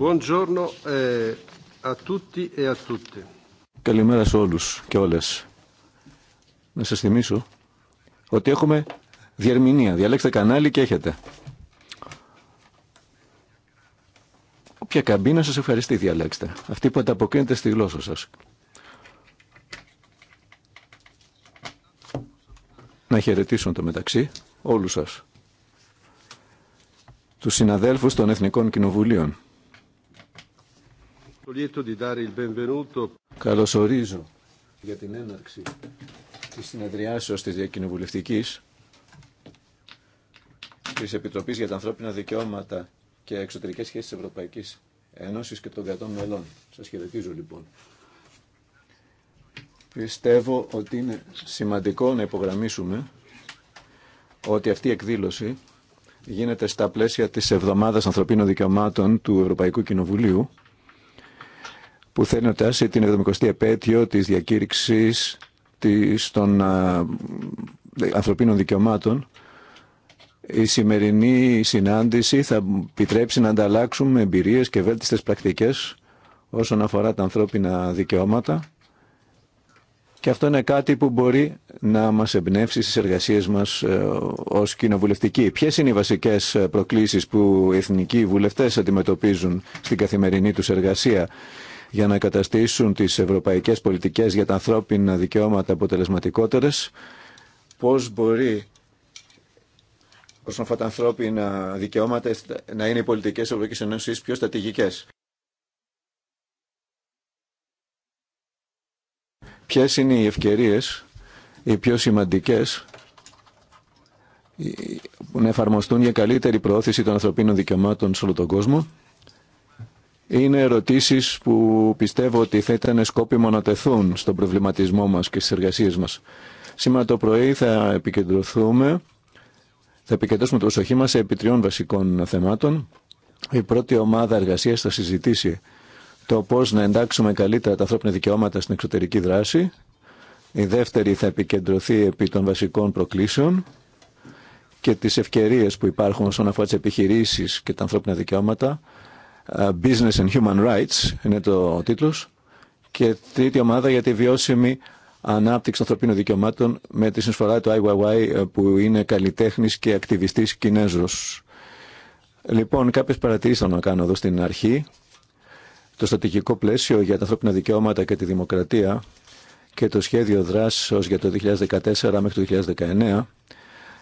Eh, e Καλημέρα σε όλους και όλες. Να σας θυμίσω ότι έχουμε διερμηνία. Διαλέξτε κανάλι και έχετε. Όποια καμπίνα σας ευχαριστεί διαλέξτε. Αυτή που ανταποκρίνεται στη γλώσσα σας. Να χαιρετήσω το μεταξύ όλους σας. Τους συναδέλφους των Εθνικών Κοινοβουλίων. Καλωσορίζω για την έναρξη της συνεδριάσεως της Διακοινοβουλευτικής της Επιτροπής για τα Ανθρώπινα Δικαιώματα και Εξωτερικές Σχέσεις της Ευρωπαϊκής Ένωσης και των κρατών μελών. Σας χαιρετίζω λοιπόν. Πιστεύω ότι είναι σημαντικό να υπογραμμίσουμε ότι αυτή η εκδήλωση γίνεται στα πλαίσια της Εβδομάδας Ανθρωπίνων Δικαιωμάτων του Ευρωπαϊκού Κοινοβουλίου που θέλει να την 70η επέτειο της διακήρυξης της των ανθρωπίνων δικαιωμάτων. Η σημερινή συνάντηση θα επιτρέψει να ανταλλάξουμε εμπειρίες και βέλτιστες πρακτικές όσον αφορά τα ανθρώπινα δικαιώματα και αυτό είναι κάτι που μπορεί να μας εμπνεύσει στις εργασίες μας ε, ως κοινοβουλευτικοί. Ποιες είναι οι βασικές προκλήσεις που οι εθνικοί βουλευτές αντιμετωπίζουν στην καθημερινή τους εργασία για να καταστήσουν τις ευρωπαϊκές πολιτικές για τα ανθρώπινα δικαιώματα αποτελεσματικότερες. Πώς μπορεί όσον αυτά τα ανθρώπινα δικαιώματα να είναι οι πολιτικές Ευρωπαϊκής Ενώσης πιο στρατηγικές. Ποιε είναι οι ευκαιρίες, οι πιο σημαντικές, που να εφαρμοστούν για καλύτερη προώθηση των ανθρωπίνων δικαιωμάτων σε όλο τον κόσμο. Είναι ερωτήσεις που πιστεύω ότι θα ήταν σκόπιμο να τεθούν στον προβληματισμό μας και στις εργασίες μας. Σήμερα το πρωί θα επικεντρωθούμε, θα επικεντρώσουμε το προσοχή μας σε επί τριών βασικών θεμάτων. Η πρώτη ομάδα εργασίας θα συζητήσει το πώς να εντάξουμε καλύτερα τα ανθρώπινα δικαιώματα στην εξωτερική δράση. Η δεύτερη θα επικεντρωθεί επί των βασικών προκλήσεων και τις ευκαιρίες που υπάρχουν όσον αφορά τις επιχειρήσεις και τα ανθρώπινα δικαιώματα ε, Business and Human Rights είναι το τίτλος και τρίτη ομάδα για τη βιώσιμη ανάπτυξη ανθρωπίνων δικαιωμάτων με τη συνεισφορά του IYY ε, που είναι καλλιτέχνης και ακτιβιστής Κινέζος. Λοιπόν, κάποιες παρατηρήσεις θα να κάνω εδώ στην αρχή. Το στατικικό πλαίσιο για τα ανθρώπινα δικαιώματα και τη δημοκρατία και το σχέδιο δράσεως για το 2014 μέχρι το 2019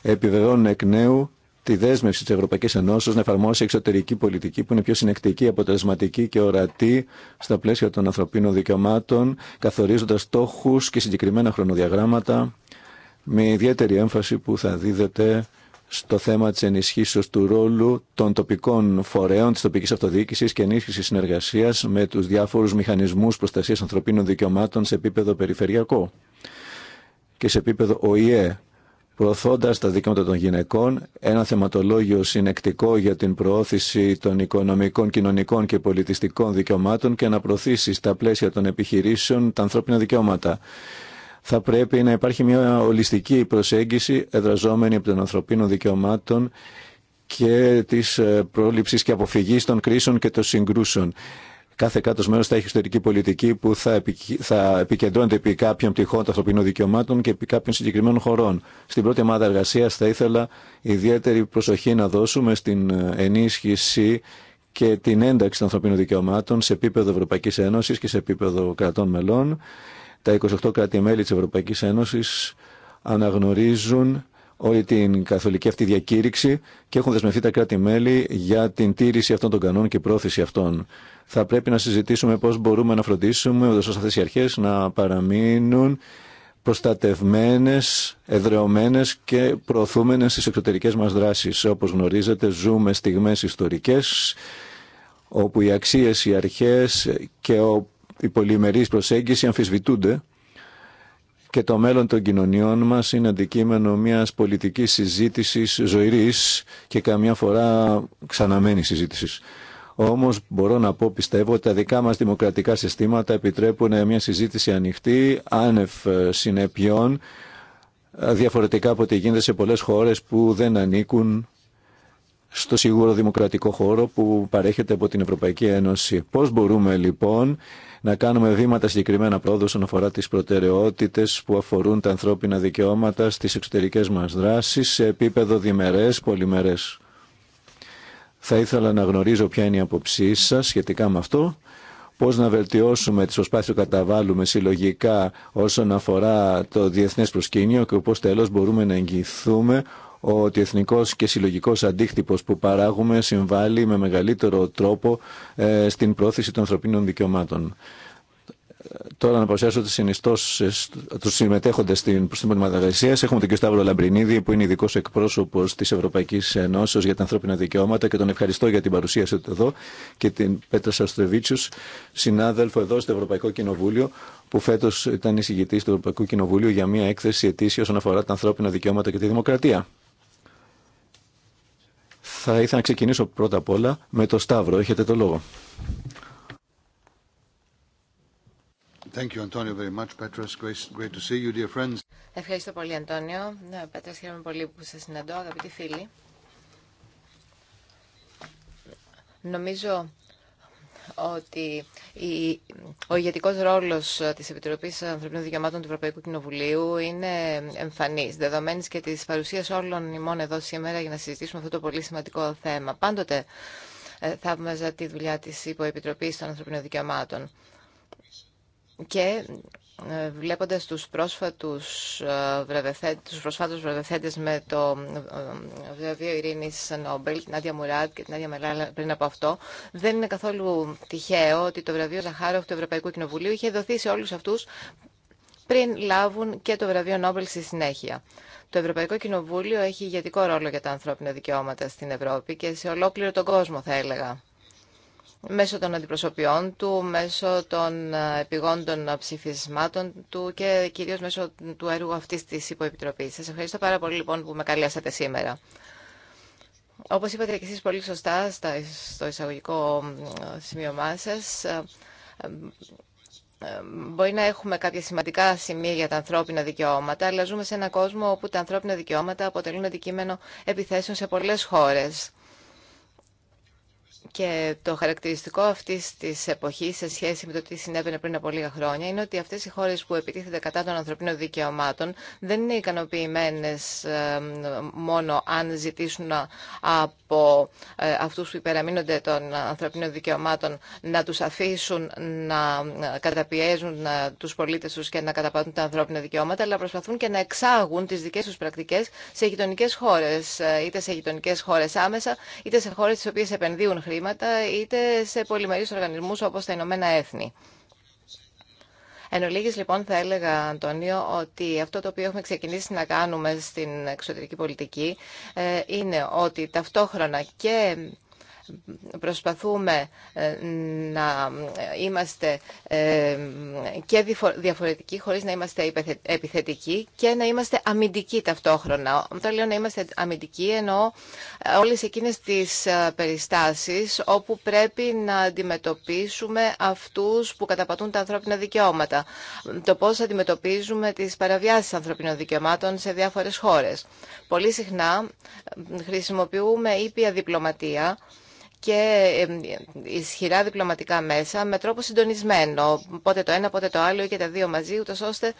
επιβεβαιώνουν εκ νέου τη δέσμευση τη Ευρωπαϊκή Ενώσεω να εφαρμόσει εξωτερική πολιτική που είναι πιο συνεκτική, αποτελεσματική και ορατή στα πλαίσια των ανθρωπίνων δικαιωμάτων, καθορίζοντα στόχου και συγκεκριμένα χρονοδιαγράμματα, με ιδιαίτερη έμφαση που θα δίδεται στο θέμα της ενισχύσεως του ρόλου των τοπικών φορέων της τοπικής αυτοδιοίκησης και ενίσχυση συνεργασίας με τους διάφορους μηχανισμούς προστασίας ανθρωπίνων δικαιωμάτων σε επίπεδο περιφερειακό και σε επίπεδο ΟΗΕ προωθώντα τα δικαιώματα των γυναικών, ένα θεματολόγιο συνεκτικό για την προώθηση των οικονομικών, κοινωνικών και πολιτιστικών δικαιωμάτων και να προωθήσει στα πλαίσια των επιχειρήσεων τα ανθρώπινα δικαιώματα. Θα πρέπει να υπάρχει μια ολιστική προσέγγιση εδραζόμενη από των ανθρωπίνων δικαιωμάτων και της ε, πρόληψης και αποφυγής των κρίσεων και των συγκρούσεων. Κάθε κράτο μέρο θα έχει ιστορική πολιτική που θα, επι, θα επικεντρώνεται επί κάποιων πτυχών των ανθρωπίνων δικαιωμάτων και επί κάποιων συγκεκριμένων χωρών. Στην πρώτη ομάδα εργασία θα ήθελα ιδιαίτερη προσοχή να δώσουμε στην ενίσχυση και την ένταξη των ανθρωπίνων δικαιωμάτων σε επίπεδο Ευρωπαϊκή Ένωση και σε επίπεδο κρατών μελών. Τα 28 κράτη-μέλη τη Ευρωπαϊκή Ένωση αναγνωρίζουν όλη την καθολική αυτή διακήρυξη και έχουν δεσμευτεί τα κράτη-μέλη για την τήρηση αυτών των κανόνων και πρόθεση αυτών. Θα πρέπει να συζητήσουμε πώς μπορούμε να φροντίσουμε ώστε αυτέ οι αρχές να παραμείνουν προστατευμένες, εδρεωμένε και προωθούμενε στις εξωτερικέ μας δράσεις. Όπως γνωρίζετε ζούμε στιγμέ ιστορικέ, όπου οι αξίε οι αρχέ και η πολυμερής προσέγγιση αμφισβητούνται και το μέλλον των κοινωνιών μας είναι αντικείμενο μιας πολιτικής συζήτησης ζωηρής και καμιά φορά ξαναμένη συζήτησης. Όμως μπορώ να πω, πιστεύω, ότι τα δικά μας δημοκρατικά συστήματα επιτρέπουν μια συζήτηση ανοιχτή, άνευ ε, συνεπιών, ε, διαφορετικά από ό,τι γίνεται σε πολλές χώρες που δεν ανήκουν στο σίγουρο δημοκρατικό χώρο που παρέχεται από την Ευρωπαϊκή Ένωση. Πώς μπορούμε λοιπόν να κάνουμε βήματα συγκεκριμένα πρόοδου όσον αφορά τι προτεραιότητε που αφορούν τα ανθρώπινα δικαιώματα στι εξωτερικέ μα δράσει σε επίπεδο διμερέ, πολυμερέ. Θα ήθελα να γνωρίζω ποια είναι η αποψή σα σχετικά με αυτό. Πώ να βελτιώσουμε τι προσπάθειε που καταβάλουμε συλλογικά όσον αφορά το διεθνέ προσκήνιο και πώ τέλο μπορούμε να εγγυηθούμε ότι ο εθνικός και συλλογικός αντίκτυπος που παράγουμε συμβάλλει με μεγαλύτερο τρόπο ε, στην πρόθεση των ανθρωπίνων δικαιωμάτων. Τώρα να παρουσιάσω τι συνιστώσει του συμμετέχοντε στην τη Μαδαγασία. Έχουμε τον κ. Σταύρο Λαμπρινίδη, που είναι ειδικό εκπρόσωπο τη Ευρωπαϊκή Ενώσεω για τα ανθρώπινα δικαιώματα και τον ευχαριστώ για την παρουσίαση του εδώ. Και την Πέτρα Σαστρεβίτσιου, συνάδελφο εδώ στο Ευρωπαϊκό Κοινοβούλιο, που φέτο ήταν εισηγητή του Ευρωπαϊκού Κοινοβουλίου για μια έκθεση ετήσια όσον αφορά τα ανθρώπινα δικαιώματα και τη δημοκρατία. Θα ήθελα να ξεκινήσω πρώτα απ' όλα με το Σταύρο. Έχετε το λόγο. Ευχαριστώ πολύ, Αντώνιο. Ναι, χαίρομαι πολύ που σας συναντώ, αγαπητοί φίλοι. Νομίζω ότι η, ο ηγετικό ρόλο τη Επιτροπή Ανθρωπίνων Δικαιωμάτων του Ευρωπαϊκού Κοινοβουλίου είναι εμφανή, δεδομένη και τη παρουσία όλων ημών εδώ σήμερα για να συζητήσουμε αυτό το πολύ σημαντικό θέμα. Πάντοτε ε, θαύμαζα τη δουλειά τη Υποεπιτροπή των Ανθρωπίνων Δικαιωμάτων. Και ε, βλέποντας τους πρόσφατους, ε, βραβευθέ, τους προσφάτους με το ε, βραβείο ειρήνης Νόμπελ, την Άντια Μουράτ και την Άντια Μελάλα πριν από αυτό, δεν είναι καθόλου τυχαίο ότι το βραβείο Ζαχάροφ του Ευρωπαϊκού Κοινοβουλίου είχε δοθεί σε όλους αυτούς πριν λάβουν και το βραβείο Νόμπελ στη συνέχεια. Το Ευρωπαϊκό Κοινοβούλιο έχει ηγετικό ρόλο για τα ανθρώπινα δικαιώματα στην Ευρώπη και σε ολόκληρο τον κόσμο, θα έλεγα μέσω των αντιπροσωπιών του, μέσω των ε, επιγόντων ψηφισμάτων του και κυρίως μέσω του έργου αυτής της υποεπιτροπής. Σας ευχαριστώ πάρα πολύ λοιπόν που με καλέσατε σήμερα. Όπως είπατε και εσείς πολύ σωστά στο εισαγωγικό σημείωμά σας, ε, ε, μπορεί να έχουμε κάποια σημαντικά σημεία για τα ανθρώπινα δικαιώματα, αλλά ζούμε σε έναν κόσμο όπου τα ανθρώπινα δικαιώματα αποτελούν αντικείμενο επιθέσεων σε πολλές χώρες. Και το χαρακτηριστικό αυτή τη εποχή σε σχέση με το τι συνέβαινε πριν από λίγα χρόνια είναι ότι αυτέ οι χώρε που επιτίθεται κατά των ανθρωπίνων δικαιωμάτων δεν είναι ικανοποιημένε ε, μόνο αν ζητήσουν από από ε, αυτούς που υπεραμείνονται των ανθρωπίνων δικαιωμάτων να τους αφήσουν να ε, καταπιέζουν ε, τους πολίτες τους και να καταπατούν τα ανθρώπινα δικαιώματα, αλλά προσπαθούν και να εξάγουν τις δικές τους πρακτικές σε γειτονικές χώρες, είτε σε γειτονικές χώρες άμεσα, είτε σε χώρες στις οποίες επενδύουν χρήματα, είτε σε πολυμερείς οργανισμούς όπως τα Ηνωμένα Έθνη. Εν ολίγης, λοιπόν, θα έλεγα, Αντωνίο, ότι αυτό το οποίο έχουμε ξεκινήσει να κάνουμε στην εξωτερική πολιτική ε, είναι ότι ταυτόχρονα και προσπαθούμε ε, να είμαστε ε, και διαφορετικοί χωρίς να είμαστε επιθετικοί και να είμαστε αμυντικοί ταυτόχρονα. Όταν λέω να είμαστε αμυντικοί εννοώ ε, όλες εκείνες τις περιστάσεις όπου πρέπει να αντιμετωπίσουμε αυτούς που καταπατούν τα ανθρώπινα δικαιώματα. Το πώς αντιμετωπίζουμε τις παραβιάσεις ανθρωπίνων δικαιωμάτων σε διάφορες χώρες. Πολύ συχνά χρησιμοποιούμε ήπια διπλωματία και ισχυρά διπλωματικά μέσα με τρόπο συντονισμένο, πότε το ένα, πότε το άλλο ή και τα δύο μαζί, ούτως ώστε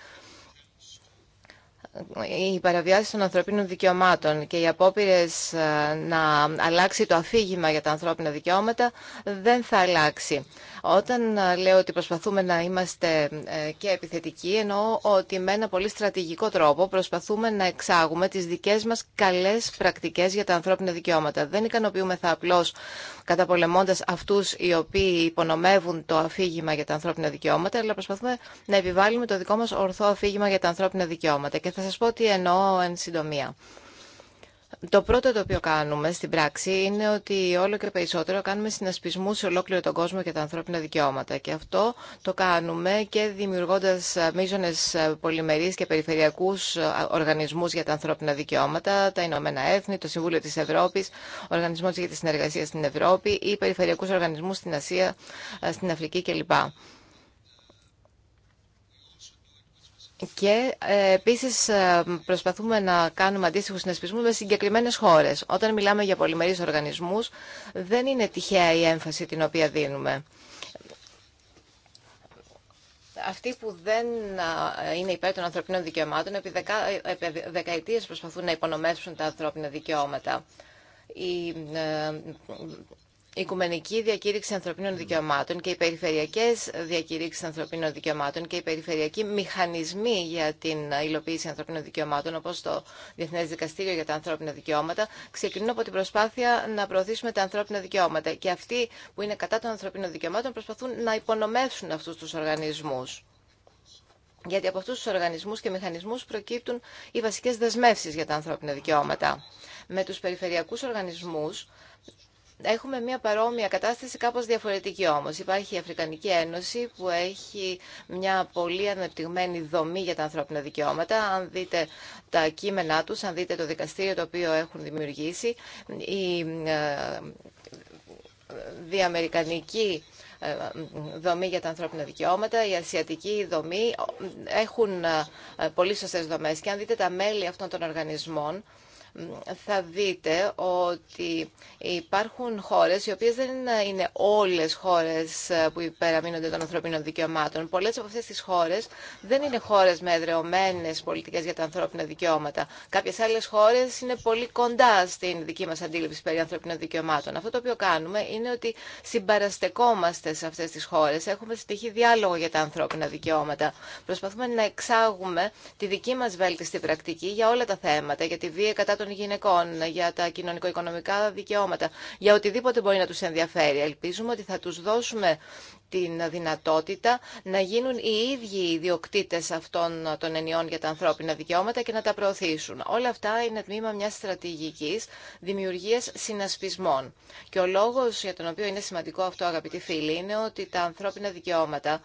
οι παραβιάσεις των ανθρωπίνων δικαιωμάτων και οι απόπειρε ε, να αλλάξει το αφήγημα για τα ανθρώπινα δικαιώματα δεν θα αλλάξει. Όταν ε, λέω ότι προσπαθούμε να είμαστε ε, και επιθετικοί, εννοώ ότι με ένα πολύ στρατηγικό τρόπο προσπαθούμε να εξάγουμε τις δικές μας καλές πρακτικές για τα ανθρώπινα δικαιώματα. Δεν ικανοποιούμεθα απλώς καταπολεμώντας αυτούς οι οποίοι υπονομεύουν το αφήγημα για τα ανθρώπινα δικαιώματα, αλλά προσπαθούμε να επιβάλλουμε το δικό μας ορθό αφήγημα για τα ανθρώπινα δικαιώματα. Και θα σας πω τι εννοώ εν συντομία. Το πρώτο το οποίο κάνουμε στην πράξη είναι ότι όλο και περισσότερο κάνουμε συνασπισμού σε ολόκληρο τον κόσμο για τα ανθρώπινα δικαιώματα. Και αυτό το κάνουμε και δημιουργώντα μείζονε πολυμερεί και περιφερειακού οργανισμού για τα ανθρώπινα δικαιώματα, τα Ηνωμένα Έθνη, το Συμβούλιο τη Ευρώπη, ο Οργανισμό για τη Συνεργασία στην Ευρώπη ή περιφερειακού οργανισμού στην Ασία, στην Αφρική κλπ. Και ε, επίσης ε, προσπαθούμε να κάνουμε αντίστοιχου συνασπισμού με συγκεκριμένε χώρες. Όταν μιλάμε για πολυμερείς οργανισμούς, δεν είναι τυχαία η έμφαση την οποία δίνουμε. Αυτοί που δεν ε, είναι υπέρ των ανθρωπίνων δικαιωμάτων, επί δεκαετίες προσπαθούν να υπονομεύσουν τα ανθρώπινα δικαιώματα. Η η Οικουμενική Διακήρυξη Ανθρωπίνων ναι. Δικαιωμάτων και οι περιφερειακέ διακήρυξει Ανθρωπίνων Δικαιωμάτων και οι Περιφερειακοί Μηχανισμοί για την Υλοποίηση Ανθρωπίνων Δικαιωμάτων, όπω το διεθνέ Δικαστήριο για τα Ανθρώπινα Δικαιώματα, ξεκινούν από την προσπάθεια να προωθήσουμε τα ανθρώπινα δικαιώματα. Και αυτοί που είναι κατά των ανθρωπίνων δικαιωμάτων προσπαθούν να υπονομεύσουν αυτού του οργανισμού. Γιατί από αυτού του οργανισμού και μηχανισμού προκύπτουν οι βασικέ δεσμεύσει για τα ανθρώπινα δικαιώματα. Με του περιφερειακού οργανισμού Έχουμε μια παρόμοια κατάσταση, κάπως διαφορετική όμως. Υπάρχει η Αφρικανική Ένωση που έχει μια πολύ αναπτυγμένη δομή για τα ανθρώπινα δικαιώματα. Αν δείτε τα κείμενά τους, αν δείτε το δικαστήριο το οποίο έχουν δημιουργήσει, η ε, διαμερικανική ε, δομή για τα ανθρώπινα δικαιώματα, η ασιατική δομή ε, έχουν πολύ σωστές δομές. Και αν δείτε τα μέλη αυτών των οργανισμών, θα δείτε ότι υπάρχουν χώρες οι οποίες δεν είναι όλες χώρες που υπεραμείνονται των ανθρωπίνων δικαιωμάτων. Πολλές από αυτές τις χώρες δεν είναι χώρες με εδρεωμένες πολιτικές για τα ανθρώπινα δικαιώματα. Κάποιες άλλες χώρες είναι πολύ κοντά στην δική μας αντίληψη περί ανθρωπίνων δικαιωμάτων. Αυτό το οποίο κάνουμε είναι ότι συμπαραστεκόμαστε σε αυτές τις χώρες. Έχουμε στοιχεί διάλογο για τα ανθρώπινα δικαιώματα. Προσπαθούμε να εξάγουμε τη δική μας βέλτιστη πρακτική για όλα τα θέματα, για τη βία κατά των γυναικών, για τα κοινωνικο-οικονομικά δικαιώματα, για οτιδήποτε μπορεί να τους ενδιαφέρει. Ελπίζουμε ότι θα τους δώσουμε την δυνατότητα να γίνουν οι ίδιοι οι αυτών των ενιών για τα ανθρώπινα δικαιώματα και να τα προωθήσουν. Όλα αυτά είναι τμήμα μιας στρατηγικής δημιουργίας συνασπισμών. Και ο λόγος για τον οποίο είναι σημαντικό αυτό αγαπητοί φίλοι είναι ότι τα ανθρώπινα δικαιώματα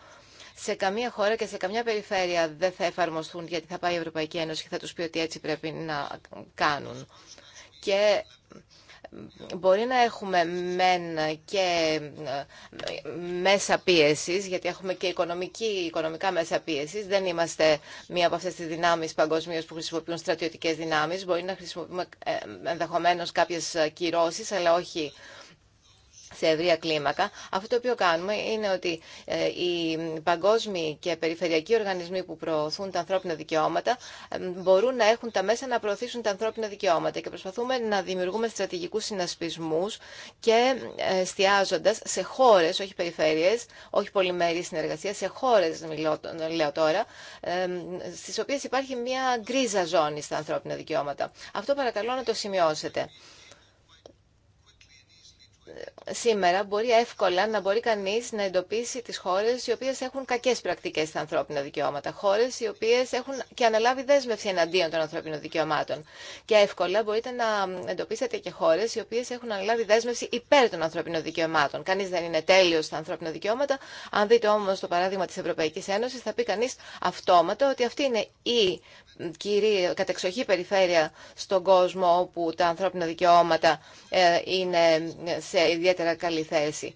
σε καμία χώρα και σε καμιά περιφέρεια δεν θα εφαρμοστούν γιατί θα πάει η Ευρωπαϊκή Ένωση και θα τους πει ότι έτσι πρέπει να κάνουν. Και μπορεί να έχουμε μεν και ε, μέσα πίεσης, γιατί έχουμε και οικονομική, οικονομικά μέσα πίεσης. Δεν είμαστε μία από αυτές τις δυνάμεις παγκοσμίω που χρησιμοποιούν στρατιωτικές δυνάμεις. Μπορεί να χρησιμοποιούμε ε, ενδεχομένως κάποιες κυρώσεις, αλλά όχι σε ευρία κλίμακα. Αυτό το οποίο κάνουμε είναι ότι ε, οι παγκόσμιοι και περιφερειακοί οργανισμοί που προωθούν τα ανθρώπινα δικαιώματα ε, μπορούν να έχουν τα μέσα να προωθήσουν τα ανθρώπινα δικαιώματα και προσπαθούμε να δημιουργούμε στρατηγικού συνασπισμού και ε, εστιάζοντα σε χώρες, όχι περιφέρειες, όχι πολυμερή συνεργασία, σε χώρε λέω τώρα, στι οποίε υπάρχει μια γκρίζα ζώνη στα ανθρώπινα δικαιώματα. Αυτό παρακαλώ να το σημειώσετε σήμερα μπορεί εύκολα να μπορεί κανείς να εντοπίσει τις χώρες οι οποίες έχουν κακές πρακτικές στα ανθρώπινα δικαιώματα, χώρες οι οποίες έχουν και αναλάβει δέσμευση εναντίον των ανθρώπινων δικαιωμάτων. Και εύκολα μπορείτε να εντοπίσετε και χώρες οι οποίες έχουν αναλάβει δέσμευση υπέρ των ανθρώπινων δικαιωμάτων. Κανείς δεν είναι τέλειος στα ανθρώπινα δικαιώματα. Αν δείτε όμως το παράδειγμα της Ευρωπαϊκής Ένωσης θα πει κανείς αυτόματα ότι αυτή είναι η κυρία κατεξοχή περιφέρεια στον κόσμο όπου τα ανθρώπινα δικαιώματα ε, είναι σε ιδιαίτερα καλή θέση.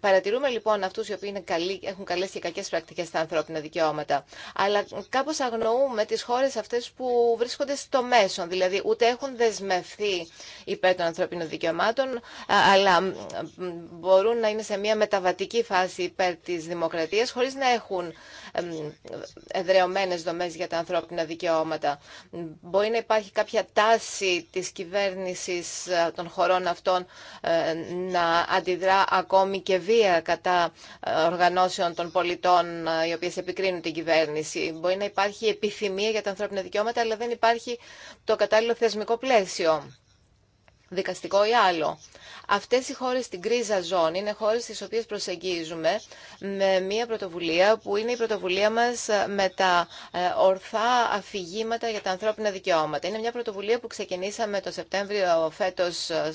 Παρατηρούμε λοιπόν αυτού οι οποίοι είναι έχουν καλέ και κακέ πρακτικέ στα ανθρώπινα δικαιώματα. Αλλά κάπω αγνοούμε τι χώρε αυτέ που βρίσκονται στο μέσο. Δηλαδή ούτε έχουν δεσμευθεί υπέρ των ανθρώπινων δικαιωμάτων, αλλά μπορούν να είναι σε μια μεταβατική φάση υπέρ τη δημοκρατία χωρί να έχουν εδρεωμένες δομές για τα ανθρώπινα δικαιώματα. Μπορεί να υπάρχει κάποια τάση της κυβέρνησης ε, των χωρών αυτών ε, να αντιδρά ακόμη και βία κατά ε, οργανώσεων των πολιτών οι οποίες επικρίνουν την κυβέρνηση. Μπορεί να υπάρχει επιθυμία για τα ανθρώπινα δικαιώματα αλλά δεν υπάρχει το κατάλληλο θεσμικό πλαίσιο δικαστικό ή άλλο. Αυτές οι χώρες στην κρίζα ζώνη είναι χώρες στις οποίες προσεγγίζουμε με μια πρωτοβουλία που είναι η πρωτοβουλία μας με τα ε, ορθά αφηγήματα για τα ανθρώπινα δικαιώματα. Είναι μια πρωτοβουλία που ξεκινήσαμε το Σεπτέμβριο φέτος ε,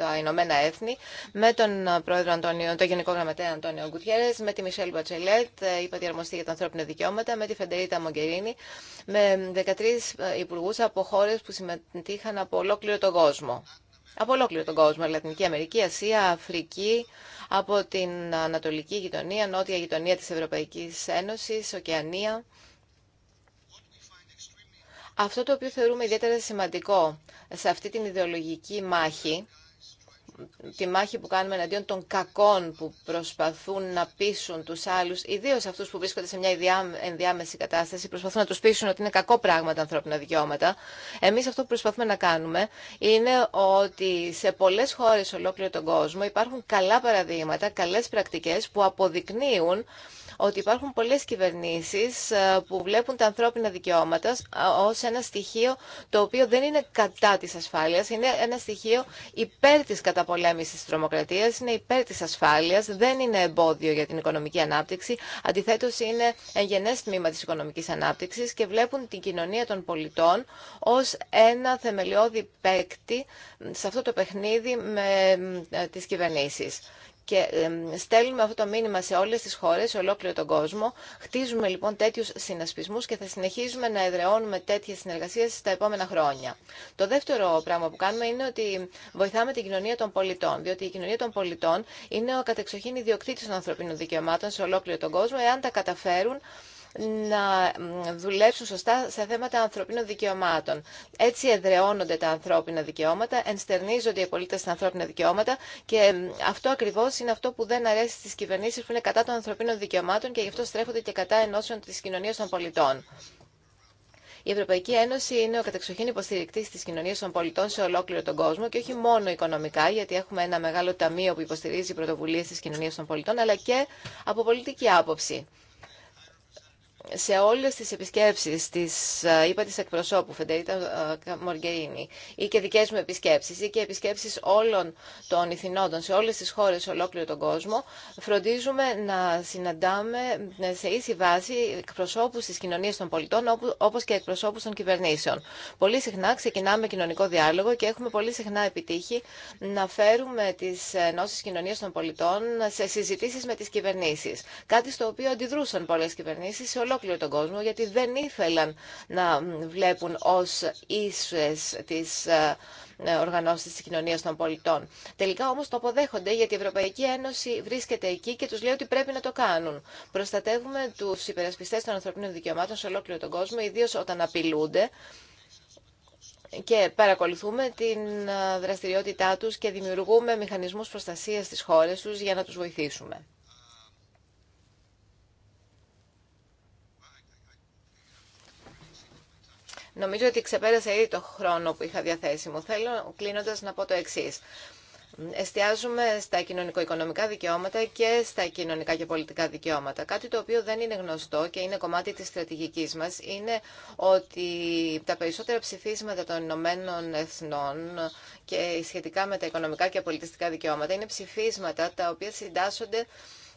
τα Ηνωμένα Έθνη με τον ε, πρόεδρο Αντώνιο, τον Γενικό Γραμματέα Αντώνιο Γκουτιέρε, με τη Μισελ Μπατσελέτ, είπα διαρμοστή για τα ανθρώπινα δικαιώματα, με τη Φεντερίτα Μογκερίνη, με 13 ε, υπουργού από χώρε που συμμετείχαν από ολόκληρο τον κόσμο. Από ολόκληρο τον κόσμο, Λατινική Αμερική, Ασία, Αφρική, από την Ανατολική γειτονία, Νότια γειτονία της Ευρωπαϊκής Ένωσης, Οκεανία. Αυτό το οποίο θεωρούμε ιδιαίτερα σημαντικό σε αυτή την ιδεολογική μάχη τη μάχη που κάνουμε εναντίον των κακών που προσπαθούν να πείσουν τους άλλους, ιδίως αυτούς που βρίσκονται σε μια ενδιάμεση κατάσταση, προσπαθούν να τους πείσουν ότι είναι κακό πράγμα τα ανθρώπινα δικαιώματα. Εμείς αυτό που προσπαθούμε να κάνουμε είναι ότι σε πολλές χώρες ολόκληρο τον κόσμο υπάρχουν καλά παραδείγματα, καλές πρακτικές που αποδεικνύουν ότι υπάρχουν πολλές κυβερνήσεις ε, που βλέπουν τα ανθρώπινα δικαιώματα ε, ως ένα στοιχείο το οποίο δεν είναι κατά της ασφάλειας, είναι ένα στοιχείο υπέρ της καταπολέμησης της τρομοκρατίας, είναι υπέρ της ασφάλειας, δεν είναι εμπόδιο για την οικονομική ανάπτυξη, αντιθέτως είναι εγγενές τμήμα της οικονομικής ανάπτυξης και βλέπουν την κοινωνία των πολιτών ως ένα θεμελιώδη παίκτη ε, σε αυτό το παιχνίδι με τις κυβερνήσεις. Και στέλνουμε αυτό το μήνυμα σε όλες τις χώρες, σε ολόκληρο τον κόσμο. Χτίζουμε λοιπόν τέτοιους συνασπισμούς και θα συνεχίζουμε να εδραιώνουμε τέτοιες συνεργασίες στα επόμενα χρόνια. Το δεύτερο πράγμα που κάνουμε είναι ότι βοηθάμε την κοινωνία των πολιτών, διότι η κοινωνία των πολιτών είναι ο κατεξοχήν ιδιοκτήτης των ανθρωπίνων δικαιωμάτων σε ολόκληρο τον κόσμο, εάν τα καταφέρουν να δουλέψουν σωστά σε θέματα ανθρωπίνων δικαιωμάτων. Έτσι εδραιώνονται τα ανθρώπινα δικαιώματα, ενστερνίζονται οι πολίτε στα ανθρώπινα δικαιώματα και αυτό ακριβώ είναι αυτό που δεν αρέσει στι κυβερνήσει που είναι κατά των ανθρωπίνων δικαιωμάτων και γι' αυτό στρέφονται και κατά ενώσεων τη κοινωνία των πολιτών. Η Ευρωπαϊκή Ένωση είναι ο κατεξοχήν υποστηρικτή τη κοινωνία των πολιτών σε ολόκληρο τον κόσμο και όχι μόνο οικονομικά, γιατί έχουμε ένα μεγάλο ταμείο που υποστηρίζει πρωτοβουλίε τη κοινωνία των πολιτών, αλλά και από πολιτική άποψη σε όλες τις επισκέψεις της ε, είπα της εκπροσώπου Φεντερίτα ε, Μοργκερίνη ή και δικές μου επισκέψεις ή και επισκέψεις όλων των ηθινόντων σε όλες τις χώρες σε ολόκληρο τον κόσμο φροντίζουμε να συναντάμε σε ίση βάση εκπροσώπους της κοινωνίας των πολιτών όπως και εκπροσώπους των κυβερνήσεων. Πολύ συχνά ξεκινάμε κοινωνικό διάλογο και έχουμε πολύ συχνά επιτύχει να φέρουμε τις ενώσεις κοινωνίας των πολιτών σε συζητήσεις με τις κυβερνήσεις. Κάτι στο οποίο αντιδρούσαν πολλές κυβερνήσεις ολόκληρο τον κόσμο, γιατί δεν ήθελαν να βλέπουν ως ίσες τις ε, ε, οργανώσει τη κοινωνία των πολιτών. Τελικά όμω το αποδέχονται γιατί η Ευρωπαϊκή Ένωση βρίσκεται εκεί και του λέει ότι πρέπει να το κάνουν. Προστατεύουμε του υπερασπιστέ των ανθρωπίνων δικαιωμάτων σε ολόκληρο τον κόσμο, ιδίω όταν απειλούνται και παρακολουθούμε την ε, δραστηριότητά τους και δημιουργούμε μηχανισμούς προστασίας στις χώρες τους για να τους βοηθήσουμε. Νομίζω ότι ξεπέρασα ήδη το χρόνο που είχα διαθέσιμο. Θέλω κλείνοντα να πω το εξή. Εστιάζουμε στα κοινωνικο-οικονομικά δικαιώματα και στα κοινωνικά και πολιτικά δικαιώματα. Κάτι το οποίο δεν είναι γνωστό και είναι κομμάτι της στρατηγικής μας είναι ότι τα περισσότερα ψηφίσματα των Ηνωμένων Εθνών και σχετικά με τα οικονομικά και πολιτιστικά δικαιώματα είναι ψηφίσματα τα οποία συντάσσονται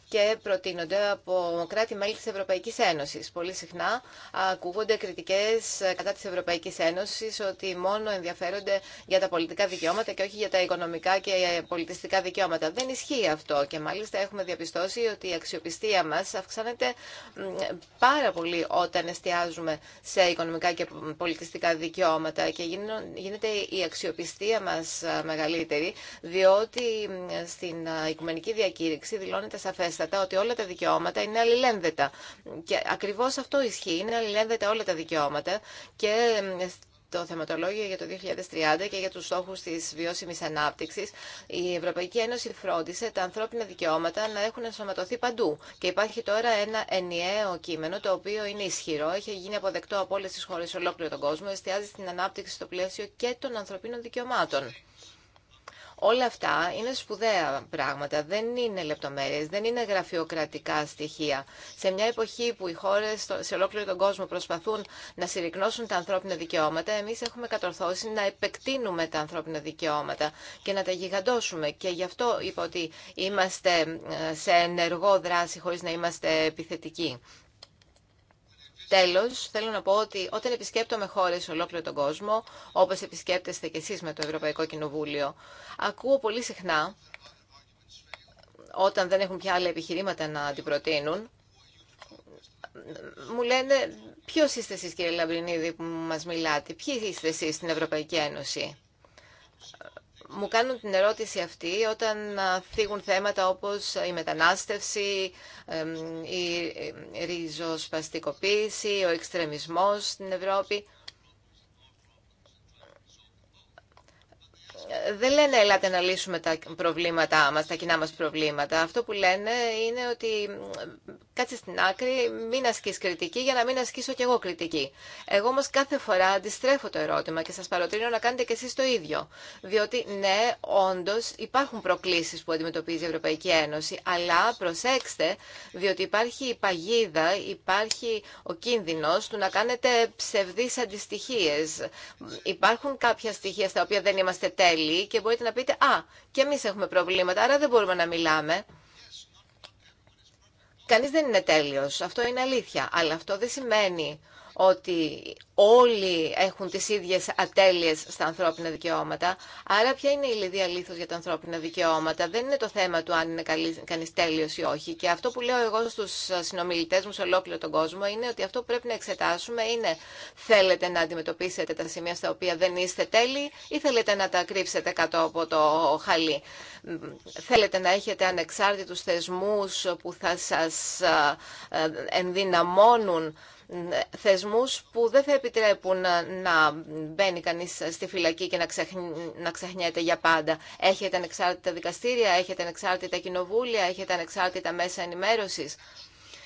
και προτείνονται από κράτη-μέλη της Ευρωπαϊκής Ένωσης. Πολύ συχνά ακούγονται κριτικές κατά της Ευρωπαϊκής Ένωσης ότι μόνο ενδιαφέρονται για τα πολιτικά δικαιώματα και όχι για τα οικονομικά και πολιτιστικά δικαιώματα. Δεν ισχύει αυτό και μάλιστα έχουμε διαπιστώσει ότι η αξιοπιστία μας αυξάνεται πάρα πολύ όταν εστιάζουμε σε οικονομικά και πολιτιστικά δικαιώματα και γίνεται η αξιοπιστία μας ε, μεγαλύτερη διότι στην ε, Οικουμενική Διακήρυξη δηλώνεται σαφέστα ότι όλα τα δικαιώματα είναι αλληλένδετα. Και ακριβώς αυτό ισχύει, είναι αλληλένδετα όλα τα δικαιώματα και το θεματολόγιο για το 2030 και για τους στόχους της βιώσιμης ανάπτυξης, η Ευρωπαϊκή Ένωση φρόντισε τα ανθρώπινα δικαιώματα να έχουν ενσωματωθεί παντού. Και υπάρχει τώρα ένα ενιαίο κείμενο, το οποίο είναι ισχυρό, έχει γίνει αποδεκτό από όλες τις χώρες ολόκληρο τον κόσμο, εστιάζει στην ανάπτυξη στο πλαίσιο και των ανθρωπίνων δικαιωμάτων. Όλα αυτά είναι σπουδαία πράγματα, δεν είναι λεπτομέρειες, δεν είναι γραφειοκρατικά στοιχεία. Σε μια εποχή που οι χώρες σε ολόκληρο τον κόσμο προσπαθούν να συρρυκνώσουν τα ανθρώπινα δικαιώματα, εμείς έχουμε κατορθώσει να επεκτείνουμε τα ανθρώπινα δικαιώματα και να τα γιγαντώσουμε. Και γι' αυτό είπα ότι είμαστε ε, σε ενεργό δράση χωρίς να είμαστε επιθετικοί. Τέλος, θέλω να πω ότι όταν επισκέπτομαι χώρες σε ολόκληρο τον κόσμο, όπως επισκέπτεστε και εσείς με το Ευρωπαϊκό Κοινοβούλιο, ακούω πολύ συχνά, όταν δεν έχουν πια άλλα επιχειρήματα να αντιπροτείνουν, μου λένε ποιος είστε εσείς κύριε Λαμπρινίδη που μας μιλάτε, ποιοι είστε εσείς στην Ευρωπαϊκή Ένωση μου κάνουν την ερώτηση αυτή όταν θίγουν θέματα όπως η μετανάστευση, η ριζοσπαστικοποίηση, ο εξτρεμισμός στην Ευρώπη. δεν λένε ελάτε να λύσουμε τα προβλήματά μας, τα κοινά μας προβλήματα. Αυτό που λένε είναι ότι κάτσε στην άκρη, μην ασκείς κριτική για να μην ασκήσω κι εγώ κριτική. Εγώ όμως κάθε φορά αντιστρέφω το ερώτημα και σας παροτρύνω να κάνετε κι εσείς το ίδιο. Διότι ναι, όντως υπάρχουν προκλήσεις που αντιμετωπίζει η Ευρωπαϊκή Ένωση, αλλά προσέξτε, διότι υπάρχει η παγίδα, υπάρχει ο κίνδυνος του να κάνετε ψευδείς αντιστοιχίες. Υπάρχουν κάποια στοιχεία στα οποία δεν είμαστε τέλειες και μπορείτε να πείτε «Α, και εμείς έχουμε προβλήματα, άρα δεν μπορούμε να μιλάμε». Κανείς δεν είναι τέλειος, αυτό είναι αλήθεια, αλλά αυτό δεν σημαίνει ότι όλοι έχουν τις ίδιες ατέλειες στα ανθρώπινα δικαιώματα. Άρα ποια είναι η λιδία λήθος για τα ανθρώπινα δικαιώματα. Δεν είναι το θέμα του αν είναι κανείς τέλειος ή όχι. Και αυτό που λέω εγώ στους συνομιλητές μου σε ολόκληρο τον κόσμο είναι ότι αυτό που πρέπει να εξετάσουμε είναι θέλετε να αντιμετωπίσετε τα σημεία στα οποία δεν είστε τέλειοι ή θέλετε να τα κρύψετε κάτω από το χαλί. Θέλετε να έχετε ανεξάρτητους θεσμούς που θα σας ε, ενδυναμώνουν ε, θεσμούς που δεν θα επιτρέπουν ε, να μπαίνει κανείς στη φυλακή και να ξεχνιέται για πάντα. Έχετε ανεξάρτητα δικαστήρια, έχετε ανεξάρτητα κοινοβούλια, έχετε ανεξάρτητα μέσα ενημέρωσης,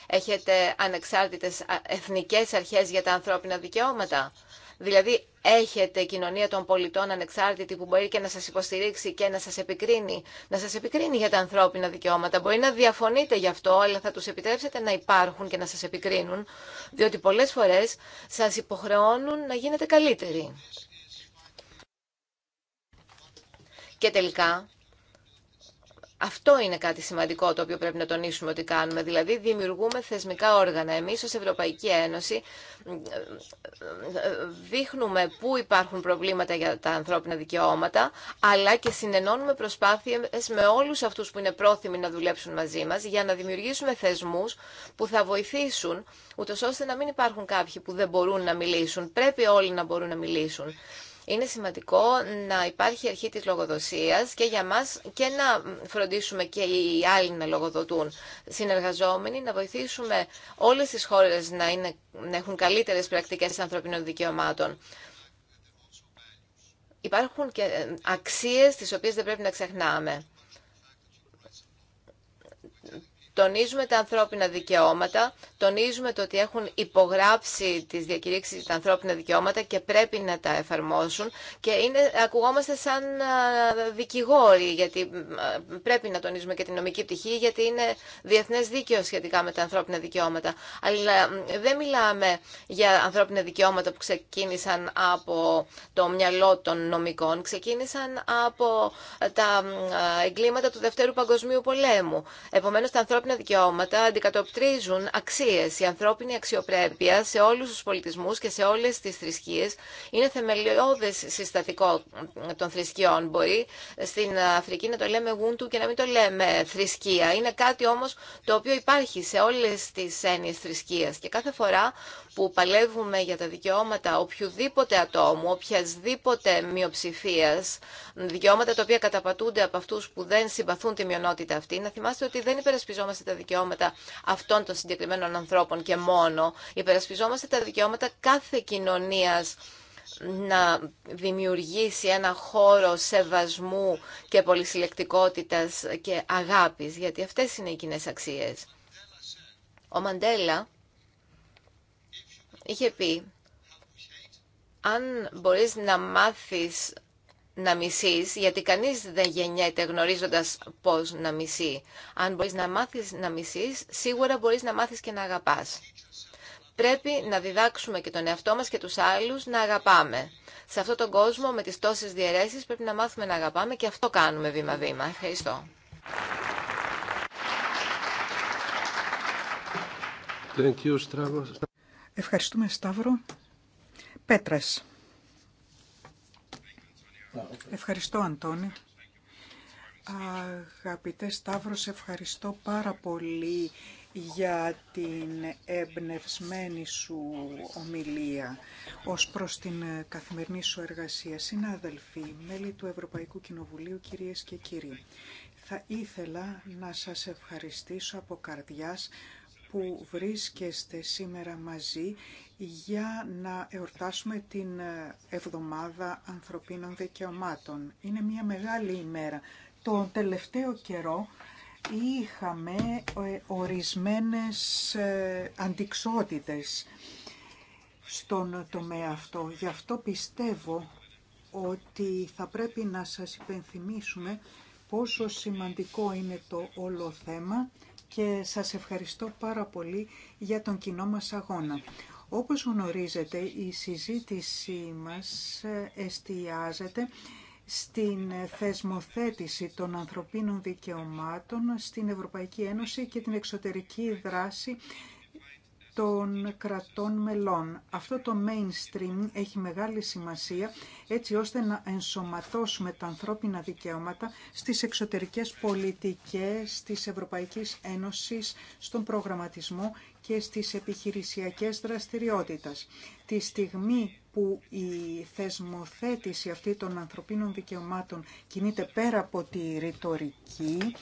έχετε ανεξάρτητες εθνικές αρχές για τα ανθρώπινα δικαιώματα. Δηλαδή έχετε κοινωνία των πολιτών ανεξάρτητη που μπορεί και να σας υποστηρίξει και να σας επικρίνει, να σας επικρίνει για τα ανθρώπινα δικαιώματα. Μπορεί να διαφωνείτε γι' αυτό, αλλά θα τους επιτρέψετε να υπάρχουν και να σας επικρίνουν, διότι πολλές φορές σας υποχρεώνουν να γίνετε καλύτεροι. Και τελικά, αυτό είναι κάτι σημαντικό το οποίο πρέπει να τονίσουμε ότι κάνουμε. Δηλαδή, δημιουργούμε θεσμικά όργανα. Εμεί ω Ευρωπαϊκή Ένωση δείχνουμε πού υπάρχουν προβλήματα για τα ανθρώπινα δικαιώματα, αλλά και συνενώνουμε προσπάθειε με όλου αυτού που είναι πρόθυμοι να δουλέψουν μαζί μα για να δημιουργήσουμε θεσμού που θα βοηθήσουν, ούτω ώστε να μην υπάρχουν κάποιοι που δεν μπορούν να μιλήσουν. Πρέπει όλοι να μπορούν να μιλήσουν. Είναι σημαντικό να υπάρχει αρχή της λογοδοσίας και για μας και να φροντίσουμε και οι άλλοι να λογοδοτούν συνεργαζόμενοι, να βοηθήσουμε όλες τις χώρες να, να έχουν καλύτερες πρακτικές ανθρωπίνων δικαιωμάτων. Υπάρχουν και αξίες τις οποίες δεν πρέπει να ξεχνάμε. Τονίζουμε τα ανθρώπινα δικαιώματα, Τονίζουμε το ότι έχουν υπογράψει τις διακηρύξεις τα ανθρώπινα δικαιώματα και πρέπει να τα εφαρμόσουν και είναι, ακουγόμαστε σαν δικηγόροι γιατί πρέπει να τονίζουμε και την νομική πτυχή γιατί είναι διεθνές δίκαιο σχετικά με τα ανθρώπινα δικαιώματα. Αλλά δεν μιλάμε για ανθρώπινα δικαιώματα που ξεκίνησαν από το μυαλό των νομικών, ξεκίνησαν από τα εγκλήματα του Δευτέρου Παγκοσμίου Πολέμου. Επομένως τα ανθρώπινα δικαιώματα αντικατοπτρίζουν αξίες η ανθρώπινη αξιοπρέπεια σε όλους τους πολιτισμούς και σε όλες τις θρησκείες είναι θεμελιώδες συστατικό των θρησκειών. Μπορεί στην Αφρική να το λέμε γούντου και να μην το λέμε θρησκεία. Είναι κάτι όμως το οποίο υπάρχει σε όλες τις έννοιες θρησκείας και κάθε φορά που παλεύουμε για τα δικαιώματα οποιοδήποτε ατόμου, οποιασδήποτε μειοψηφία, δικαιώματα τα οποία καταπατούνται από αυτού που δεν συμπαθούν τη μειονότητα αυτή, να θυμάστε ότι δεν υπερασπιζόμαστε τα δικαιώματα αυτών των συγκεκριμένων ανθρώπων και μόνο. Υπερασπιζόμαστε τα δικαιώματα κάθε κοινωνία να δημιουργήσει ένα χώρο σεβασμού και πολυσυλλεκτικότητας και αγάπης, γιατί αυτές είναι οι κοινέ αξίες. Ο Μαντέλα είχε πει αν μπορείς να μάθεις να μισείς, γιατί κανείς δεν γεννιέται γνωρίζοντας πώς να μισεί. Αν μπορείς να μάθεις να μισείς, σίγουρα μπορείς να μάθεις και να αγαπάς. Πρέπει να διδάξουμε και τον εαυτό μας και τους άλλους να αγαπάμε. Σε αυτόν τον κόσμο με τις τόσες διαιρέσεις πρέπει να μάθουμε να αγαπάμε και αυτό κάνουμε βήμα-βήμα. Ευχαριστώ. Ευχαριστούμε Σταύρο. Πέτρας. Ευχαριστώ Αντώνη. Αγαπητέ Σταύρος, ευχαριστώ πάρα πολύ για την εμπνευσμένη σου ομιλία ως προς την καθημερινή σου εργασία. Συνάδελφοι, μέλη του Ευρωπαϊκού Κοινοβουλίου, κυρίες και κύριοι, θα ήθελα να σας ευχαριστήσω από καρδιάς που βρίσκεστε σήμερα μαζί για να εορτάσουμε την ε, Εβδομάδα Ανθρωπίνων Δικαιωμάτων. Είναι μια μεγάλη ημέρα. Τον τελευταίο καιρό είχαμε ε, ορισμένες ε, αντικσότητες στον τομέα αυτό. Γι' αυτό πιστεύω ότι θα πρέπει να σας υπενθυμίσουμε πόσο σημαντικό είναι το όλο θέμα και σας ευχαριστώ πάρα πολύ για τον κοινό μας αγώνα. Όπως γνωρίζετε, η συζήτησή μας εστιάζεται στην θεσμοθέτηση των ανθρωπίνων δικαιωμάτων στην Ευρωπαϊκή Ένωση και την εξωτερική δράση των κρατών μελών. Αυτό το mainstream έχει μεγάλη σημασία έτσι ώστε να ενσωματώσουμε τα ανθρώπινα δικαιώματα στις εξωτερικές πολιτικές της Ευρωπαϊκής Ένωσης, στον προγραμματισμό και στις επιχειρησιακές δραστηριότητες. Τη στιγμή που η θεσμοθέτηση αυτή των ανθρωπίνων δικαιωμάτων κινείται πέρα από τη ρητορική,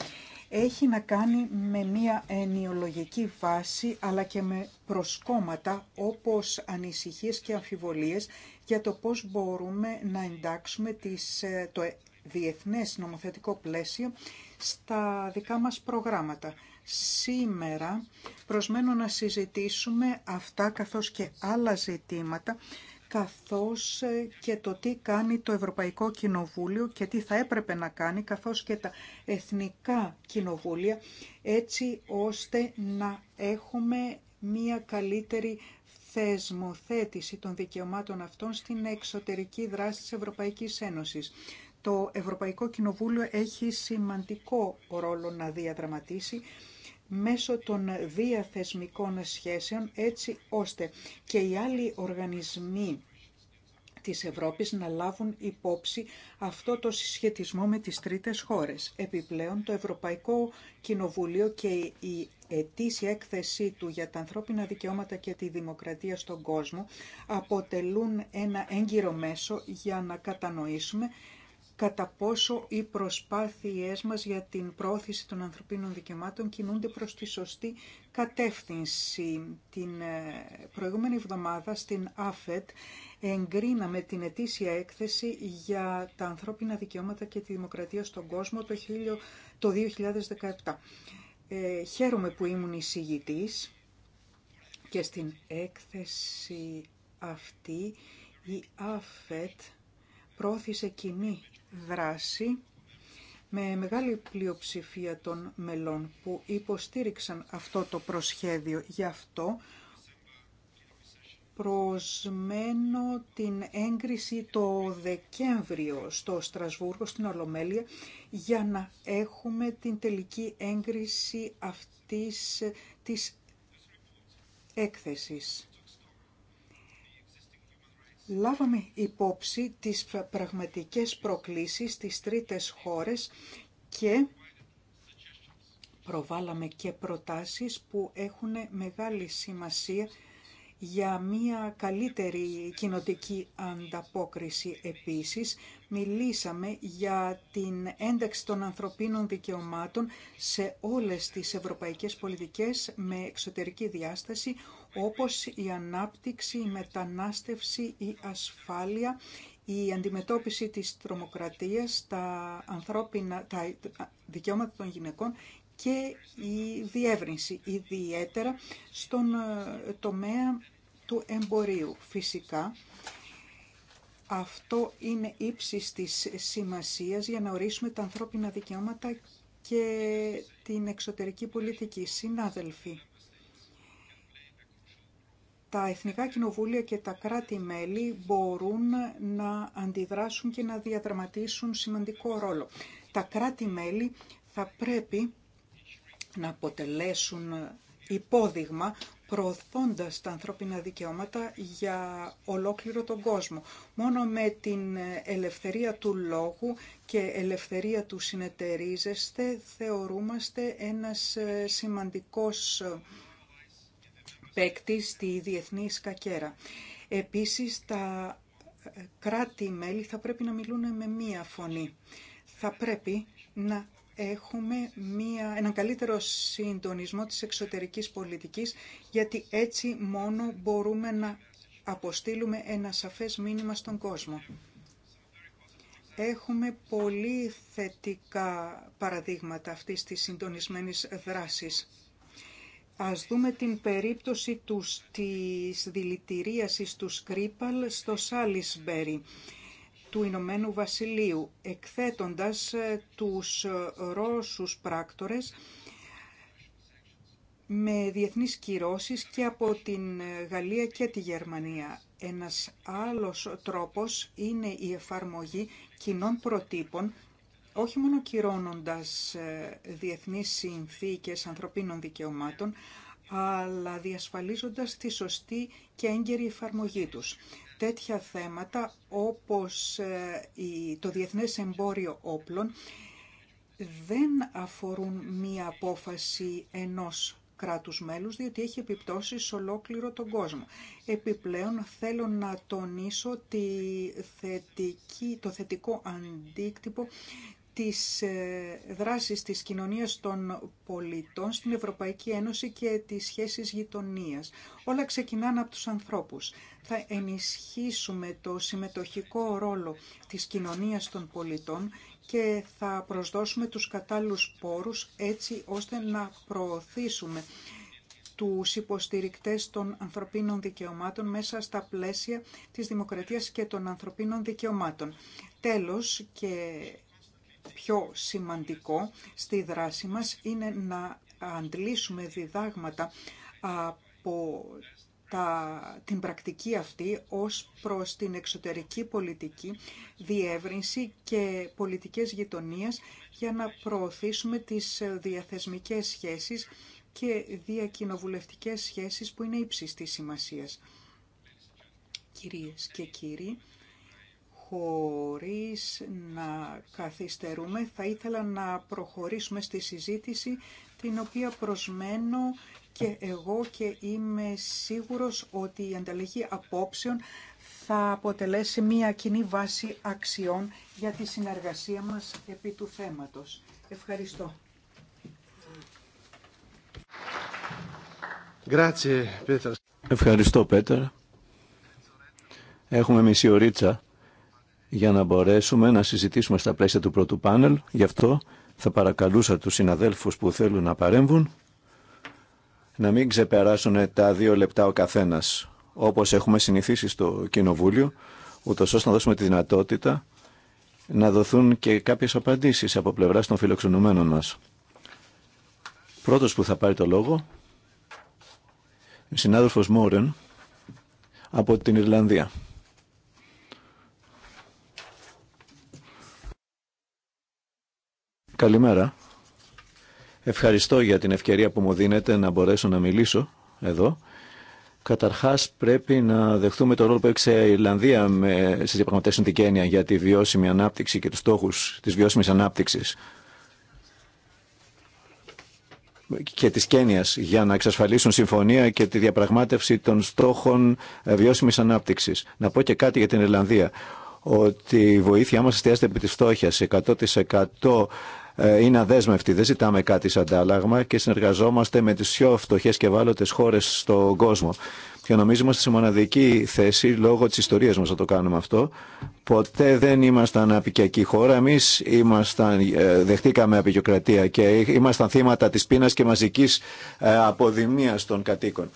έχει να κάνει με μία ενιολογική βάση αλλά και με προσκόμματα όπως ανησυχίες και αμφιβολίες για το πώς μπορούμε να εντάξουμε τις, ε, το διεθνές νομοθετικό πλαίσιο στα δικά μας προγράμματα. Σήμερα προσμένω να συζητήσουμε αυτά καθώς και άλλα ζητήματα καθώς ε, και το τι κάνει το Ευρωπαϊκό Κοινοβούλιο και τι θα έπρεπε να κάνει, καθώς και τα εθνικά κοινοβούλια, έτσι ώστε να έχουμε μία καλύτερη θεσμοθέτηση των δικαιωμάτων αυτών στην εξωτερική δράση της Ευρωπαϊκής Ένωσης. Το Ευρωπαϊκό Κοινοβούλιο έχει σημαντικό ρόλο να διαδραματίσει μέσω των διαθεσμικών σχέσεων έτσι ώστε και οι άλλοι οργανισμοί της Ευρώπης να λάβουν υπόψη αυτό το συσχετισμό με τις τρίτες χώρες. Επιπλέον, το Ευρωπαϊκό Κοινοβούλιο και η ετήσια έκθεσή του για τα ανθρώπινα δικαιώματα και τη δημοκρατία στον κόσμο αποτελούν ένα έγκυρο μέσο για να κατανοήσουμε κατά πόσο οι προσπάθειές μας για την πρόθεση των ανθρωπίνων δικαιωμάτων κινούνται προς τη σωστή κατεύθυνση. Την ε, προηγούμενη εβδομάδα στην ΑΦΕΤ εγκρίναμε την ετήσια έκθεση για τα ανθρώπινα δικαιώματα και τη δημοκρατία στον κόσμο το 2017. Ε, χαίρομαι που ήμουν εισηγητής και στην έκθεση αυτή η ΑΦΕΤ πρόθεσε κοινή δράση με μεγάλη πλειοψηφία των μελών που υποστήριξαν αυτό το προσχέδιο. Γι' αυτό προσμένω την έγκριση το Δεκέμβριο στο Στρασβούργο, στην Ολομέλεια, για να έχουμε την τελική έγκριση αυτής της έκθεσης λάβαμε υπόψη τις πραγματικές προκλήσεις στις τρίτες χώρες και προβάλαμε και προτάσεις που έχουν μεγάλη σημασία για μια καλύτερη κοινοτική ανταπόκριση. Επίσης, μιλήσαμε για την ένταξη των ανθρωπίνων δικαιωμάτων σε όλες τις ευρωπαϊκές πολιτικές με εξωτερική διάσταση, όπως η ανάπτυξη, η μετανάστευση, η ασφάλεια, η αντιμετώπιση της τρομοκρατίας, τα, ανθρώπινα, τα δικαιώματα των γυναικών και η διεύρυνση, ιδιαίτερα στον ε, τομέα του εμπορίου. Φυσικά, αυτό είναι ύψης της σημασίας για να ορίσουμε τα ανθρώπινα δικαιώματα και την εξωτερική πολιτική. Συνάδελφοι, τα Εθνικά Κοινοβούλια και τα κράτη-μέλη μπορούν να αντιδράσουν και να διαδραματίσουν σημαντικό ρόλο. Τα κράτη-μέλη θα πρέπει να αποτελέσουν υπόδειγμα προωθώντας τα ανθρώπινα δικαιώματα για ολόκληρο τον κόσμο. Μόνο με την ελευθερία του λόγου και ελευθερία του συνεταιρίζεστε θεωρούμαστε ένας σημαντικός παίκτη στη διεθνή σκακέρα. Επίσης, τα κράτη-μέλη θα πρέπει να μιλούν με μία φωνή. Θα πρέπει να έχουμε μία, έναν καλύτερο συντονισμό της εξωτερικής πολιτικής, γιατί έτσι μόνο μπορούμε να αποστείλουμε ένα σαφές μήνυμα στον κόσμο. Έχουμε πολύ θετικά παραδείγματα αυτής της συντονισμένης δράσης Ας δούμε την περίπτωση του, της δηλητηρίασης του Σκρίπαλ στο Σάλισμπερι του Ηνωμένου Βασιλείου, εκθέτοντας ε, τους ε, Ρώσους πράκτορες με διεθνείς κυρώσεις και από την ε, Γαλλία και τη Γερμανία. Ένας άλλος τρόπος είναι η εφαρμογή κοινών προτύπων όχι μόνο κυρώνοντας ε, διεθνείς συνθήκες ανθρωπίνων δικαιωμάτων, αλλά διασφαλίζοντας τη σωστή και έγκαιρη εφαρμογή τους. Τέτοια θέματα όπως ε, το διεθνές εμπόριο όπλων δεν αφορούν μία απόφαση ενός κράτους μέλους, διότι έχει επιπτώσει σε ολόκληρο τον κόσμο. Επιπλέον θέλω να τονίσω τη θετική, το θετικό αντίκτυπο τις ε, δράσεις της κοινωνίας των πολιτών στην Ευρωπαϊκή Ένωση και τις σχέσεις γειτονίας. Όλα ξεκινάνε από τους ανθρώπους. Θα ενισχύσουμε το συμμετοχικό ρόλο της κοινωνίας των πολιτών και θα προσδώσουμε τους κατάλληλους πόρους έτσι ώστε να προωθήσουμε τους υποστηρικτές των ανθρωπίνων δικαιωμάτων μέσα στα πλαίσια της δημοκρατίας και των ανθρωπίνων δικαιωμάτων. Τέλος και πιο σημαντικό στη δράση μας είναι να αντλήσουμε διδάγματα από τα, την πρακτική αυτή ως προς την εξωτερική πολιτική διεύρυνση και πολιτικές γειτονίας για να προωθήσουμε τις διαθεσμικές σχέσεις και διακοινοβουλευτικές σχέσεις που είναι ύψης σημασίας. Κυρίες και κύριοι, χωρίς να καθυστερούμε, θα ήθελα να προχωρήσουμε στη συζήτηση την οποία προσμένω και εγώ και είμαι σίγουρος ότι η ανταλλαγή απόψεων θα αποτελέσει μια κοινή βάση αξιών για τη συνεργασία μας επί του θέματος. Ευχαριστώ. Ευχαριστώ Πέτρα. Έχουμε μισή ωρίτσα για να μπορέσουμε να συζητήσουμε στα πλαίσια του πρώτου πάνελ. Γι' αυτό θα παρακαλούσα τους συναδέλφους που θέλουν να παρέμβουν να μην ξεπεράσουν τα δύο λεπτά ο καθένας, όπως έχουμε συνηθίσει στο Κοινοβούλιο, ούτως ώστε να δώσουμε τη δυνατότητα να δοθούν και κάποιες απαντήσεις από πλευρά των φιλοξενουμένων μας. Πρώτος που θα πάρει το λόγο, ο συνάδελφος Μόρεν από την Ιρλανδία. Καλημέρα. Ευχαριστώ για την ευκαιρία που μου δίνετε να μπορέσω να μιλήσω εδώ. Καταρχάς πρέπει να δεχτούμε το ρόλο που έξε η Ιρλανδία με, στις διαπραγματεύσεις την Κένια για τη βιώσιμη ανάπτυξη και τους στόχους της βιώσιμης ανάπτυξης και της Κένιας για να εξασφαλίσουν συμφωνία και τη διαπραγμάτευση των στόχων ε, βιώσιμης ανάπτυξης. Να πω και κάτι για την Ιρλανδία ότι η βοήθειά μας εστιάζεται επί της φτώχειας. 100% ε, είναι αδέσμευτη. Δεν ζητάμε κάτι σαν αντάλλαγμα και συνεργαζόμαστε με τι πιο φτωχέ και ευάλωτε χώρε στον κόσμο. Και νομίζω είμαστε σε μοναδική θέση λόγω τη ιστορία μα να το κάνουμε αυτό. Ποτέ δεν ήμασταν απικιακή χώρα. Εμεί ε, δεχτήκαμε απεικιοκρατία και ήμασταν θύματα τη πείνα και μαζική ε, αποδημία των κατοίκων.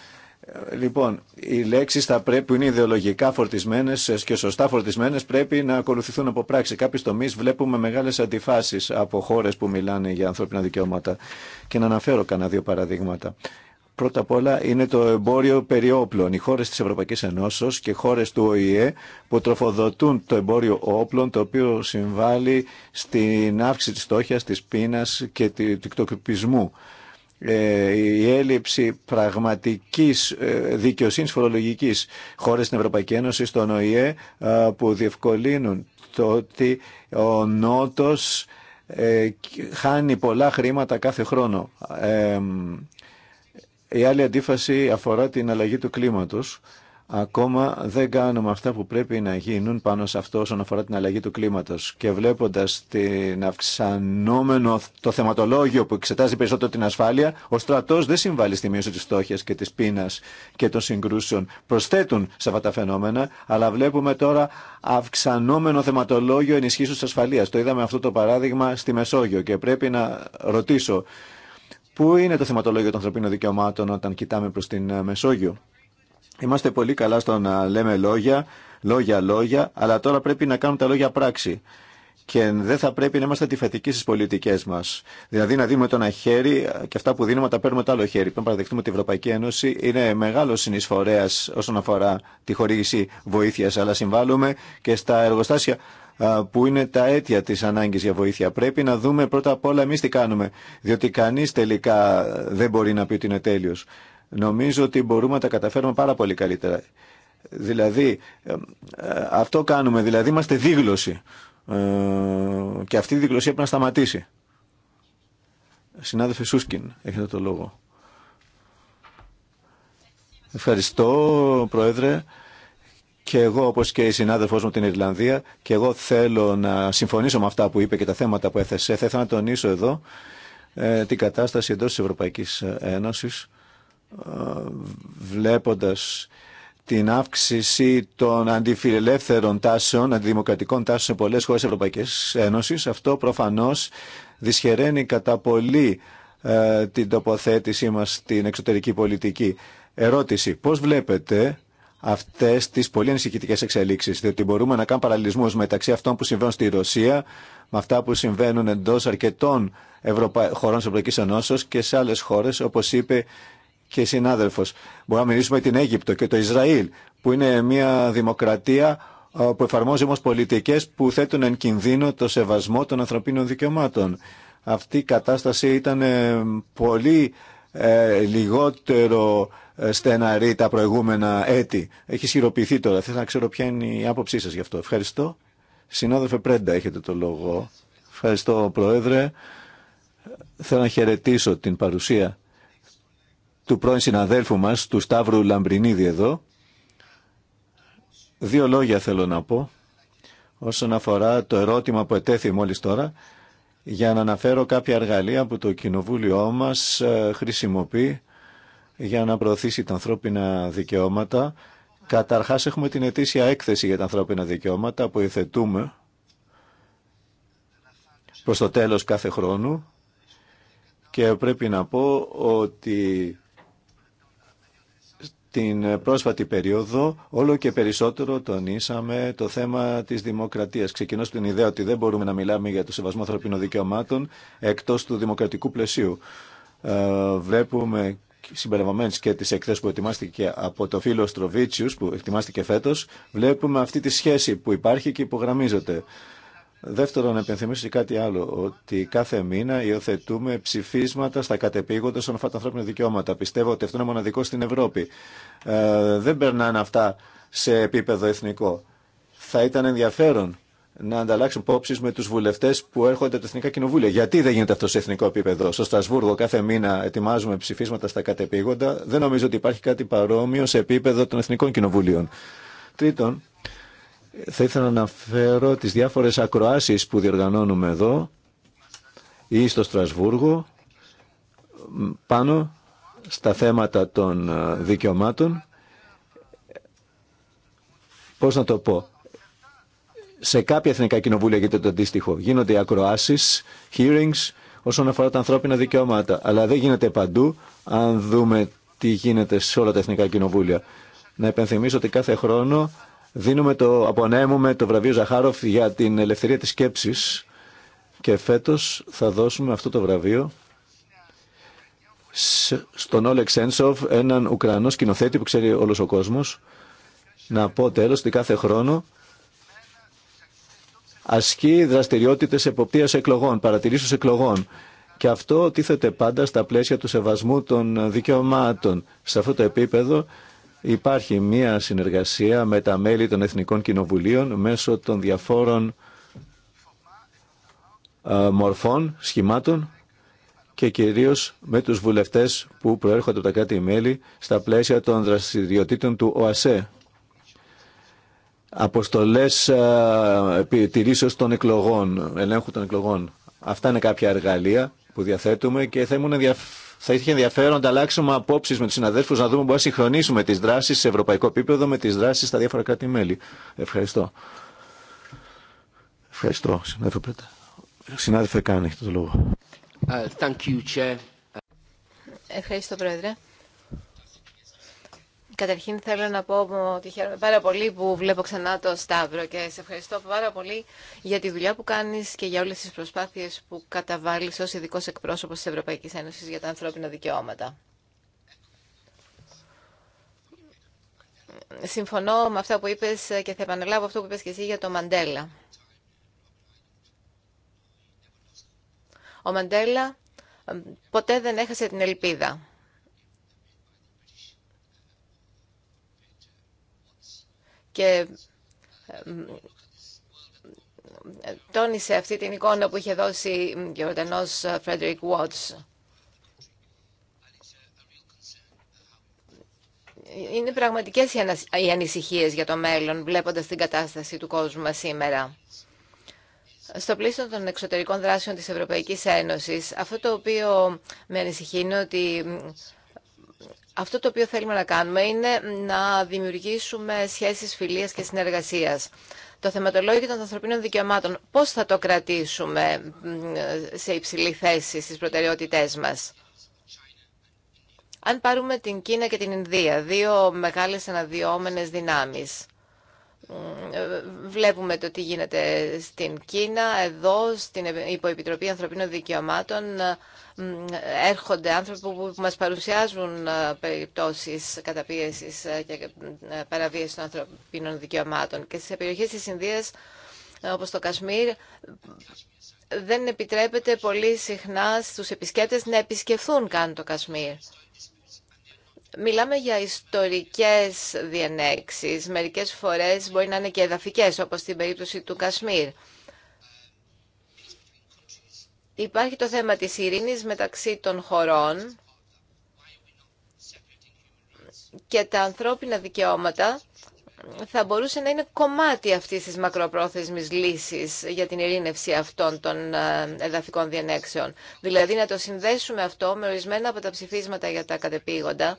Λοιπόν, οι λέξει θα πρέπει, που είναι ιδεολογικά φορτισμένε και σωστά φορτισμένε πρέπει να ακολουθηθούν από πράξη. Κάποιοι τομεί βλέπουμε μεγάλε αντιφάσει από χώρε που μιλάνε για ανθρώπινα δικαιώματα. Και να αναφέρω κανένα δύο παραδείγματα. Πρώτα απ' όλα είναι το εμπόριο περιόπλων. Οι χώρε τη Ευρωπαϊκή Ενώσεω και χώρε του ΟΗΕ που τροφοδοτούν το εμπόριο όπλων, το οποίο συμβάλλει στην αύξηση τη στόχια, τη πείνα και του εκτοπισμού. Ε, η έλλειψη πραγματικής ε, δικαιοσύνης φορολογικής χώρες στην Ευρωπαϊκή Ένωση, στον ΟΗΕ, που διευκολύνουν το ότι ο Νότος ε, χάνει πολλά χρήματα κάθε χρόνο. Η άλλη αντίφαση αφορά την αλλαγή του κλίματος Ακόμα δεν κάνουμε αυτά που πρέπει να γίνουν πάνω σε αυτό όσον αφορά την αλλαγή του κλίματος. Και βλέποντας την αυξανόμενο το θεματολόγιο που εξετάζει περισσότερο την ασφάλεια, ο στρατός δεν συμβάλλει στη μείωση της φτώχεια και της πείνας και των συγκρούσεων. Προσθέτουν σε αυτά τα φαινόμενα, αλλά βλέπουμε τώρα αυξανόμενο θεματολόγιο ενισχύσεως της ασφαλείας. Το είδαμε αυτό το παράδειγμα στη Μεσόγειο και πρέπει να ρωτήσω, πού είναι το θεματολόγιο των ανθρωπίνων δικαιωμάτων όταν κοιτάμε προς την Μεσόγειο. Είμαστε πολύ καλά στο να λέμε λόγια, λόγια, λόγια, αλλά τώρα πρέπει να κάνουμε τα λόγια πράξη. Και δεν θα πρέπει να είμαστε αντιφατικοί στι πολιτικέ μα. Δηλαδή να δίνουμε το ένα χέρι και αυτά που δίνουμε τα παίρνουμε το άλλο χέρι. Πρέπει να παραδεχτούμε ότι η Ευρωπαϊκή Ένωση είναι μεγάλο συνεισφορέα όσον αφορά τη χορήγηση βοήθεια, αλλά συμβάλλουμε και στα εργοστάσια που είναι τα αίτια τη ανάγκη για βοήθεια. Πρέπει να δούμε πρώτα απ' όλα εμεί τι κάνουμε. Διότι κανεί τελικά δεν μπορεί να πει ότι είναι τέλειο. Νομίζω ότι μπορούμε να τα καταφέρουμε πάρα πολύ καλύτερα. Δηλαδή, ε, ε, αυτό κάνουμε, δηλαδή είμαστε δίγλωση. Ε, και αυτή η δίγλωση πρέπει να σταματήσει. Συνάδελφε Σούσκιν, έχετε το λόγο. Ευχαριστώ, Πρόεδρε. Και εγώ, όπως και η συνάδελφός μου την Ιρλανδία, και εγώ θέλω να συμφωνήσω με αυτά που είπε και τα θέματα που έθεσε. Θα ήθελα να τονίσω εδώ την κατάσταση εντός της Ευρωπαϊκής Ένωσης βλέποντας την αύξηση των αντιφιλελεύθερων τάσεων, αντιδημοκρατικών τάσεων σε πολλές χώρες Ευρωπαϊκής Ένωσης. Αυτό προφανώς δυσχεραίνει κατά πολύ ε, την τοποθέτησή μας στην εξωτερική πολιτική. Ερώτηση, πώς βλέπετε αυτές τις πολύ ανησυχητικέ εξελίξεις, διότι μπορούμε να κάνουμε παραλληλισμούς μεταξύ αυτών που συμβαίνουν στη Ρωσία, με αυτά που συμβαίνουν εντός αρκετών χωρών της Ευρωπαϊκής Ενώσεως και σε άλλες χώρες, όπως είπε και συνάδελφο, Μπορούμε να μιλήσουμε την Αίγυπτο και το Ισραήλ, που είναι μια δημοκρατία που εφαρμόζει όμω πολιτικέ που θέτουν εν κινδύνο το σεβασμό των ανθρωπίνων δικαιωμάτων. Αυτή η κατάσταση ήταν ε, πολύ ε, λιγότερο ε, στεναρή τα προηγούμενα έτη. Έχει σχηροποιηθεί τώρα. Θέλω να ξέρω ποια είναι η άποψή σα γι' αυτό. Ευχαριστώ. Συνάδελφε Πρέντα έχετε το λόγο. Ευχαριστώ Πρόεδρε. Θέλω να χαιρετήσω την παρουσία του πρώην συναδέλφου μας, του Σταύρου Λαμπρινίδη εδώ. Δύο λόγια θέλω να πω όσον αφορά το ερώτημα που ετέθη μόλις τώρα για να αναφέρω κάποια εργαλεία που το Κοινοβούλιο μας ε, χρησιμοποιεί για να προωθήσει τα ανθρώπινα δικαιώματα. Καταρχάς έχουμε την ετήσια έκθεση για τα ανθρώπινα δικαιώματα που υθετούμε προς το τέλος κάθε χρόνου και πρέπει να πω ότι την ε, πρόσφατη περίοδο όλο και περισσότερο τονίσαμε το θέμα της δημοκρατίας. Ξεκινώ την ιδέα ότι δεν μπορούμε να μιλάμε για το σεβασμό ανθρωπίνων δικαιωμάτων εκτός του δημοκρατικού πλαισίου. Ε, βλέπουμε συμπεριλαμβανομένε και τι εκθέσει που ετοιμάστηκε από το φίλο Στροβίτσιου, που ετοιμάστηκε φέτο, βλέπουμε αυτή τη σχέση που υπάρχει και υπογραμμίζεται. Δεύτερον, να επενθυμίσω και κάτι άλλο, ότι κάθε μήνα υιοθετούμε ψηφίσματα στα κατεπήγοντα όσον αφορά τα ανθρώπινα δικαιώματα. Πιστεύω ότι αυτό είναι μοναδικό στην Ευρώπη. Ε, δεν περνάνε αυτά σε επίπεδο εθνικό. Θα ήταν ενδιαφέρον να ανταλλάξουν πόψει με του βουλευτέ που έρχονται από τα εθνικά κοινοβούλια. Γιατί δεν γίνεται αυτό σε εθνικό επίπεδο. Στο Στρασβούργο κάθε μήνα ετοιμάζουμε ψηφίσματα στα κατεπήγοντα. Δεν νομίζω ότι υπάρχει κάτι παρόμοιο σε επίπεδο των εθνικών κοινοβουλίων. Τρίτον, θα ήθελα να αναφέρω τις διάφορες ακροάσεις που διοργανώνουμε εδώ ή στο Στρασβούργο πάνω στα θέματα των ε, δικαιωμάτων. Πώς να το πω. Σε κάποια εθνικά κοινοβούλια γίνεται το αντίστοιχο. Γίνονται ακροάσεις, hearings όσον αφορά τα ανθρώπινα δικαιώματα. Αλλά δεν γίνεται παντού αν δούμε τι γίνεται σε όλα τα εθνικά κοινοβούλια. Να επενθυμίσω ότι κάθε χρόνο Δίνουμε το, απονέμουμε το βραβείο Ζαχάροφ για την ελευθερία της σκέψης και φέτος θα δώσουμε αυτό το βραβείο στον Όλεξ Ένσοφ, έναν Ουκρανό σκηνοθέτη που ξέρει όλος ο κόσμος. Να πω τέλος ότι κάθε χρόνο ασκεί δραστηριότητες εποπτείας εκλογών, παρατηρήσεις εκλογών. Και αυτό τίθεται πάντα στα πλαίσια του σεβασμού των δικαιωμάτων. Σε αυτό το επίπεδο Υπάρχει μία συνεργασία με τα μέλη των Εθνικών Κοινοβουλίων μέσω των διαφόρων μορφών, σχημάτων και κυρίως με τους βουλευτές που προέρχονται από τα κράτη-μέλη στα πλαίσια των δραστηριοτήτων του ΟΑΣΕ. Αποστολές επιτηρήσεως των εκλογών, ελέγχου των εκλογών. Αυτά είναι κάποια εργαλεία που διαθέτουμε και θα ήμουν ενδιαφέρον θα είχε ενδιαφέρον να αλλάξουμε απόψει με του συναδέλφου, να δούμε πώ να συγχρονίσουμε τι δράσει σε ευρωπαϊκό επίπεδο με τι δράσει στα διάφορα κράτη-μέλη. Ευχαριστώ. Ευχαριστώ, συνάδελφε Πέτα. Συνάδελφε Κάν, έχετε το λόγο. Uh, thank you, Ευχαριστώ, Πρόεδρε. Καταρχήν θέλω να πω ότι χαίρομαι πάρα πολύ που βλέπω ξανά το Σταύρο και σε ευχαριστώ πάρα πολύ για τη δουλειά που κάνεις και για όλες τις προσπάθειες που καταβάλεις ως ειδικό εκπρόσωπος της Ευρωπαϊκής Ένωσης για τα ανθρώπινα δικαιώματα. Συμφωνώ με αυτά που είπες και θα επαναλάβω αυτό που είπες και εσύ για το Μαντέλα. Ο Μαντέλα ε, ποτέ δεν έχασε την ελπίδα. και τόνισε αυτή την εικόνα που είχε δώσει και ο Βρετανός ε, Φρέντερικ Βότς. Είναι πραγματικές οι ανησυχίες για το μέλλον, βλέποντας την κατάσταση του κόσμου μας σήμερα. Στο πλαίσιο των εξωτερικών δράσεων της Ευρωπαϊκής Ένωσης, αυτό το οποίο με ανησυχεί είναι ότι αυτό το οποίο θέλουμε να κάνουμε είναι να δημιουργήσουμε σχέσεις φιλίας και συνεργασίας. Το θεματολόγιο των ανθρωπίνων δικαιωμάτων, πώς θα το κρατήσουμε σε υψηλή θέση στις προτεραιότητές μας. Αν πάρουμε την Κίνα και την Ινδία, δύο μεγάλες αναδυόμενες δυνάμεις, βλέπουμε το τι γίνεται στην Κίνα, εδώ, στην Υποεπιτροπή Ανθρωπίνων Δικαιωμάτων, έρχονται άνθρωποι που μας παρουσιάζουν ε, περιπτώσεις καταπίεσης ε, και ε, παραβίαση των ανθρωπίνων δικαιωμάτων. Και στις περιοχές της Ινδίας, όπως το Κασμίρ, δεν επιτρέπεται πολύ συχνά στους επισκέπτες να επισκεφθούν καν το Κασμίρ. Μιλάμε για ιστορικές διενέξεις. Μερικές φορές μπορεί να είναι και εδαφικές, όπως στην περίπτωση του Κασμίρ. Υπάρχει το θέμα της ειρήνης μεταξύ των χωρών και τα ανθρώπινα δικαιώματα θα μπορούσε να είναι κομμάτι αυτής της μακροπρόθεσμης λύσης για την ειρήνευση αυτών των ε, εδαφικών διενέξεων. Δηλαδή να το συνδέσουμε αυτό με ορισμένα από τα ψηφίσματα για τα κατεπήγοντα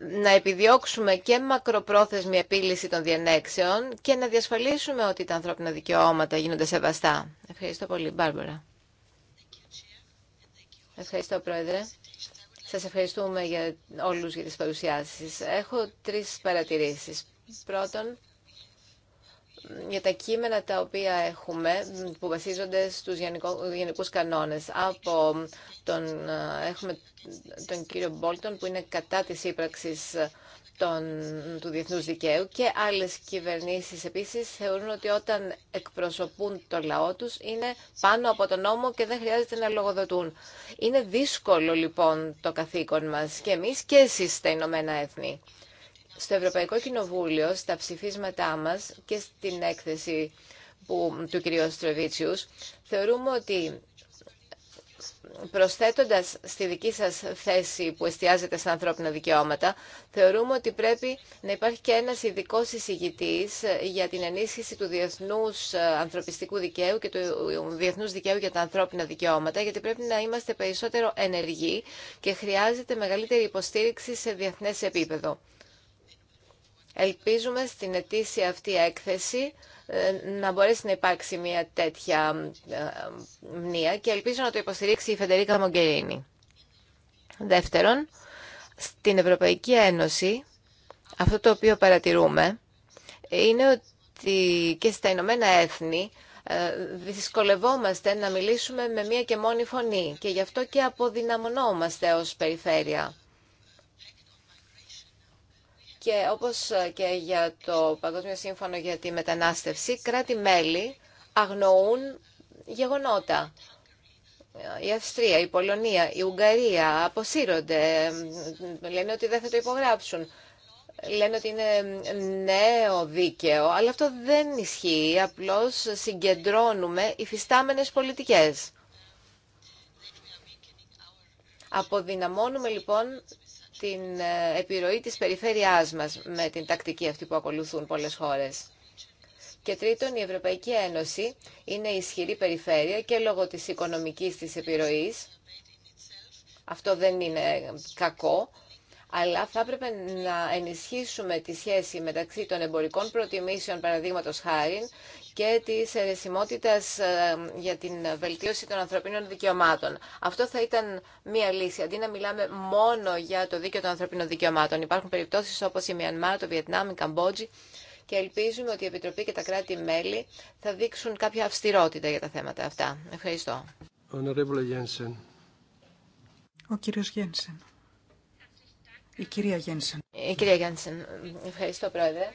να επιδιώξουμε και μακροπρόθεσμη επίλυση των διενέξεων και να διασφαλίσουμε ότι τα ανθρώπινα δικαιώματα γίνονται σεβαστά. Ευχαριστώ πολύ, Μπάρμπορα. Ευχαριστώ, Πρόεδρε. Σας ευχαριστούμε για όλους για τις παρουσιάσεις. Έχω τρεις παρατηρήσεις. Πρώτον, για τα κείμενα τα οποία έχουμε που βασίζονται στους γενικούς κανόνες. Από τον, ε, έχουμε τον κύριο Μπόλτον που είναι κατά της ύπραξης του διεθνούς δικαίου και άλλες κυβερνήσεις επίσης θεωρούν ότι όταν εκπροσωπούν το λαό τους είναι πάνω από τον νόμο και δεν χρειάζεται να λογοδοτούν. Είναι δύσκολο λοιπόν το καθήκον μας και εμείς και εσείς τα Ηνωμένα Έθνη στο Ευρωπαϊκό Κοινοβούλιο, στα ψηφίσματά μας και στην έκθεση που, του κ. Στρεβίτσιους, θεωρούμε ότι προσθέτοντας στη δική σας θέση που εστιάζεται στα ανθρώπινα δικαιώματα, θεωρούμε ότι πρέπει να υπάρχει και ένας ειδικό εισηγητής για την ενίσχυση του διεθνούς ε, ανθρωπιστικού δικαίου και του ε, διεθνούς δικαίου για τα ανθρώπινα δικαιώματα, γιατί πρέπει να είμαστε περισσότερο ενεργοί και χρειάζεται μεγαλύτερη υποστήριξη σε διεθνές επίπεδο. Ελπίζουμε στην ετήσια αυτή έκθεση ε, να μπορέσει να υπάρξει μια τέτοια ε, μνήα και ελπίζω να το υποστηρίξει η Φεντερίκα Μογκερίνη. Δεύτερον, στην Ευρωπαϊκή Ένωση αυτό το οποίο παρατηρούμε είναι ότι και στα Ηνωμένα Έθνη ε, δυσκολευόμαστε να μιλήσουμε με μία και μόνη φωνή και γι' αυτό και αποδυναμωνόμαστε ως περιφέρεια. Και όπως και για το Παγκόσμιο Σύμφωνο για τη Μετανάστευση, κράτη-μέλη αγνοούν γεγονότα. Η Αυστρία, η Πολωνία, η Ουγγαρία αποσύρονται, λένε ότι δεν θα το υπογράψουν. Λένε ότι είναι νέο δίκαιο, αλλά αυτό δεν ισχύει, απλώς συγκεντρώνουμε υφιστάμενες πολιτικές. Αποδυναμώνουμε λοιπόν την ε, επιρροή της περιφέρειάς μας με την τακτική αυτή που ακολουθούν πολλές χώρες. Και τρίτον, η Ευρωπαϊκή Ένωση είναι ισχυρή περιφέρεια και λόγω της οικονομικής της επιρροής. Αυτό δεν είναι κακό, αλλά θα έπρεπε να ενισχύσουμε τη σχέση μεταξύ των εμπορικών προτιμήσεων, παραδείγματος χάρη, και της αιρεσιμότητας ε, για την βελτίωση των ανθρωπίνων δικαιωμάτων. Αυτό θα ήταν μία λύση, αντί να μιλάμε μόνο για το δίκαιο των ανθρωπίνων δικαιωμάτων. Υπάρχουν περιπτώσεις όπως η Μιανμάρ, το Βιετνάμ, η Καμπότζη και ελπίζουμε ότι η Επιτροπή και τα κράτη-μέλη θα δείξουν κάποια αυστηρότητα για τα θέματα αυτά. Ευχαριστώ. Ο κύριος Γένσεν. Η κυρία Γένσεν. Η κυρία Γένσεν. Ευχαριστώ, Πρόεδρε.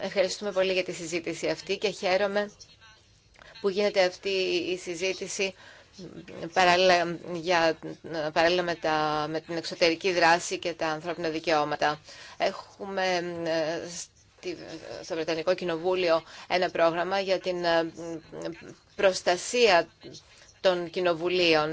Ευχαριστούμε πολύ για τη συζήτηση αυτή και χαίρομαι που γίνεται αυτή η συζήτηση παράλληλα, για, με, με την εξωτερική δράση και τα ανθρώπινα δικαιώματα. Έχουμε ε, στο Βρετανικό Κοινοβούλιο ένα πρόγραμμα για την ε, προστασία των κοινοβουλίων.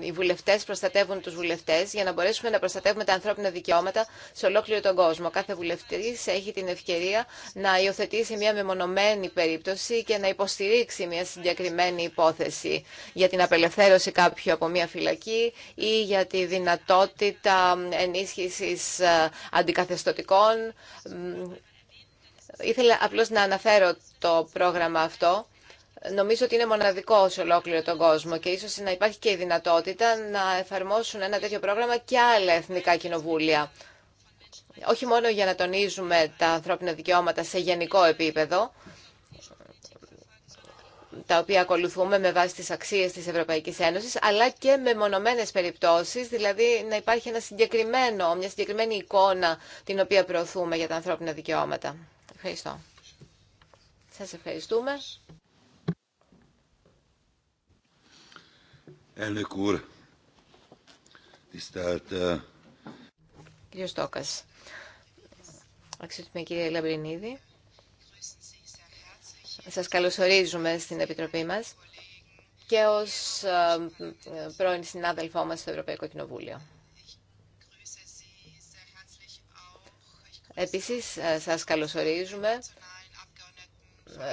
Οι βουλευτέ προστατεύουν του βουλευτέ για να μπορέσουμε να προστατεύουμε τα ανθρώπινα δικαιώματα σε ολόκληρο τον κόσμο. Κάθε βουλευτή έχει την ευκαιρία να υιοθετήσει μια μεμονωμένη περίπτωση και να υποστηρίξει μια συγκεκριμένη υπόθεση για την απελευθέρωση κάποιου από μια φυλακή ή για τη δυνατότητα ενίσχυση ε, αντικαθεστωτικών. Ήθελα απλώς να αναφέρω το πρόγραμμα αυτό νομίζω ότι είναι μοναδικό σε ολόκληρο τον κόσμο και ίσως να υπάρχει και η δυνατότητα να εφαρμόσουν ένα τέτοιο πρόγραμμα και άλλα εθνικά κοινοβούλια. Όχι μόνο για να τονίζουμε τα ανθρώπινα δικαιώματα σε γενικό επίπεδο, τα οποία ακολουθούμε με βάση τις αξίες της Ευρωπαϊκής Ένωσης, αλλά και με μονομένες περιπτώσεις, δηλαδή να υπάρχει ένα συγκεκριμένο, μια συγκεκριμένη εικόνα την οποία προωθούμε για τα ανθρώπινα δικαιώματα. Ευχαριστώ. Σας ευχαριστούμε. Elnök úr, tisztelt... αξιότιμη κυρία Λαμπρινίδη, σας καλωσορίζουμε στην Επιτροπή μας και ως ε, πρώην συνάδελφό μας στο Ευρωπαϊκό Κοινοβούλιο. Επίσης, ε, σας καλωσορίζουμε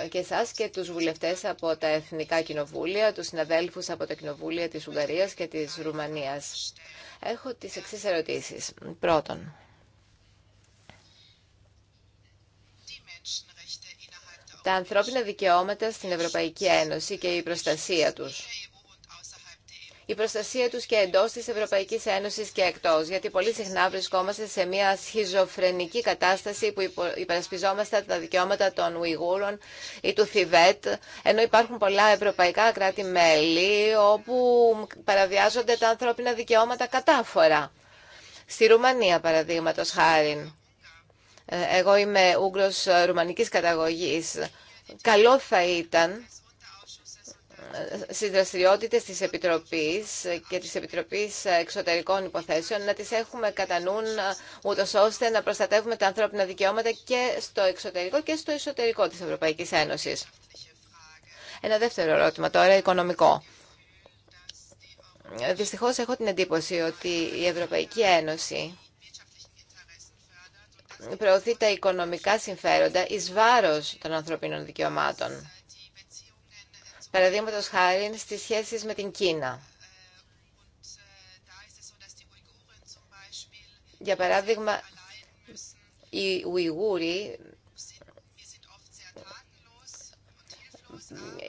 και εσά και τους βουλευτές από τα Εθνικά Κοινοβούλια, τους συναδέλφους από τα Κοινοβούλια της Ουγγαρίας και της Ρουμανίας. Έχω τις εξή ερωτήσεις. Πρώτον, τα ανθρώπινα δικαιώματα στην Ευρωπαϊκή Ένωση και η προστασία τους η προστασία τους και εντός της Ευρωπαϊκής Ένωσης και εκτός. Γιατί πολύ συχνά βρισκόμαστε σε μια σχιζοφρενική κατάσταση που υπερασπιζόμαστε τα δικαιώματα των Ουιγούρων ή του Θιβέτ, ενώ υπάρχουν πολλά ευρωπαϊκά κράτη-μέλη όπου παραβιάζονται τα ανθρώπινα δικαιώματα κατάφορα. Στη Ρουμανία, παραδείγματος χάρη. Ε, εγώ είμαι Ούγγρος ρουμανικής καταγωγής. Καλό θα ήταν στις δραστηριότητες της Επιτροπής και της Επιτροπής Εξωτερικών Υποθέσεων να τις έχουμε κατά νου ούτως ώστε να προστατεύουμε τα ανθρώπινα δικαιώματα και στο εξωτερικό και στο εσωτερικό της Ευρωπαϊκής Ένωσης. Ένα δεύτερο ερώτημα τώρα, οικονομικό. Δυστυχώς έχω την εντύπωση ότι η Ευρωπαϊκή Ένωση προωθεί τα οικονομικά συμφέροντα εις βάρος των ανθρωπίνων δικαιωμάτων παραδείγματο χάρη στις σχέσεις με την Κίνα. Για παράδειγμα, οι Ουιγούροι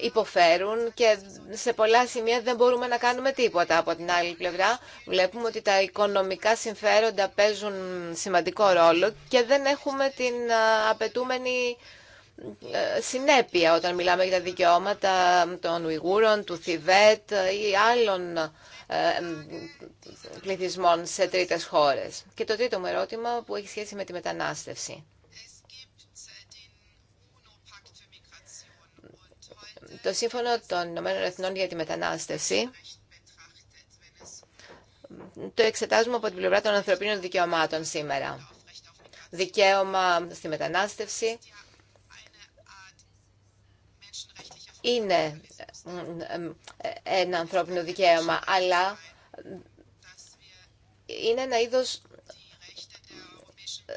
υποφέρουν και σε πολλά σημεία δεν μπορούμε να κάνουμε τίποτα. Από την άλλη πλευρά βλέπουμε ότι τα οικονομικά συμφέροντα παίζουν σημαντικό ρόλο και δεν έχουμε την απαιτούμενη ε, συνέπεια όταν μιλάμε για τα δικαιώματα των Ουιγούρων, του Θιβέτ ή άλλων ε, πληθυσμών σε τρίτες χώρες. Και το τρίτο μου ερώτημα που έχει σχέση με τη μετανάστευση. Το Σύμφωνο των Ηνωμένων Εθνών για τη Μετανάστευση το εξετάζουμε από την πλευρά των ανθρωπίνων δικαιωμάτων σήμερα. Δικαίωμα στη μετανάστευση, είναι ε, ένα ανθρώπινο δικαίωμα, αλλά είναι ένα είδος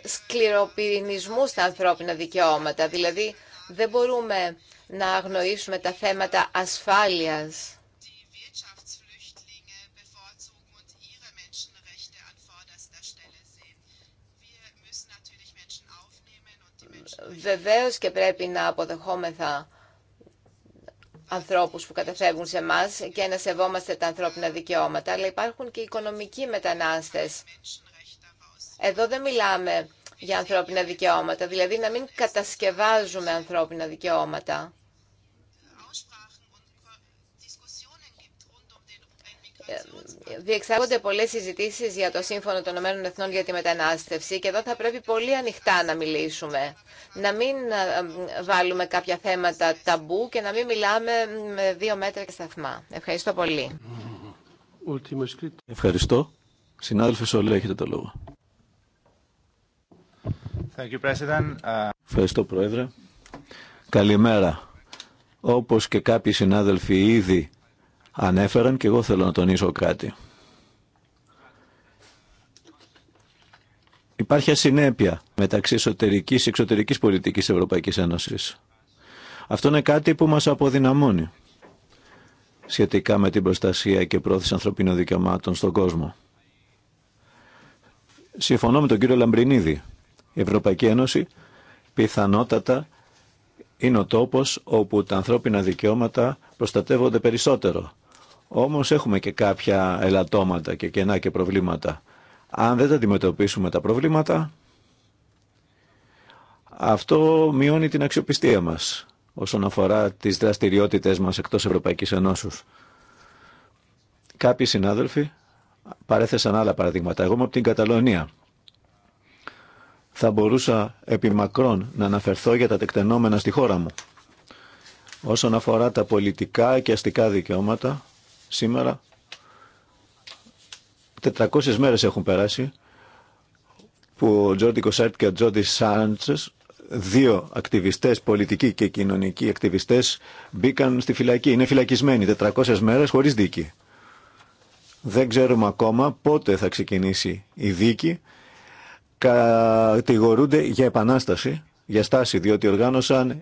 σκληροπυρηνισμού στα ανθρώπινα δικαιώματα. Δηλαδή, δεν μπορούμε να αγνοήσουμε τα θέματα ασφάλειας. Βεβαίως και πρέπει να αποδεχόμεθα ανθρώπους που καταφεύγουν σε εμά και να σεβόμαστε τα ανθρώπινα δικαιώματα, αλλά υπάρχουν και οικονομικοί μετανάστες. Εδώ δεν μιλάμε για ανθρώπινα δικαιώματα, δηλαδή να μην κατασκευάζουμε ανθρώπινα δικαιώματα. διεξάγονται πολλές συζητήσεις για το Σύμφωνο των Ηνωμένων Εθνών για τη μετανάστευση και εδώ θα πρέπει πολύ ανοιχτά να μιλήσουμε. Να μην ε, ε, βάλουμε κάποια θέματα ταμπού και να μην μιλάμε με δύο μέτρα και σταθμά. Ευχαριστώ πολύ. Ευχαριστώ. Συνάδελφε όλοι έχετε το λόγο. Uh, Ευχαριστώ, Πρόεδρε. Καλημέρα. Όπως και κάποιοι συνάδελφοι ήδη ανέφεραν και εγώ θέλω να τονίσω κάτι. Υπάρχει ασυνέπεια μεταξύ εσωτερικής και εξωτερικής πολιτικής Ευρωπαϊκής Ένωσης. Αυτό είναι κάτι που μας αποδυναμώνει σχετικά με την προστασία και πρόθεση ανθρωπίνων δικαιωμάτων στον κόσμο. Συμφωνώ με τον κύριο Λαμπρινίδη. Η Ευρωπαϊκή Ένωση πιθανότατα είναι ο τόπος όπου τα ανθρώπινα δικαιώματα προστατεύονται περισσότερο όμως έχουμε και κάποια ελαττώματα και κενά και προβλήματα. Αν δεν τα αντιμετωπίσουμε τα προβλήματα, αυτό μειώνει την αξιοπιστία μας όσον αφορά τις δραστηριότητες μας εκτός Ευρωπαϊκής Ένωσης, Κάποιοι συνάδελφοι παρέθεσαν άλλα παραδείγματα. Εγώ είμαι από την Καταλωνία. Θα μπορούσα επί να αναφερθώ για τα τεκτενόμενα στη χώρα μου. Όσον αφορά τα πολιτικά και αστικά δικαιώματα, Σήμερα 400 μέρες έχουν περάσει που ο Τζόρντι Κοσάρτ και ο Τζόντι Σάντσες, δύο ακτιβιστές, πολιτικοί και κοινωνικοί ακτιβιστές, μπήκαν στη φυλακή. Είναι φυλακισμένοι 400 μέρες χωρίς δίκη. Δεν ξέρουμε ακόμα πότε θα ξεκινήσει η δίκη. Κατηγορούνται για επανάσταση, για στάση, διότι οργάνωσαν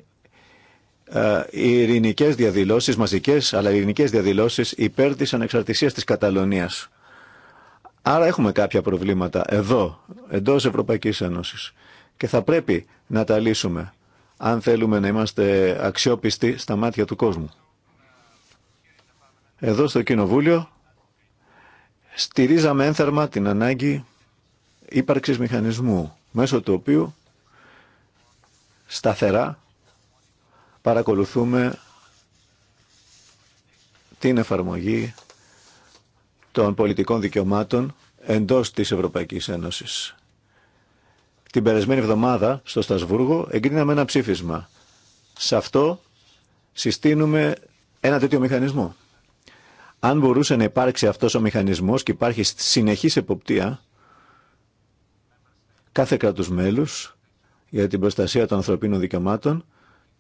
ε, οι ειρηνικέ διαδηλώσει, μαζικέ αλλά ειρηνικέ διαδηλώσει υπέρ τη ανεξαρτησία τη Καταλωνία. Άρα έχουμε κάποια προβλήματα εδώ, εντό Ευρωπαϊκή Ένωση. Και θα πρέπει να τα λύσουμε αν θέλουμε να είμαστε αξιόπιστοι στα μάτια του κόσμου. Εδώ στο Κοινοβούλιο στηρίζαμε ένθερμα την ανάγκη ύπαρξης μηχανισμού, μέσω του οποίου σταθερά παρακολουθούμε την εφαρμογή των πολιτικών δικαιωμάτων εντός της Ευρωπαϊκής Ένωσης. Την περασμένη εβδομάδα στο Στασβούργο εγκρίναμε ένα ψήφισμα. Σε αυτό συστήνουμε ένα τέτοιο μηχανισμό. Αν μπορούσε να υπάρξει αυτός ο μηχανισμός και υπάρχει συνεχής εποπτεία κάθε κράτους μέλους για την προστασία των ανθρωπίνων δικαιωμάτων,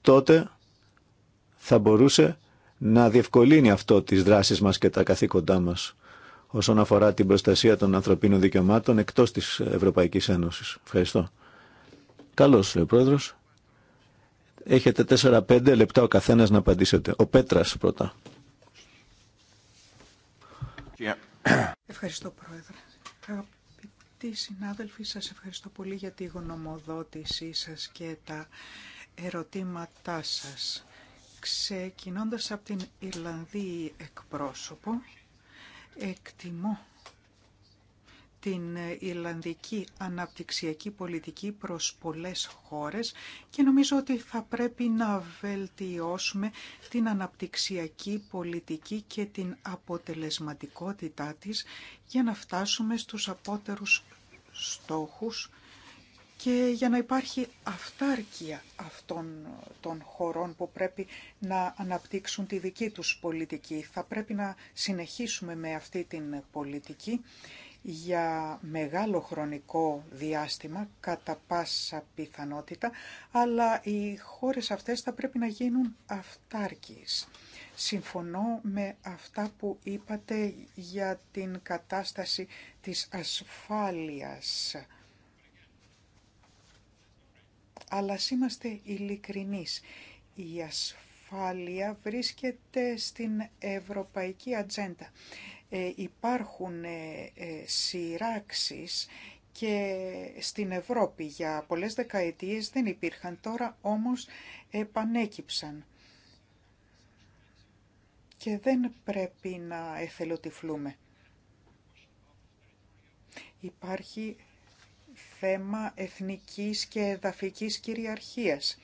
τότε θα μπορούσε να διευκολύνει αυτό τις δράσεις μας και τα καθήκοντά μας όσον αφορά την προστασία των ανθρωπίνων δικαιωμάτων εκτός της Ευρωπαϊκής Ένωσης. Ευχαριστώ. Καλώς, λέει ο Πρόεδρος. Έχετε 4-5 λεπτά ο καθένας να απαντήσετε. Ο Πέτρας πρώτα. Ευχαριστώ, Πρόεδρε. Αγαπητοί συνάδελφοι, σας ευχαριστώ πολύ για τη γνωμοδότησή σας και τα ερωτήματά σας. Ξεκινώντας από την Ιρλανδή εκπρόσωπο, εκτιμώ την Ιρλανδική αναπτυξιακή πολιτική προς πολλές χώρες και νομίζω ότι θα πρέπει να βελτιώσουμε την αναπτυξιακή πολιτική και την αποτελεσματικότητά της για να φτάσουμε στους απότερους στόχους και για να υπάρχει αυτάρκεια αυτών των χωρών που πρέπει να αναπτύξουν τη δική τους πολιτική. Θα πρέπει να συνεχίσουμε με αυτή την πολιτική για μεγάλο χρονικό διάστημα, κατά πάσα πιθανότητα, αλλά οι χώρες αυτές θα πρέπει να γίνουν αυτάρκειες. Συμφωνώ με αυτά που είπατε για την κατάσταση της ασφάλειας αλλά ας είμαστε ειλικρινείς. Η ασφάλεια βρίσκεται στην ευρωπαϊκή ατζέντα. Ε, υπάρχουν ε, ε και στην Ευρώπη για πολλές δεκαετίες δεν υπήρχαν, τώρα όμως επανέκυψαν. Και δεν πρέπει να εθελοτυφλούμε. Υπάρχει θέμα εθνικής και εδαφικής κυριαρχίας.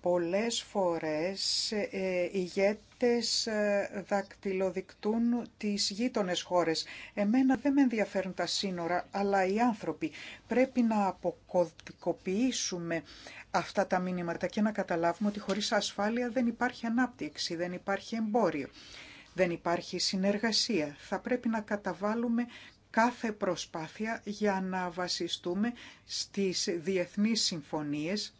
Πολλές φορές οι ε, ηγέτες ε, δακτυλοδεικτούν τις γείτονες χώρες. Εμένα δεν με ενδιαφέρουν τα σύνορα, αλλά οι άνθρωποι. Πρέπει να αποκωδικοποιήσουμε αυτά τα μήνυματα και να καταλάβουμε ότι χωρίς ασφάλεια δεν υπάρχει ανάπτυξη, δεν υπάρχει εμπόριο. Δεν υπάρχει συνεργασία. Θα πρέπει να καταβάλουμε κάθε προσπάθεια για να βασιστούμε στις διεθνείς συμφωνίες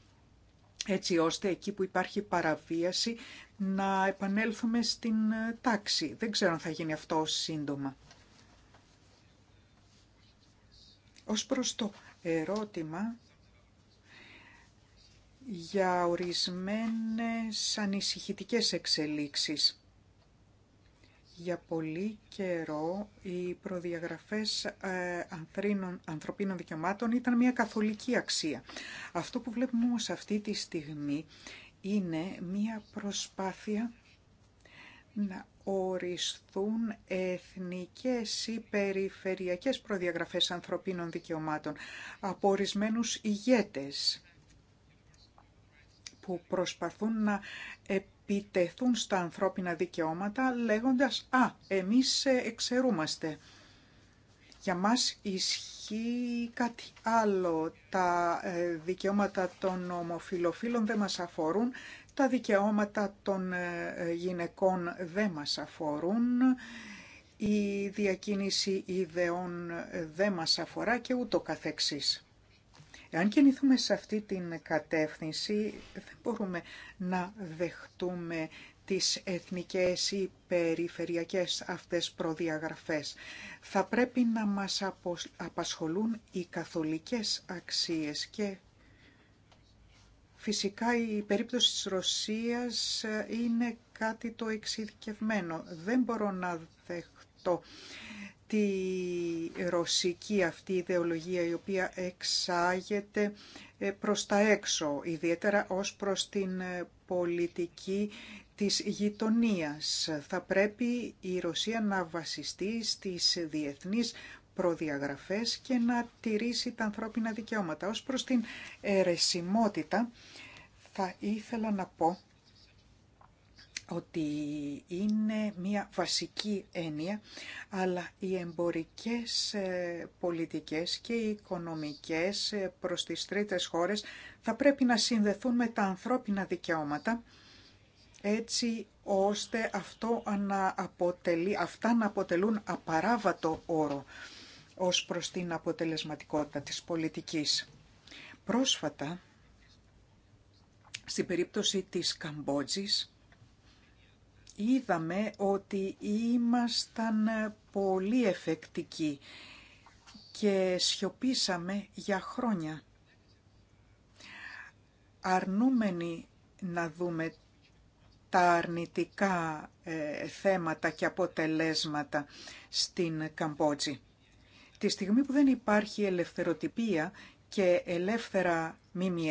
έτσι ώστε εκεί που υπάρχει παραβίαση να επανέλθουμε στην ε, τάξη. Δεν ξέρω αν θα γίνει αυτό σύντομα. Ως προς το ερώτημα για ορισμένες ανησυχητικές εξελίξεις για πολύ καιρό οι προδιαγραφές ε, ανθρωπίνων δικαιωμάτων ήταν μια καθολική αξία. Αυτό που βλέπουμε όμως αυτή τη στιγμή είναι μια προσπάθεια να οριστούν εθνικές ή περιφερειακές προδιαγραφές ανθρωπίνων δικαιωμάτων από ορισμένου ηγέτες που προσπαθούν να επιτεθούν στα ανθρώπινα δικαιώματα λέγοντας «Α, εμείς ε, εξαιρούμαστε». Για μας ισχύει κάτι άλλο. Τα ε, δικαιώματα των ομοφιλοφίλων δεν μας αφορούν, τα δικαιώματα των ε, γυναικών δεν μας αφορούν, η διακίνηση ιδεών δεν μας αφορά και ούτω καθεξής. Εάν κινηθούμε σε αυτή την κατεύθυνση, δεν μπορούμε να δεχτούμε τις εθνικές ή περιφερειακές αυτές προδιαγραφές. Θα πρέπει να μας απασχολούν οι καθολικές αξίες και φυσικά η περίπτωση της Ρωσίας είναι κάτι το εξειδικευμένο. Δεν μπορώ να δεχτώ τη ρωσική αυτή ιδεολογία η οποία εξάγεται ε, προς τα έξω, ιδιαίτερα ως προς την ε, πολιτική της γειτονίας. Θα πρέπει η Ρωσία να βασιστεί στις διεθνείς προδιαγραφές και να τηρήσει τα ανθρώπινα δικαιώματα. Ως προς την αιρεσιμότητα θα ήθελα να πω ότι είναι μια βασική έννοια, αλλά οι εμπορικές ε, πολιτικές και οι οικονομικές ε, προς τις τρίτες χώρες θα πρέπει να συνδεθούν με τα ανθρώπινα δικαιώματα, έτσι ώστε αυτό να αποτελεί, αυτά να αποτελούν απαράβατο όρο ως προς την αποτελεσματικότητα της πολιτικής. Πρόσφατα, στην περίπτωση της Καμπότζης, είδαμε ότι ήμασταν πολύ εφεκτικοί και σιωπήσαμε για χρόνια. Αρνούμενοι να δούμε τα αρνητικά ε, θέματα και αποτελέσματα στην Καμπότζη. Τη στιγμή που δεν υπάρχει ελευθεροτυπία και ελεύθερα μήμη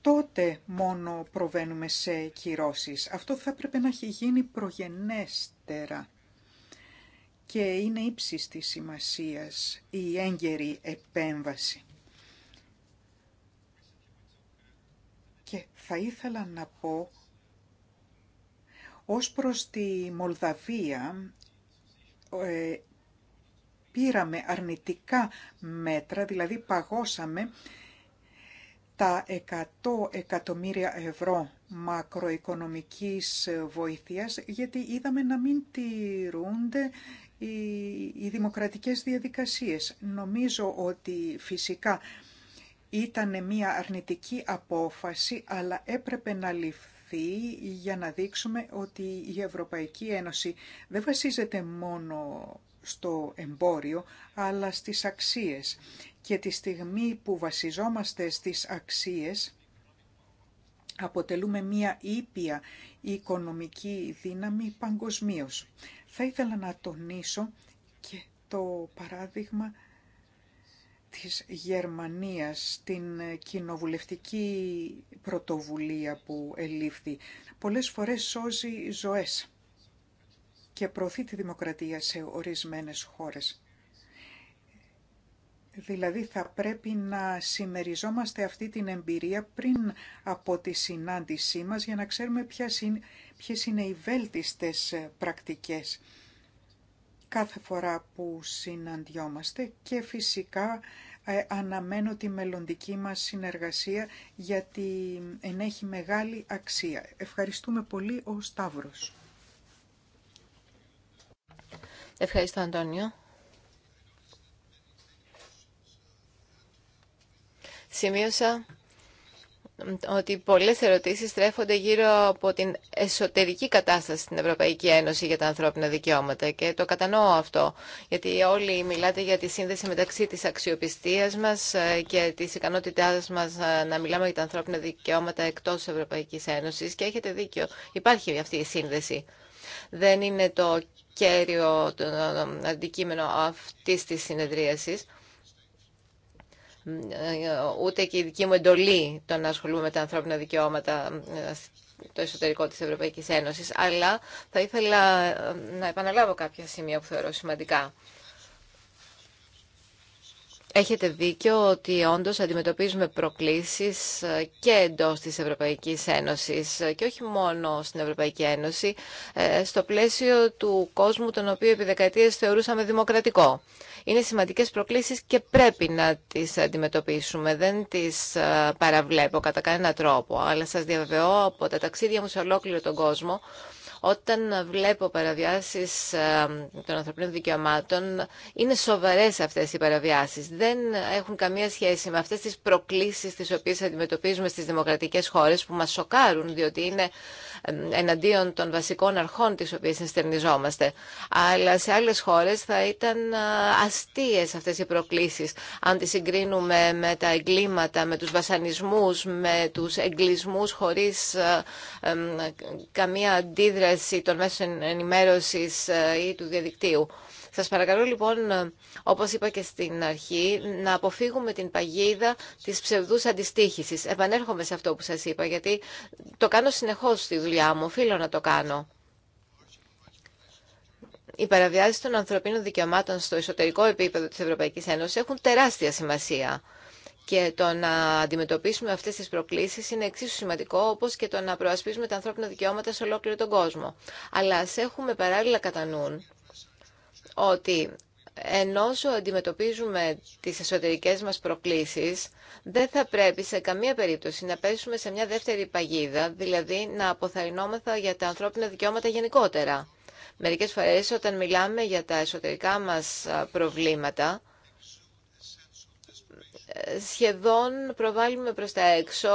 τότε μόνο προβαίνουμε σε κυρώσεις. Αυτό θα πρέπει να έχει γίνει προγενέστερα και είναι ύψης της σημασίας η έγκαιρη επέμβαση. Και θα ήθελα να πω ως προς τη Μολδαβία ε, πήραμε αρνητικά μέτρα, δηλαδή παγώσαμε τα 100 εκατομμύρια ευρώ μακροοικονομικής βοήθειας, γιατί είδαμε να μην τηρούνται οι δημοκρατικές διαδικασίες. Νομίζω ότι φυσικά ήταν μια αρνητική απόφαση, αλλά έπρεπε να ληφθεί για να δείξουμε ότι η Ευρωπαϊκή Ένωση δεν βασίζεται μόνο στο εμπόριο, αλλά στις αξίες και τη στιγμή που βασιζόμαστε στις αξίες αποτελούμε μία ήπια οικονομική δύναμη παγκοσμίω. Θα ήθελα να τονίσω και το παράδειγμα της Γερμανίας, την κοινοβουλευτική πρωτοβουλία που ελήφθη. Πολλές φορές σώζει ζωές και προωθεί τη δημοκρατία σε ορισμένες χώρες. Δηλαδή θα πρέπει να συμμεριζόμαστε αυτή την εμπειρία πριν από τη συνάντησή μας για να ξέρουμε ποιες είναι οι βέλτιστες πρακτικές κάθε φορά που συναντιόμαστε και φυσικά ε, αναμένω τη μελλοντική μας συνεργασία γιατί ενέχει μεγάλη αξία. Ευχαριστούμε πολύ ο Σταύρος. Ευχαριστώ Αντώνιο. σημείωσα ότι πολλές ερωτήσεις τρέφονται γύρω από την εσωτερική κατάσταση στην Ευρωπαϊκή Ένωση για τα ανθρώπινα δικαιώματα και το κατανοώ αυτό, γιατί όλοι μιλάτε για τη σύνδεση μεταξύ της αξιοπιστίας μας ε, και της ικανότητάς μας ε, να μιλάμε για τα ανθρώπινα δικαιώματα εκτός της Ευρωπαϊκής Ένωσης και έχετε δίκιο, υπάρχει αυτή η σύνδεση. Δεν είναι το κέριο το αντικείμενο αυτής της συνεδρίασης. Ε, ούτε και η δική μου εντολή το να ασχολούμαι με τα ανθρώπινα δικαιώματα ε, το εσωτερικό της Ευρωπαϊκής Ένωσης, αλλά θα ήθελα ε, να επαναλάβω κάποια σημεία που θεωρώ σημαντικά. Έχετε δίκιο ότι όντως αντιμετωπίζουμε προκλήσεις και εντός της Ευρωπαϊκής Ένωσης και όχι μόνο στην Ευρωπαϊκή Ένωση, στο πλαίσιο του κόσμου τον οποίο επί δεκαετίες θεωρούσαμε δημοκρατικό είναι σημαντικές προκλήσεις και πρέπει να τις αντιμετωπίσουμε. Δεν τις ε, παραβλέπω κατά κανένα τρόπο, αλλά σας διαβεβαιώ από τα ταξίδια μου σε ολόκληρο τον κόσμο όταν βλέπω παραβιάσεις ε, των ανθρωπίνων δικαιωμάτων, είναι σοβαρές αυτές οι παραβιάσεις. Δεν έχουν καμία σχέση με αυτές τις προκλήσεις τις οποίες αντιμετωπίζουμε στις δημοκρατικές χώρες που μας σοκάρουν, διότι είναι ε, εναντίον των βασικών αρχών τις οποίες συνστερνιζόμαστε. Αλλά σε άλλες χώρες θα ήταν ε, αστείες αυτές οι προκλήσεις, αν τις συγκρίνουμε με τα εγκλήματα, με τους βασανισμούς, με τους εγκλισμούς χωρίς καμία αντίδραση τηλεόραση, των μέσων ενημέρωσης ε, ή του διαδικτύου. Σας παρακαλώ λοιπόν, ε, όπως είπα και στην αρχή, να αποφύγουμε την παγίδα της ψευδούς αντιστοίχησης. Επανέρχομαι σε αυτό που σας είπα, γιατί το κάνω συνεχώς στη δουλειά μου, οφείλω να το κάνω. Οι παραβιάσεις των ανθρωπίνων δικαιωμάτων στο εσωτερικό επίπεδο της Ευρωπαϊκής Ένωσης έχουν τεράστια σημασία. Και το να αντιμετωπίσουμε αυτέ τι προκλήσει είναι εξίσου σημαντικό όπω και το να προασπίσουμε τα ανθρώπινα δικαιώματα σε ολόκληρο τον κόσμο. Αλλά α έχουμε παράλληλα κατά νου ότι ενώ αντιμετωπίζουμε τις εσωτερικές μας προκλήσεις, δεν θα πρέπει σε καμία περίπτωση να πέσουμε σε μια δεύτερη παγίδα, δηλαδή να αποθαρρυνόμεθα για τα ανθρώπινα δικαιώματα γενικότερα. Μερικές φορές όταν μιλάμε για τα εσωτερικά μας προβλήματα, σχεδόν προβάλλουμε προς τα έξω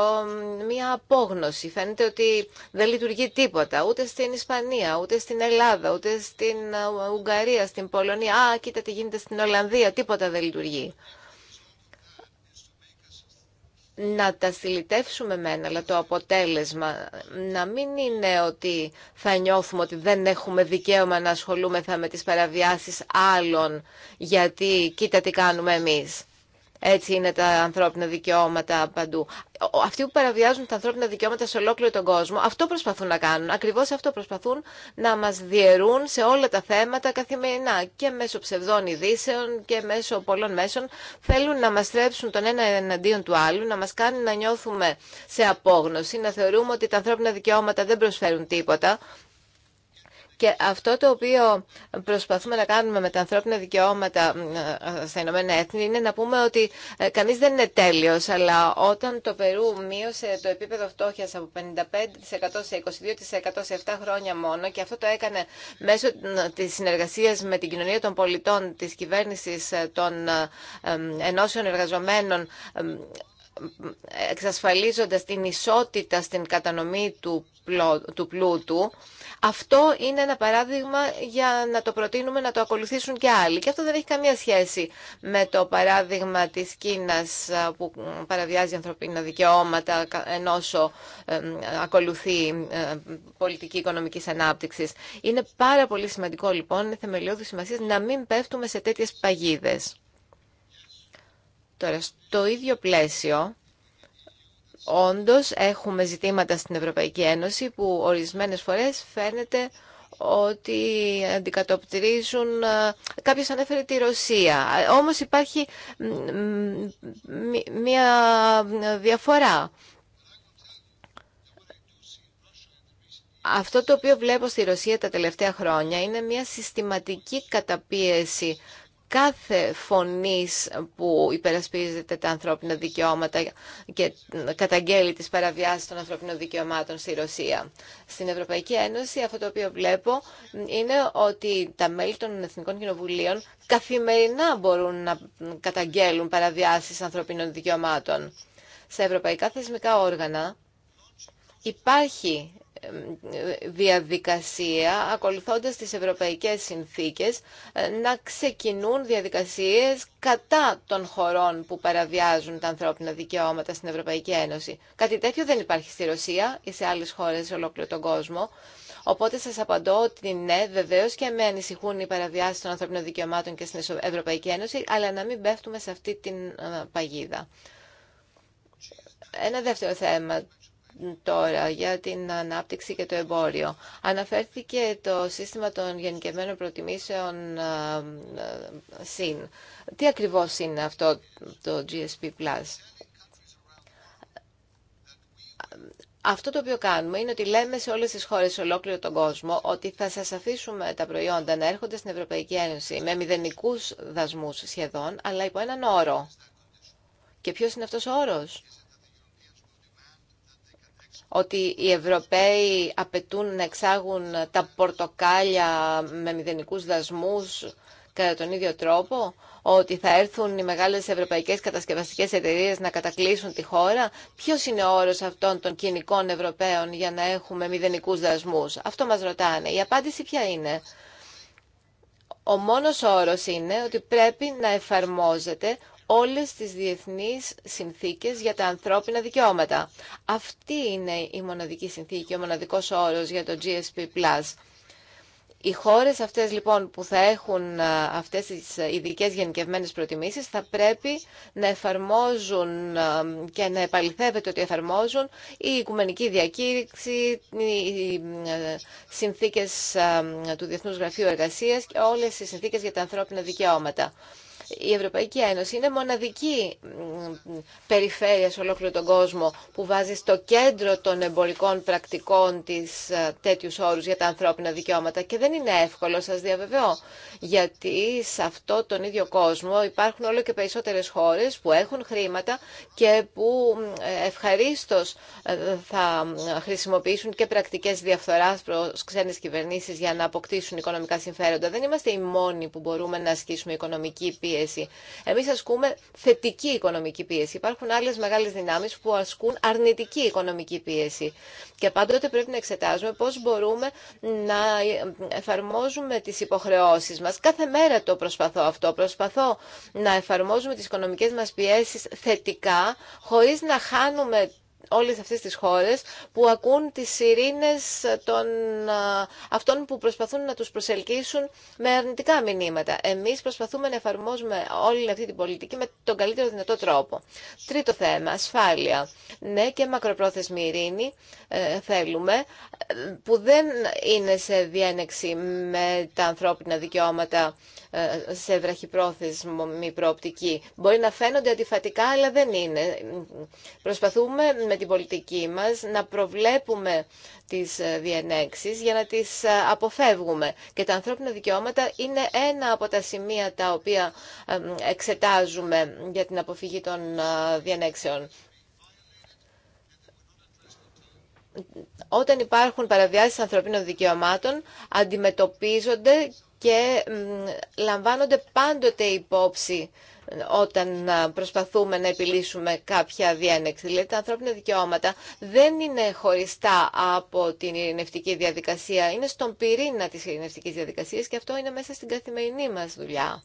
μία απόγνωση. Φαίνεται ότι δεν λειτουργεί τίποτα, ούτε στην Ισπανία, ούτε στην Ελλάδα, ούτε στην ε, Ουγγαρία, στην Πολωνία. Α, κοίτα τι γίνεται στην Ολλανδία, τίποτα δεν λειτουργεί. Να τα συλλητεύσουμε μένα, αλλά το αποτέλεσμα να μην είναι ότι θα νιώθουμε ότι δεν έχουμε δικαίωμα να ασχολούμεθα με τις παραβιάσεις άλλων, γιατί κοίτα τι κάνουμε εμείς. Έτσι είναι τα ανθρώπινα δικαιώματα παντού. Αυτοί που παραβιάζουν τα ανθρώπινα δικαιώματα σε ολόκληρο τον κόσμο, αυτό προσπαθούν να κάνουν. Ακριβώ αυτό προσπαθούν να μα διαιρούν σε όλα τα θέματα καθημερινά. Και μέσω ψευδών ειδήσεων και μέσω πολλών μέσων θέλουν να μα στρέψουν τον ένα εναντίον του άλλου, να μα κάνουν να νιώθουμε σε απόγνωση, να θεωρούμε ότι τα ανθρώπινα δικαιώματα δεν προσφέρουν τίποτα, και αυτό το οποίο προσπαθούμε να κάνουμε με τα ανθρώπινα δικαιώματα ε, στα Ηνωμένα Έθνη είναι να πούμε ότι ε, κανείς δεν είναι τέλειος, αλλά όταν το Περού μείωσε το επίπεδο φτώχειας από 55% σε 22% σε 7 χρόνια μόνο και αυτό το έκανε μέσω της συνεργασίας με την κοινωνία των πολιτών, της κυβέρνησης ε, των ενώσεων εργαζομένων, εξασφαλίζοντας την ισότητα στην κατανομή του πλούτου, αυτό είναι ένα παράδειγμα για να το προτείνουμε να το ακολουθήσουν και άλλοι. Και αυτό δεν έχει καμία σχέση με το παράδειγμα της Κίνας που παραβιάζει ανθρωπίνα δικαιώματα ενώ ακολουθεί ε, πολιτική οικονομικής ανάπτυξης. Είναι πάρα πολύ σημαντικό λοιπόν, είναι θεμελιώδη σημασία να μην πέφτουμε σε τέτοιες παγίδες. Τώρα, στο ίδιο πλαίσιο, Όντως έχουμε ζητήματα στην Ευρωπαϊκή Ένωση που ορισμένες φορές φαίνεται ότι αντικατοπτρίζουν κάποιος ανέφερε τη Ρωσία όμως υπάρχει μια διαφορά Αυτό το οποίο βλέπω στη Ρωσία τα τελευταία χρόνια είναι μια συστηματική καταπίεση κάθε φωνής που υπερασπίζεται τα ανθρώπινα δικαιώματα και καταγγέλει τις παραβιάσεις των ανθρώπινων δικαιωμάτων στη Ρωσία. Στην Ευρωπαϊκή Ένωση αυτό το οποίο βλέπω είναι ότι τα μέλη των Εθνικών Κοινοβουλίων καθημερινά μπορούν να καταγγέλουν παραβιάσεις ανθρωπίνων δικαιωμάτων. Σε ευρωπαϊκά θεσμικά όργανα υπάρχει διαδικασία, ακολουθώντας τις ευρωπαϊκές συνθήκες, ε, να ξεκινούν διαδικασίες κατά των χωρών που παραβιάζουν τα ανθρώπινα δικαιώματα στην Ευρωπαϊκή Ένωση. Κάτι τέτοιο δεν υπάρχει στη Ρωσία ή σε άλλες χώρες σε ολόκληρο τον κόσμο. Οπότε σας απαντώ ότι ναι, βεβαίως και με ανησυχούν οι παραβιάσεις των ανθρώπινων δικαιωμάτων και στην Ευρωπαϊκή Ένωση, αλλά να μην πέφτουμε σε αυτή την ε, παγίδα. Ένα δεύτερο θέμα τώρα για την ανάπτυξη και το εμπόριο. Αναφέρθηκε το σύστημα των γενικευμένων προτιμήσεων ε, ε, ΣΥΝ. Τι ακριβώς είναι αυτό το GSP+. Αυτό το οποίο κάνουμε είναι ότι λέμε σε όλες τις χώρες, σε ολόκληρο τον κόσμο, ότι θα σας αφήσουμε τα προϊόντα να έρχονται στην Ευρωπαϊκή Ένωση με μηδενικούς δασμούς σχεδόν, αλλά υπό έναν όρο. Και ποιος είναι αυτός ο όρος ότι οι Ευρωπαίοι απαιτούν να εξάγουν τα πορτοκάλια με μηδενικούς δασμούς κατά τον ίδιο τρόπο, ότι θα έρθουν οι μεγάλες ευρωπαϊκές κατασκευαστικές εταιρείες να κατακλείσουν τη χώρα. Ποιος είναι ο όρος αυτών των κοινικών Ευρωπαίων για να έχουμε μηδενικούς δασμούς. Αυτό μας ρωτάνε. Η απάντηση ποια είναι. Ο μόνος όρος είναι ότι πρέπει να εφαρμόζεται όλες τις διεθνείς συνθήκες για τα ανθρώπινα δικαιώματα. Αυτή είναι η μοναδική συνθήκη, ο μοναδικός όρος για το GSP+. Οι χώρες αυτές λοιπόν που θα έχουν αυτές τις ειδικές γενικευμένες προτιμήσεις θα πρέπει να εφαρμόζουν και να επαληθεύεται ότι εφαρμόζουν η οικουμενική διακήρυξη, οι συνθήκες του Διεθνούς Γραφείου Εργασίας και όλες οι συνθήκες για τα ανθρώπινα δικαιώματα η Ευρωπαϊκή Ένωση είναι μοναδική περιφέρεια σε ολόκληρο τον κόσμο που βάζει στο κέντρο των εμπορικών πρακτικών της ε, τέτοιου όρου για τα ανθρώπινα δικαιώματα και δεν είναι εύκολο, σας διαβεβαιώ, γιατί σε αυτό τον ίδιο κόσμο υπάρχουν όλο και περισσότερες χώρες που έχουν χρήματα και που ευχαρίστως ε, θα χρησιμοποιήσουν και πρακτικές διαφθοράς προς ξένες κυβερνήσεις για να αποκτήσουν οικονομικά συμφέροντα. Δεν είμαστε οι μόνοι που μπορούμε να ασκήσουμε οικονομική πίεση πίεση. Εμείς ασκούμε θετική οικονομική πίεση. Υπάρχουν άλλες μεγάλες δυνάμεις που ασκούν αρνητική οικονομική πίεση. Και πάντοτε πρέπει να εξετάζουμε πώς μπορούμε να εφαρμόζουμε τις υποχρεώσεις μας. Κάθε μέρα το προσπαθώ αυτό. Προσπαθώ να εφαρμόζουμε τις οικονομικές μας πιέσεις θετικά, χωρίς να χάνουμε όλες αυτές τις χώρες που ακούν τις σιρήνες των αυτών που προσπαθούν να τους προσελκύσουν με αρνητικά μηνύματα. Εμείς προσπαθούμε να εφαρμόζουμε όλη αυτή την πολιτική με τον καλύτερο δυνατό τρόπο. Τρίτο θέμα, ασφάλεια. Ναι και μακροπρόθεσμη ειρήνη ε, θέλουμε ε, που δεν είναι σε διένεξη με τα ανθρώπινα δικαιώματα ε, σε βραχυπρόθεσμο μη προοπτική. Μπορεί να φαίνονται αντιφατικά, αλλά δεν είναι. Προσπαθούμε με την πολιτική μας να προβλέπουμε τις ε, διενέξεις για να τις ε, αποφεύγουμε. Και τα ανθρώπινα δικαιώματα είναι ένα από τα σημεία τα οποία εξετάζουμε για την αποφυγή των διενέξεων. Όταν υπάρχουν παραβιάσεις ανθρωπίνων δικαιωμάτων, αντιμετωπίζονται και λαμβάνονται πάντοτε υπόψη ε, όταν ε, προσπαθούμε να επιλύσουμε κάποια διένεξη. Δηλαδή τα ανθρώπινα δικαιώματα δεν είναι χωριστά από την ειρηνευτική διαδικασία. Είναι στον πυρήνα της ειρηνευτικής διαδικασίας και αυτό είναι μέσα στην καθημερινή μας δουλειά.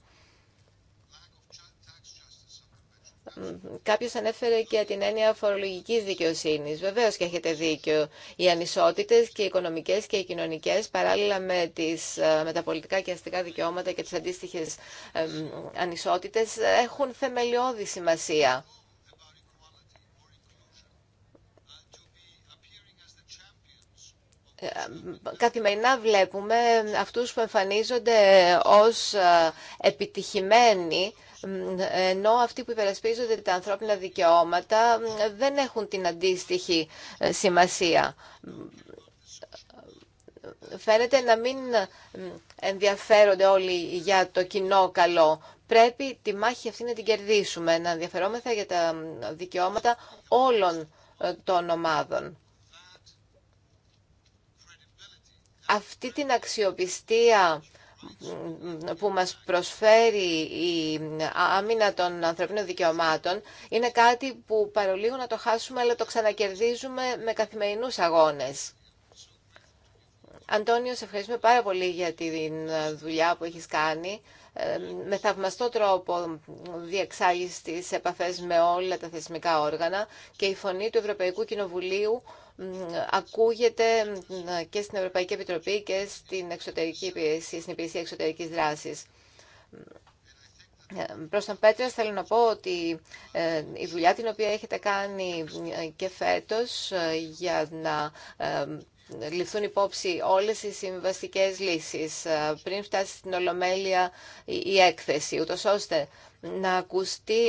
Κάποιο ανέφερε και την έννοια φορολογική δικαιοσύνη. Βεβαίω και έχετε δίκιο. Οι ανισότητες και οι οικονομικές και οι κοινωνικές παράλληλα με, τις, ε, τα πολιτικά και αστικά δικαιώματα και τις αντίστοιχες ε, ανισότητες έχουν θεμελιώδη σημασία. Ε, καθημερινά βλέπουμε αυτούς που εμφανίζονται ως επιτυχημένοι ενώ αυτοί που υπερασπίζονται τα ανθρώπινα δικαιώματα δεν έχουν την αντίστοιχη ε, σημασία. Φαίνεται να μην ενδιαφέρονται όλοι για το κοινό καλό. Πρέπει τη μάχη αυτή να την κερδίσουμε, να ενδιαφερόμεθα για τα δικαιώματα όλων ε, των ομάδων. Αυτή την αξιοπιστία που μας προσφέρει η άμυνα των ανθρωπίνων δικαιωμάτων είναι κάτι που παρολίγο να το χάσουμε αλλά το ξανακερδίζουμε με καθημερινούς αγώνες. Αντώνιο, σε ευχαριστούμε πάρα πολύ για τη δουλειά που έχεις κάνει. Ε, με θαυμαστό τρόπο διεξάγεις τις επαφές με όλα τα θεσμικά όργανα και η φωνή του Ευρωπαϊκού Κοινοβουλίου ακούγεται και στην Ευρωπαϊκή Επιτροπή και στην, εξωτερική υπηρεσία, στην υπηρεσία εξωτερικής δράσης. Προς τον θέλω να πω ότι ε, η δουλειά την οποία έχετε κάνει ε, και φέτος ε, για να ληφθούν υπόψη όλες οι συμβαστικές λύσεις ε, πριν φτάσει στην Ολομέλεια η έκθεση, ούτως ώστε να ακουστεί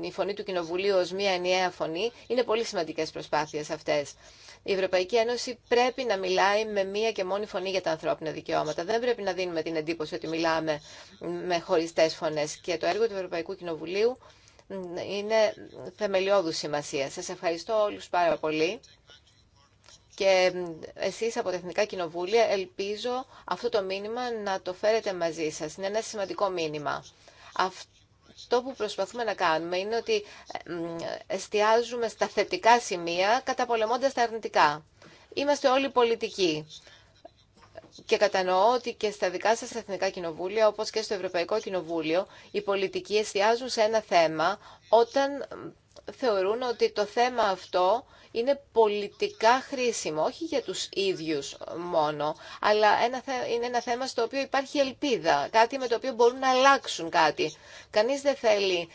η φωνή του Κοινοβουλίου ως μία ενιαία φωνή, είναι πολύ σημαντικές προσπάθειες αυτές. Η Ευρωπαϊκή Ένωση πρέπει να μιλάει με μία και μόνη φωνή για τα ανθρώπινα δικαιώματα. Δεν πρέπει να δίνουμε την εντύπωση ότι μιλάμε με χωριστές φωνές. Και το έργο του Ευρωπαϊκού Κοινοβουλίου είναι θεμελιώδους σημασία. Σας ευχαριστώ όλους πάρα πολύ και εσείς από τα Εθνικά Κοινοβούλια ελπίζω αυτό το μήνυμα να το φέρετε μαζί σας. Είναι ένα σημαντικό μήνυμα. Αυτό που προσπαθούμε να κάνουμε είναι ότι εστιάζουμε στα θετικά σημεία καταπολεμώντας τα αρνητικά. Είμαστε όλοι πολιτικοί. Και κατανοώ ότι και στα δικά σας εθνικά κοινοβούλια, όπως και στο Ευρωπαϊκό Κοινοβούλιο, οι πολιτικοί εστιάζουν σε ένα θέμα όταν θεωρούν ότι το θέμα αυτό είναι πολιτικά χρήσιμο, όχι για τους ίδιους μόνο, αλλά είναι ένα θέμα στο οποίο υπάρχει ελπίδα, κάτι με το οποίο μπορούν να αλλάξουν κάτι. Κανείς δεν θέλει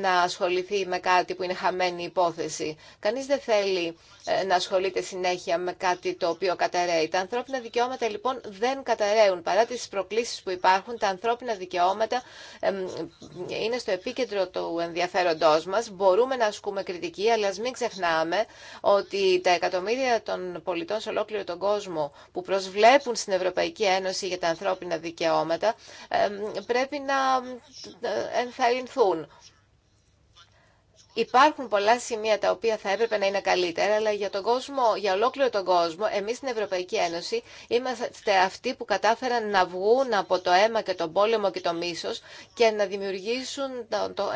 να ασχοληθεί με κάτι που είναι χαμένη υπόθεση. Κανείς δεν θέλει ε, να ασχολείται συνέχεια με κάτι το οποίο καταραίει. Τα ανθρώπινα δικαιώματα λοιπόν δεν καταραίουν. Παρά τις προκλήσεις που υπάρχουν, τα ανθρώπινα δικαιώματα είναι στο επίκεντρο του ενδιαφέροντός μας. Μπορούμε να ασκούμε κριτική, αλλά μην ξεχνάμε ότι τα εκατομμύρια των πολιτών σε ολόκληρο τον κόσμο που προσβλέπουν στην Ευρωπαϊκή Ένωση για τα ανθρώπινα δικαιώματα πρέπει να ε, ενθαρρυνθούν. Υπάρχουν πολλά σημεία τα οποία θα έπρεπε να είναι καλύτερα, αλλά για τον κόσμο, για ολόκληρο τον κόσμο, εμείς στην Ευρωπαϊκή Ένωση είμαστε αυτοί που κατάφεραν να βγουν από το αίμα και τον πόλεμο και το μίσος και να δημιουργήσουν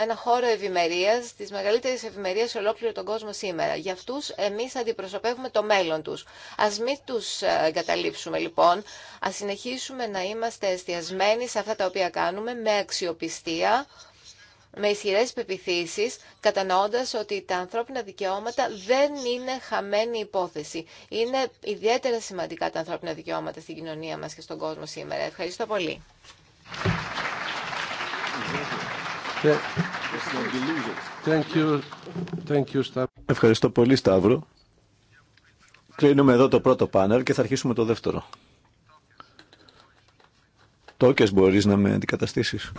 ένα χώρο ευημερίας, της μεγαλύτερης ευημερίας σε ολόκληρο τον κόσμο σήμερα. Για αυτούς εμείς αντιπροσωπεύουμε το μέλλον τους. Ας μην τους ε, εγκαταλείψουμε λοιπόν, ας συνεχίσουμε να είμαστε εστιασμένοι σε αυτά τα οποία κάνουμε με αξιοπιστία, με ισχυρέ πεπιθήσει, κατανοώντα ότι τα ανθρώπινα δικαιώματα δεν είναι χαμένη υπόθεση. Είναι ιδιαίτερα σημαντικά τα ανθρώπινα δικαιώματα στην κοινωνία μας και στον κόσμο σήμερα. Ευχαριστώ πολύ. Ευχαριστώ πολύ, Σταύρο. Κλείνουμε εδώ το πρώτο πάνελ και θα αρχίσουμε το δεύτερο. Τόκες μπορείς να με αντικαταστήσεις.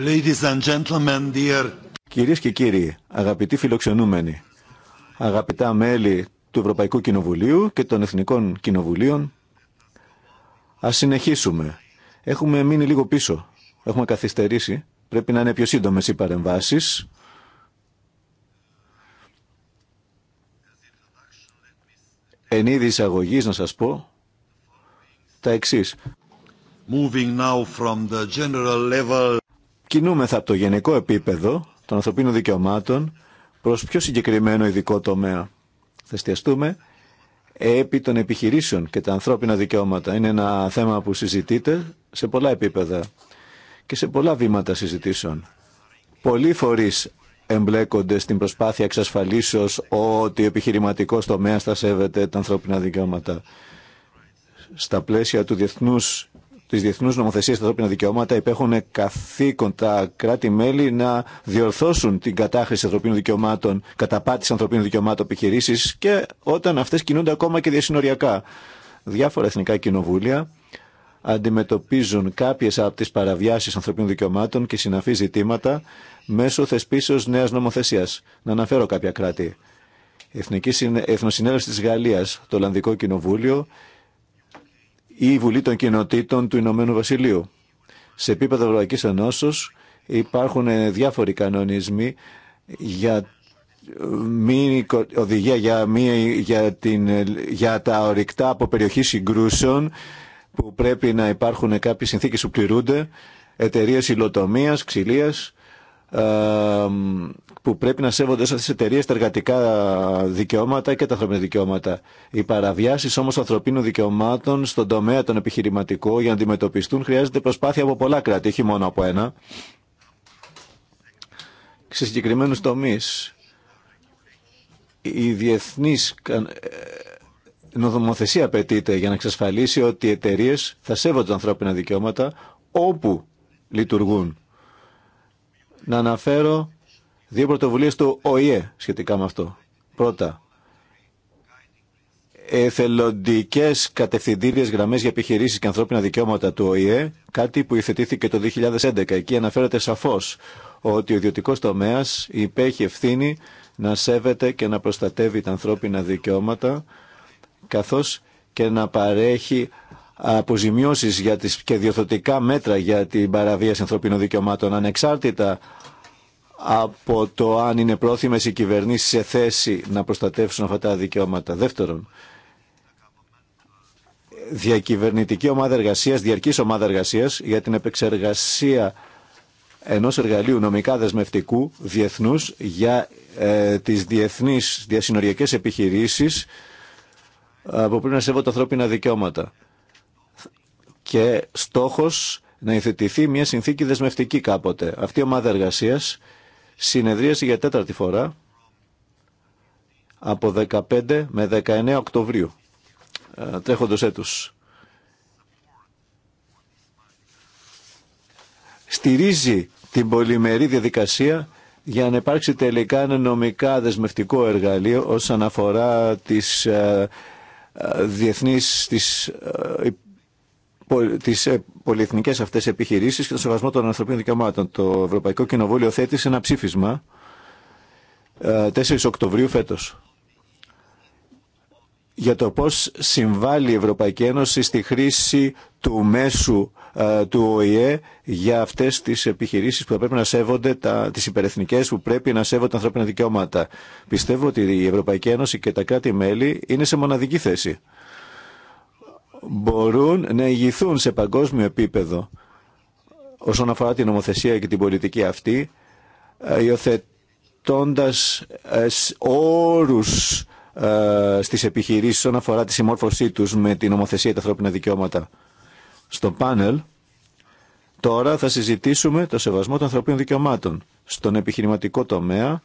Κυρίε Κυρίες και κύριοι, αγαπητοί φιλοξενούμενοι, αγαπητά μέλη του Ευρωπαϊκού Κοινοβουλίου και των Εθνικών Κοινοβουλίων, ας συνεχίσουμε. Έχουμε μείνει λίγο πίσω, έχουμε καθυστερήσει, πρέπει να είναι πιο σύντομες οι παρεμβάσεις. Εν είδη εισαγωγή να σας πω τα εξής. Moving now from the general κινούμεθα από το γενικό επίπεδο των ανθρωπίνων δικαιωμάτων προς πιο συγκεκριμένο ειδικό τομέα. Θα εστιαστούμε επί των επιχειρήσεων και τα ανθρώπινα δικαιώματα. Είναι ένα θέμα που συζητείται σε πολλά επίπεδα και σε πολλά βήματα συζητήσεων. Πολλοί φορείς εμπλέκονται στην προσπάθεια εξασφαλίσεως ότι ο επιχειρηματικός τομέας θα σέβεται τα ανθρώπινα δικαιώματα. Στα πλαίσια του διεθνούς τη διεθνού νομοθεσία στα ανθρώπινα δικαιώματα υπέχουν καθήκον τα κράτη-μέλη να διορθώσουν την κατάχρηση ανθρωπίνων δικαιωμάτων, καταπάτηση ανθρωπίνων δικαιωμάτων επιχειρήσει και όταν αυτέ κινούνται ακόμα και διασυνοριακά. Διάφορα εθνικά κοινοβούλια αντιμετωπίζουν κάποιες από τις παραβιάσεις ανθρωπίνων δικαιωμάτων και συναφή ζητήματα μέσω θεσπίσεως νέας νομοθεσίας. Να αναφέρω κάποια κράτη. Εθνική Εθνοσυνέλευση της Γαλλίας, το Ολλανδικό Κοινοβούλιο, ή η Βουλή των Κοινοτήτων του Ηνωμένου Βασιλείου. Σε επίπεδο Ευρωπαϊκή Ενώσεω υπάρχουν ε, διάφοροι κανονισμοί για ε, μη οδηγία για, μη, για, την, ε, για τα ορυκτά από περιοχή συγκρούσεων που πρέπει να υπάρχουν κάποιες συνθήκες που πληρούνται εταιρείε υλοτομίας, ξυλίας, που πρέπει να σέβονται σε τι εταιρείε τα εργατικά δικαιώματα και τα ανθρώπινα δικαιώματα. Οι παραβιάσει όμω ανθρωπίνων δικαιωμάτων στον τομέα τον επιχειρηματικών για να αντιμετωπιστούν χρειάζεται προσπάθεια από πολλά κράτη, όχι μόνο από ένα. Σε συγκεκριμένου τομεί, η διεθνή νομοθεσία απαιτείται για να εξασφαλίσει ότι οι εταιρείε θα σέβονται τα ανθρώπινα δικαιώματα όπου λειτουργούν. Να αναφέρω δύο πρωτοβουλίες του ΟΗΕ σχετικά με αυτό. Πρώτα, εθελοντικές κατευθυντήριες γραμμές για επιχειρήσεις και ανθρώπινα δικαιώματα του ΟΗΕ, κάτι που υφετήθηκε το 2011. Εκεί αναφέρεται σαφώς ότι ο ιδιωτικός τομέας υπέχει ευθύνη να σέβεται και να προστατεύει τα ανθρώπινα δικαιώματα, καθώς και να παρέχει αποζημιώσεις για τις και διορθωτικά μέτρα για την παραβίαση ανθρωπίνων δικαιωμάτων ανεξάρτητα από το αν είναι πρόθυμες οι κυβερνήσεις σε θέση να προστατεύσουν αυτά τα δικαιώματα. Δεύτερον, διακυβερνητική ομάδα εργασίας, διαρκής ομάδα εργασίας για την επεξεργασία ενός εργαλείου νομικά δεσμευτικού διεθνούς για ε, τις διεθνείς διασυνοριακές επιχειρήσεις ε, που πρέπει να σέβονται ανθρώπινα δικαιώματα. Και στόχος να υιοθετηθεί μια συνθήκη δεσμευτική κάποτε. Αυτή η ομάδα εργασίας συνεδρίαση για τέταρτη φορά από 15 με 19 Οκτωβρίου ε, τρέχοντος έτους. Στηρίζει την πολυμερή διαδικασία για να υπάρξει τελικά ένα νομικά δεσμευτικό εργαλείο όσον αφορά τις ε, ε, διεθνείς, τις τις ε, πολυεθνικές αυτές επιχειρήσεις και τον σεβασμό των ανθρωπίνων δικαιωμάτων. Το Ευρωπαϊκό Κοινοβούλιο θέτησε ένα ψήφισμα 4 ε, Οκτωβρίου φέτος για το πώς συμβάλλει η Ευρωπαϊκή Ένωση στη χρήση του μέσου ε, του ΟΗΕ για αυτές τις επιχειρήσεις που θα πρέπει να σέβονται τα, τις υπερεθνικές που πρέπει να σέβονται τα ανθρώπινα δικαιώματα. Πιστεύω ότι η Ευρωπαϊκή Ένωση και τα κράτη-μέλη είναι σε μοναδική θέση μπορούν να ηγηθούν σε παγκόσμιο επίπεδο όσον αφορά την νομοθεσία και την πολιτική αυτή, ε, υιοθετώντα ε, όρους ε, στις επιχειρήσεις όσον αφορά τη συμμόρφωσή τους με την νομοθεσία και τα ανθρώπινα δικαιώματα. Στο πάνελ τώρα θα συζητήσουμε το σεβασμό των ανθρωπίνων δικαιωμάτων στον επιχειρηματικό τομέα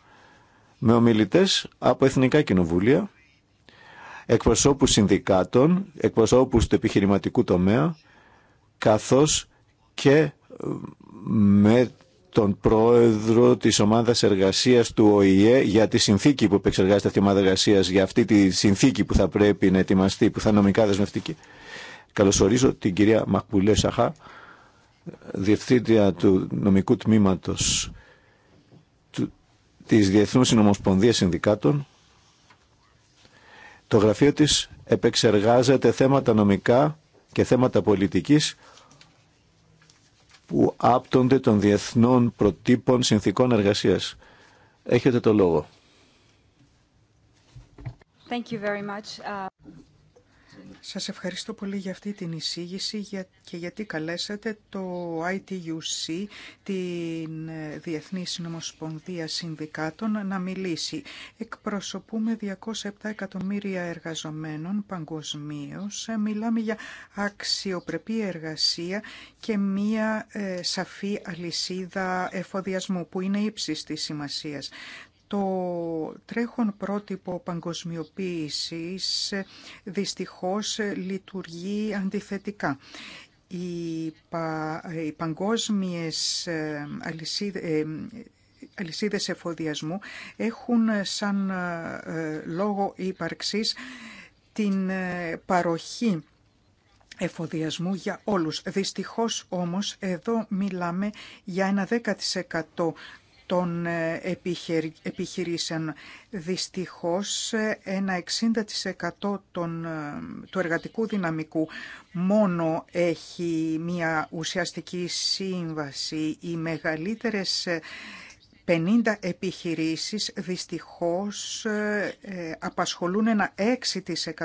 με ομιλητές από εθνικά κοινοβούλια εκπροσώπους συνδικάτων, εκπροσώπους του επιχειρηματικού τομέα, καθώς και ε, με τον πρόεδρο της ομάδας εργασίας του ΟΗΕ για τη συνθήκη που επεξεργάζεται αυτή η ομάδα εργασίας, για αυτή τη συνθήκη που θα πρέπει να ετοιμαστεί, που θα είναι νομικά δεσμευτική. Καλωσορίζω την κυρία Μαχπουλέ Σαχά, διευθύντρια του νομικού τμήματο της Διεθνούς Συνομοσπονδίας Συνδικάτων το γραφείο της επεξεργάζεται θέματα νομικά και θέματα πολιτικής που άπτονται των διεθνών προτύπων συνθήκων εργασίας. Έχετε το λόγο. Thank you very uh, σας ευχαριστώ πολύ για αυτή την εισήγηση και γιατί καλέσατε το ITUC, την ε, Διεθνή Συνομοσπονδία Συνδικάτων, να μιλήσει. Εκπροσωπούμε 207 εκατομμύρια εργαζομένων παγκοσμίω. Ε, μιλάμε για αξιοπρεπή εργασία και μία ε, σαφή αλυσίδα εφοδιασμού που είναι ύψης της σημασίας. Το τρέχον πρότυπο παγκοσμιοποίησης δυστυχώς λειτουργεί αντιθετικά. Οι, παγκόσμιες ε, ε, αλυσίδες, εφοδιασμού έχουν σαν ε, λόγο ύπαρξης την παροχή εφοδιασμού για όλους. Δυστυχώς όμως εδώ μιλάμε για ένα 10% των ε, επιχειρήσεων. Δυστυχώς, ένα 60% των, ε, του εργατικού δυναμικού μόνο έχει μια ουσιαστική σύμβαση. Οι μεγαλύτερες ε, 50 επιχειρήσεις δυστυχώς ε, ε, απασχολούν ένα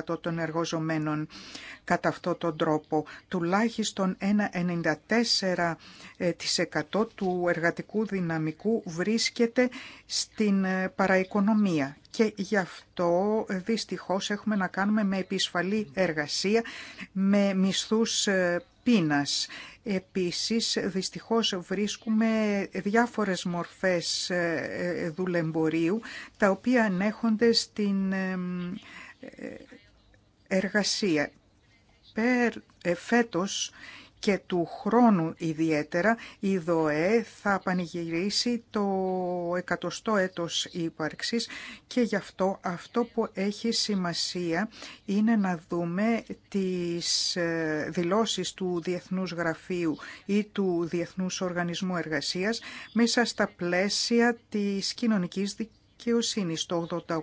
6% των εργοζομένων κατά αυτόν τον τρόπο. Τουλάχιστον ένα 94% του εργατικού δυναμικού βρίσκεται στην ε, παραοικονομία και γι' αυτό ε, δυστυχώς έχουμε να κάνουμε με επισφαλή εργασία, με μισθούς ε, πείνας. Επίσης, δυστυχώς βρίσκουμε διάφορες μορφές ε, δουλεμπορίου, τα οποία ανέχονται στην εργασία. Φέτος και του χρόνου ιδιαίτερα η ΔΟΕ θα πανηγυρίσει το εκατοστό έτος ύπαρξης και γι' αυτό αυτό που έχει σημασία είναι να δούμε τις ε, δηλώσεις του Διεθνούς Γραφείου ή του Διεθνούς Οργανισμού Εργασίας μέσα στα πλαίσια της κοινωνικής δικαιοσύνης. Το 88%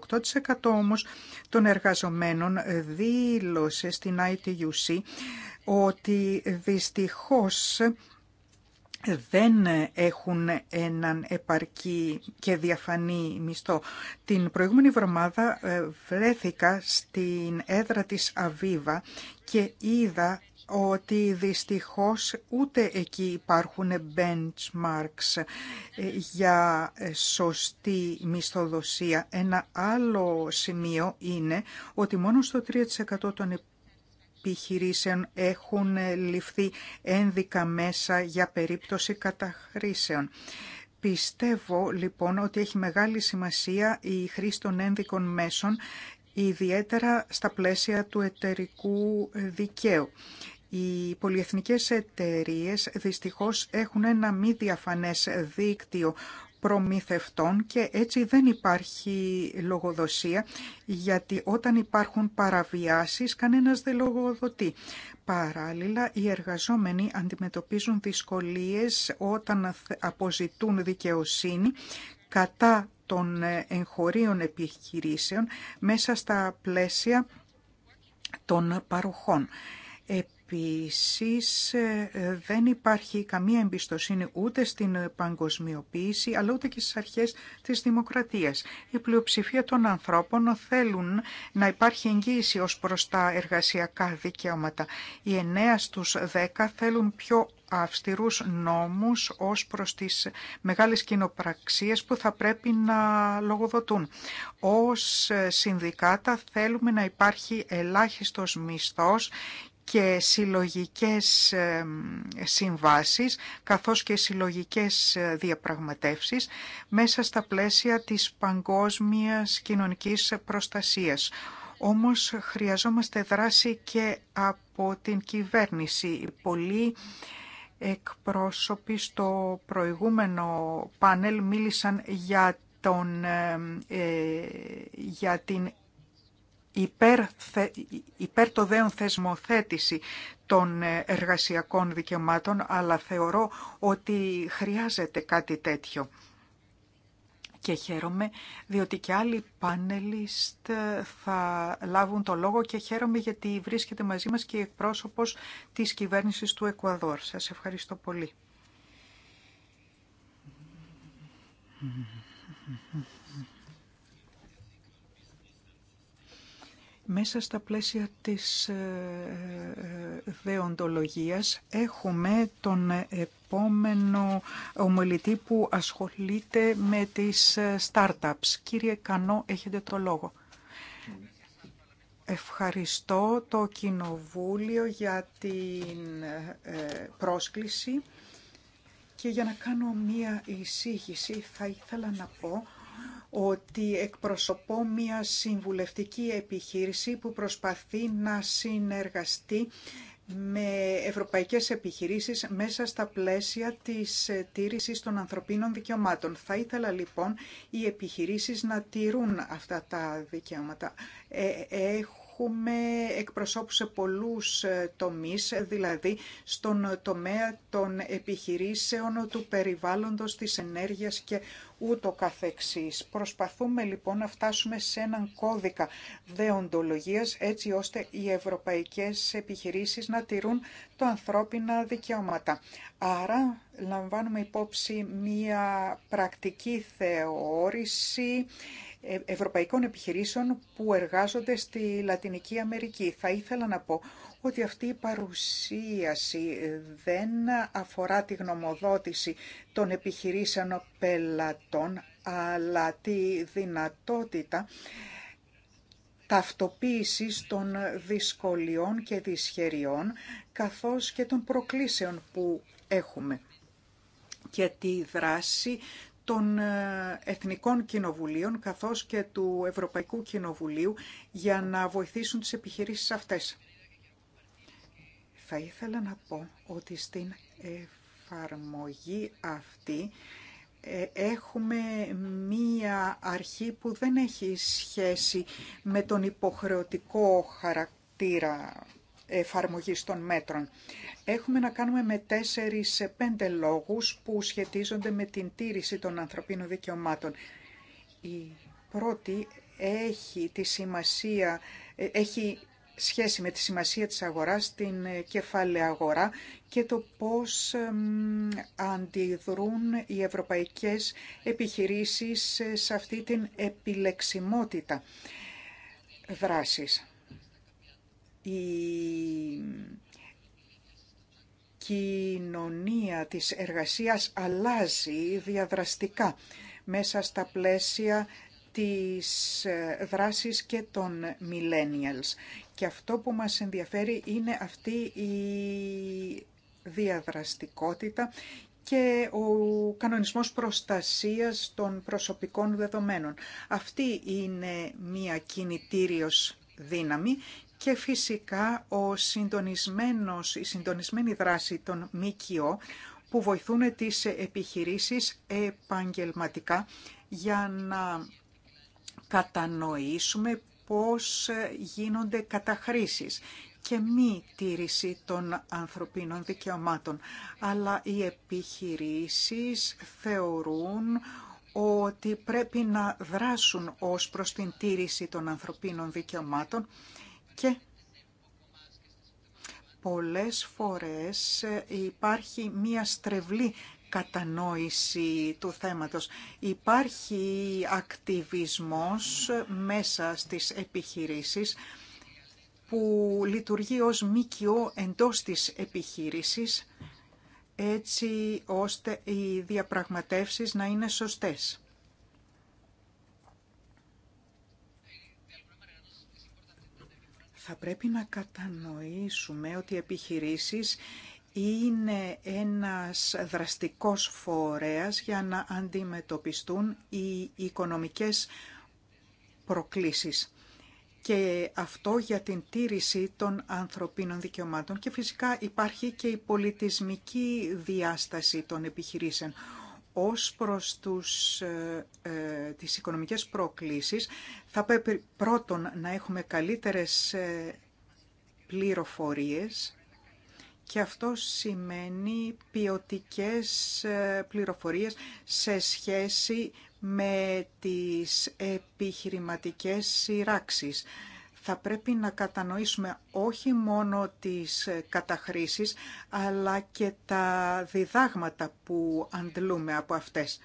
όμως των εργαζομένων δήλωσε στην ITUC ότι δυστυχώς δεν έχουν έναν επαρκή και διαφανή μισθό. Την προηγούμενη εβδομάδα ε, βρέθηκα στην έδρα της Αβίβα και είδα ότι δυστυχώς ούτε εκεί υπάρχουν benchmarks ε, για ε, σωστή μισθοδοσία. Ένα άλλο σημείο είναι ότι μόνο στο 3% των επιχειρήσεων έχουν ε, ληφθεί ένδικα μέσα για περίπτωση καταχρήσεων. Πιστεύω λοιπόν ότι έχει μεγάλη σημασία η χρήση των ένδικων μέσων, ιδιαίτερα στα πλαίσια του εταιρικού δικαίου. Οι πολυεθνικές εταιρείες δυστυχώς έχουν ένα μη διαφανές δίκτυο προμηθευτών και έτσι δεν υπάρχει λογοδοσία γιατί όταν υπάρχουν παραβιάσεις κανένας δεν λογοδοτεί. Παράλληλα, οι εργαζόμενοι αντιμετωπίζουν δυσκολίες όταν αποζητούν δικαιοσύνη κατά των εγχωρίων επιχειρήσεων μέσα στα πλαίσια των παροχών. Επίσης ε, ε, δεν υπάρχει καμία εμπιστοσύνη ούτε στην παγκοσμιοποίηση αλλά ούτε και στις αρχές της δημοκρατίας. Η πλειοψηφία των ανθρώπων θέλουν να υπάρχει εγγύηση ως προς τα εργασιακά δικαιώματα. Οι 9 στους 10 θέλουν πιο αυστηρούς νόμους ως προς τις μεγάλες κοινοπραξίες που θα πρέπει να λογοδοτούν. Ως συνδικάτα θέλουμε να υπάρχει ελάχιστος μισθός και συλλογικές συμβάσεις καθώς και συλλογικές ε, διαπραγματεύσεις μέσα στα πλαίσια της παγκόσμιας κοινωνικής προστασίας. Όμως χρειαζόμαστε δράση και από την κυβέρνηση. Πολλοί εκπρόσωποι στο προηγούμενο πάνελ μίλησαν για, τον, ε, ε, για την υπέρ, υπέρ το δέον θεσμοθέτηση των ε, εργασιακών δικαιωμάτων, αλλά θεωρώ ότι χρειάζεται κάτι τέτοιο. Και χαίρομαι, διότι και άλλοι πάνελιστ ε, θα λάβουν το λόγο και χαίρομαι γιατί βρίσκεται μαζί μας και εκπρόσωπος της κυβέρνησης του Εκουαδόρ. Σας ευχαριστώ πολύ. Μέσα στα πλαίσια της ε, ε, δεοντολογίας έχουμε τον επόμενο ομιλητή που ασχολείται με τις ε, startups. Κύριε Κανό, έχετε το λόγο. Ευχαριστώ το Κοινοβούλιο για την πρόσκληση και για να κάνω μία εισήγηση θα ήθελα να πω ότι εκπροσωπώ μια συμβουλευτική επιχείρηση που προσπαθεί να συνεργαστεί με ευρωπαϊκές επιχειρήσεις μέσα στα πλαίσια της τήρησης των ανθρωπίνων δικαιωμάτων. Θα ήθελα λοιπόν οι επιχειρήσεις να τηρούν αυτά τα δικαιώματα. Ε, έχω έχουμε εκπροσώπου σε πολλούς ε, τομείς, δηλαδή στον τομέα των επιχειρήσεων, του περιβάλλοντος, της ενέργειας και ούτω καθεξής. Προσπαθούμε λοιπόν να φτάσουμε σε έναν κώδικα δεοντολογίας έτσι ώστε οι ευρωπαϊκές επιχειρήσεις να τηρούν το ανθρώπινα δικαιώματα. Άρα λαμβάνουμε υπόψη μία πρακτική θεώρηση ε, ευρωπαϊκών επιχειρήσεων που εργάζονται στη Λατινική Αμερική. Θα ήθελα να πω ότι αυτή η παρουσίαση δεν αφορά τη γνωμοδότηση των επιχειρήσεων πελατών, αλλά τη δυνατότητα ταυτοποίησης των δυσκολιών και δυσχεριών, καθώς και των προκλήσεων που έχουμε και τη δράση των ε, Εθνικών Κοινοβουλίων καθώς και του Ευρωπαϊκού Κοινοβουλίου για να βοηθήσουν τις επιχειρήσεις αυτές. Θα ήθελα να πω ότι στην εφαρμογή αυτή ε, έχουμε μία αρχή που δεν έχει σχέση με τον υποχρεωτικό χαρακτήρα εφαρμογής των μέτρων. Έχουμε να κάνουμε με τέσσερις σε πέντε λόγους που σχετίζονται με την τήρηση των ανθρωπίνων δικαιωμάτων. Η πρώτη έχει, τη σημασία, ε, έχει σχέση με τη σημασία της αγοράς, την ε, κεφάλαια αγορά και το πώς αντιδρούν οι ευρωπαϊκές επιχειρήσεις ε, σε αυτή την επιλεξιμότητα δράσης η κοινωνία της εργασίας αλλάζει διαδραστικά μέσα στα πλαίσια της ε, δράσης και των millennials. Και αυτό που μας ενδιαφέρει είναι αυτή η διαδραστικότητα και ο κανονισμός προστασίας των προσωπικών δεδομένων. Αυτή είναι μία κινητήριος δύναμη και φυσικά ο συντονισμένος, η συντονισμένη δράση των ΜΚΟ που βοηθούν τις επιχειρήσεις επαγγελματικά για να κατανοήσουμε πώς γίνονται καταχρήσεις και μη τήρηση των ανθρωπίνων δικαιωμάτων. Αλλά οι επιχειρήσεις θεωρούν ότι πρέπει να δράσουν ως προς την τήρηση των ανθρωπίνων δικαιωμάτων και πολλές φορές ε, υπάρχει μία στρεβλή κατανόηση του θέματος. Υπάρχει ακτιβισμός ε, μέσα στις επιχειρήσεις που λειτουργεί ως μικιό εντός της επιχείρησης έτσι ώστε οι διαπραγματεύσεις να είναι σωστές. Θα πρέπει να κατανοήσουμε ότι οι επιχειρήσεις είναι ένας δραστικός φορέας για να αντιμετωπιστούν οι οικονομικές προκλήσεις και αυτό για την τήρηση των ανθρωπίνων δικαιωμάτων και φυσικά υπάρχει και η πολιτισμική διάσταση των επιχειρήσεων ως προς τους, ε, ε, τις οικονομικές προκλήσεις θα πρέπει πρώτον να έχουμε καλύτερες ε, πληροφορίες και αυτό σημαίνει ποιοτικές ε, πληροφορίες σε σχέση με τις επιχειρηματικές σειράξεις θα πρέπει να κατανοήσουμε όχι μόνο τις ε, καταχρήσεις, αλλά και τα διδάγματα που αντλούμε από αυτές.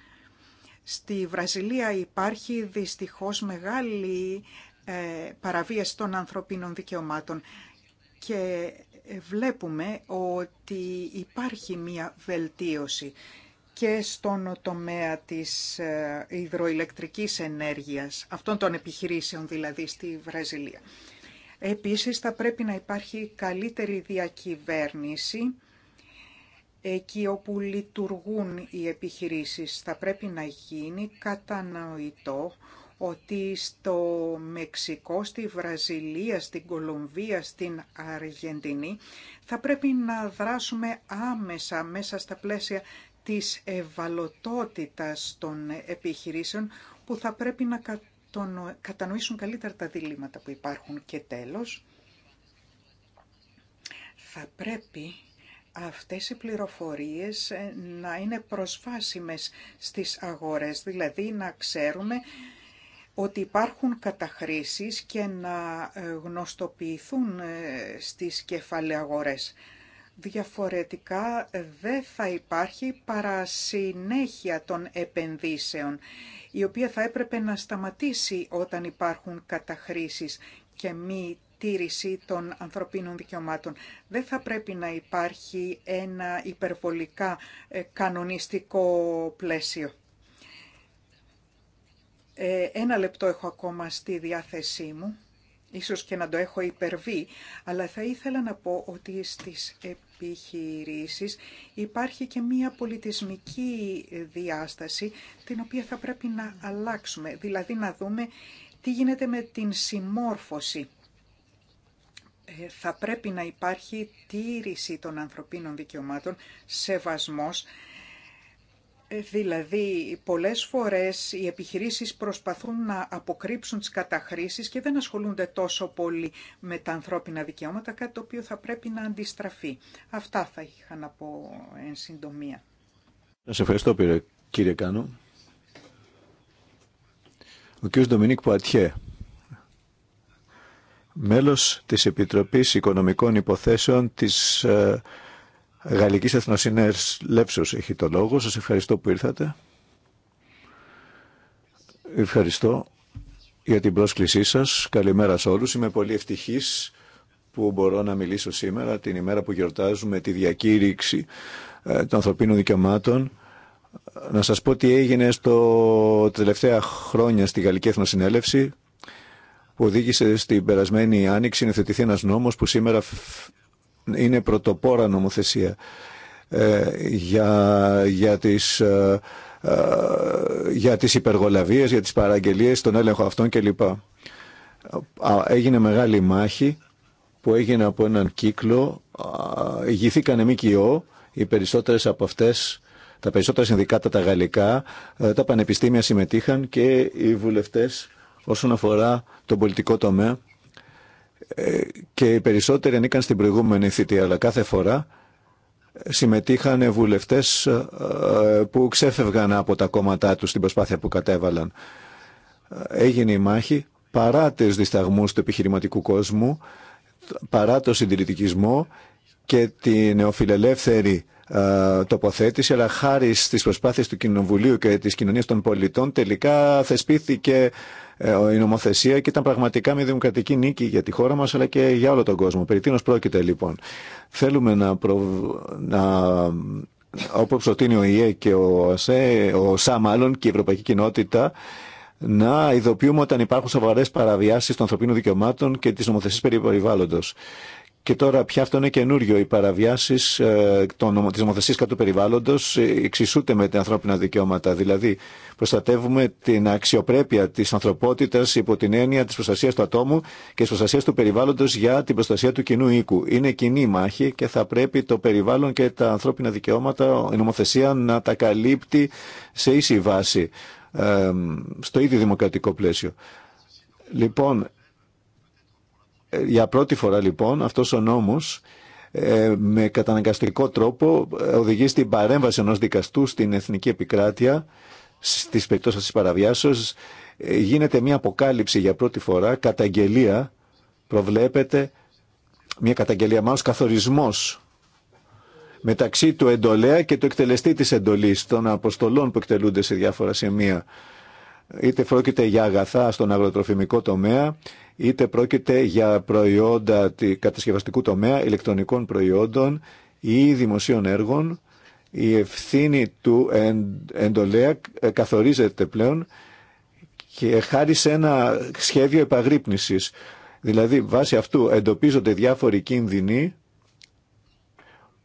Στη Βραζιλία υπάρχει δυστυχώς μεγάλη ε, παραβίαση των ανθρωπίνων δικαιωμάτων και ε, βλέπουμε ότι υπάρχει μία βελτίωση και στον τομέα της ε, υδροηλεκτρικής ενέργειας, αυτών των επιχειρήσεων δηλαδή στη Βραζιλία. Επίσης θα πρέπει να υπάρχει καλύτερη διακυβέρνηση εκεί όπου λειτουργούν οι επιχειρήσεις. Θα πρέπει να γίνει κατανοητό ότι στο Μεξικό, στη Βραζιλία, στην Κολομβία, στην Αργεντινή θα πρέπει να δράσουμε άμεσα μέσα στα πλαίσια της ευαλωτότητας των επιχειρήσεων που θα πρέπει να κατανοήσουν καλύτερα τα διλήμματα που υπάρχουν. Και τέλος, θα πρέπει αυτές οι πληροφορίες ε, να είναι προσβάσιμες στις αγορές, δηλαδή να ξέρουμε ότι υπάρχουν καταχρήσεις και να ε, γνωστοποιηθούν ε, στις κεφαλαίες αγορές. Διαφορετικά δεν θα υπάρχει παρά συνέχεια των επενδύσεων, η οποία θα έπρεπε να σταματήσει όταν υπάρχουν καταχρήσεις και μη τήρηση των ανθρωπίνων δικαιωμάτων. Δεν θα πρέπει να υπάρχει ένα υπερβολικά ε, κανονιστικό πλαίσιο. Ε, ένα λεπτό έχω ακόμα στη διάθεσή μου ίσως και να το έχω υπερβεί, αλλά θα ήθελα να πω ότι στις επιχειρήσεις υπάρχει και μία πολιτισμική διάσταση την οποία θα πρέπει να αλλάξουμε, δηλαδή να δούμε τι γίνεται με την συμμόρφωση. Ε, θα πρέπει να υπάρχει τήρηση των ανθρωπίνων δικαιωμάτων, σεβασμός, ε, δηλαδή, πολλές φορές οι επιχειρήσεις προσπαθούν να αποκρύψουν τις καταχρήσεις και δεν ασχολούνται τόσο πολύ με τα ανθρώπινα δικαιώματα, κάτι το οποίο θα πρέπει να αντιστραφεί. Αυτά θα είχα να πω εν συντομία. Σας ευχαριστώ κύριε Κάνου. Ο κύριος Ντομινίκ Πουατιέ, μέλος της Επιτροπής Οικονομικών Υποθέσεων της ε, Γαλλική Εθνοσύνη Λέψο έχει το λόγο. Σας ευχαριστώ που ήρθατε. Ευχαριστώ για την πρόσκλησή σας. Καλημέρα σε όλους. Είμαι πολύ ευτυχής που μπορώ να μιλήσω σήμερα την ημέρα που γιορτάζουμε τη διακήρυξη ε, των ανθρωπίνων δικαιωμάτων. Να σας πω τι έγινε στο τελευταία χρόνια στη Γαλλική Εθνοσυνέλευση που οδήγησε στην περασμένη άνοιξη να θετηθεί ένας νόμος που σήμερα είναι πρωτοπόρα νομοθεσία ε, για, για τις ε, ε, για τις υπεργολαβίες, για τις παραγγελίες, τον έλεγχο αυτών κλπ. Έγινε μεγάλη μάχη που έγινε από έναν κύκλο, ηγηθήκανε ΜΚΟ, οι περισσότερες από αυτές, τα περισσότερα συνδικάτα τα γαλλικά, τα πανεπιστήμια συμμετείχαν και οι βουλευτές όσον αφορά τον πολιτικό τομέα ε, και οι περισσότεροι ανήκαν στην προηγούμενη θητεία, αλλά κάθε φορά συμμετείχαν βουλευτές ε, που ξέφευγαν από τα κόμματά τους στην προσπάθεια που κατέβαλαν. Ε, έγινε η μάχη παρά τις δισταγμούς του επιχειρηματικού κόσμου, παρά το συντηρητικισμό και τη νεοφιλελεύθερη τοποθέτηση, αλλά χάρη στις προσπάθειες του Κοινοβουλίου και της κοινωνίας των πολιτών τελικά θεσπίθηκε ε, η νομοθεσία και ήταν πραγματικά μια δημοκρατική νίκη για τη χώρα μας αλλά και για όλο τον κόσμο. Περί τίνος πρόκειται λοιπόν. Θέλουμε να, προ... να... όπως προτείνει ο ΙΕ και ο ΣΕ, ο ΣΑ μάλλον και η Ευρωπαϊκή Κοινότητα να ειδοποιούμε όταν υπάρχουν σοβαρές παραβιάσεις των ανθρωπίνων δικαιωμάτων και της νομοθεσίας περιβάλλοντος. Και τώρα πια αυτό είναι καινούριο. Οι παραβιάσει ε, τη νομοθεσία κατά του περιβάλλοντο ε, εξισούται με τα ανθρώπινα δικαιώματα. Δηλαδή, προστατεύουμε την αξιοπρέπεια τη ανθρωπότητα υπό την έννοια τη προστασία του ατόμου και τη προστασία του περιβάλλοντο για την προστασία του κοινού οίκου. Είναι κοινή μάχη και θα πρέπει το περιβάλλον και τα ανθρώπινα δικαιώματα, η νομοθεσία να τα καλύπτει σε ίση βάση, ε, στο ίδιο δημοκρατικό πλαίσιο. Λοιπόν, ε, για πρώτη φορά λοιπόν αυτός ο νόμος ε, με καταναγκαστικό τρόπο ε, οδηγεί στην παρέμβαση ενός δικαστού στην εθνική επικράτεια στις περιπτώσεις της παραβιάσεως γίνεται μια αποκάλυψη για πρώτη φορά καταγγελία προβλέπεται μια καταγγελία μάλλον καθορισμός μεταξύ του εντολέα και του εκτελεστή της εντολής των αποστολών που εκτελούνται σε διάφορα σημεία είτε πρόκειται για αγαθά στον αγροτροφημικό τομέα, είτε πρόκειται για προϊόντα κατασκευαστικού τομέα, ηλεκτρονικών προϊόντων ή δημοσίων έργων. Η ευθύνη του εντολέα ε, καθορίζεται πλέον και χάρη σε ένα σχέδιο επαγρύπνησης. Δηλαδή, βάσει αυτού εντοπίζονται διάφοροι κίνδυνοι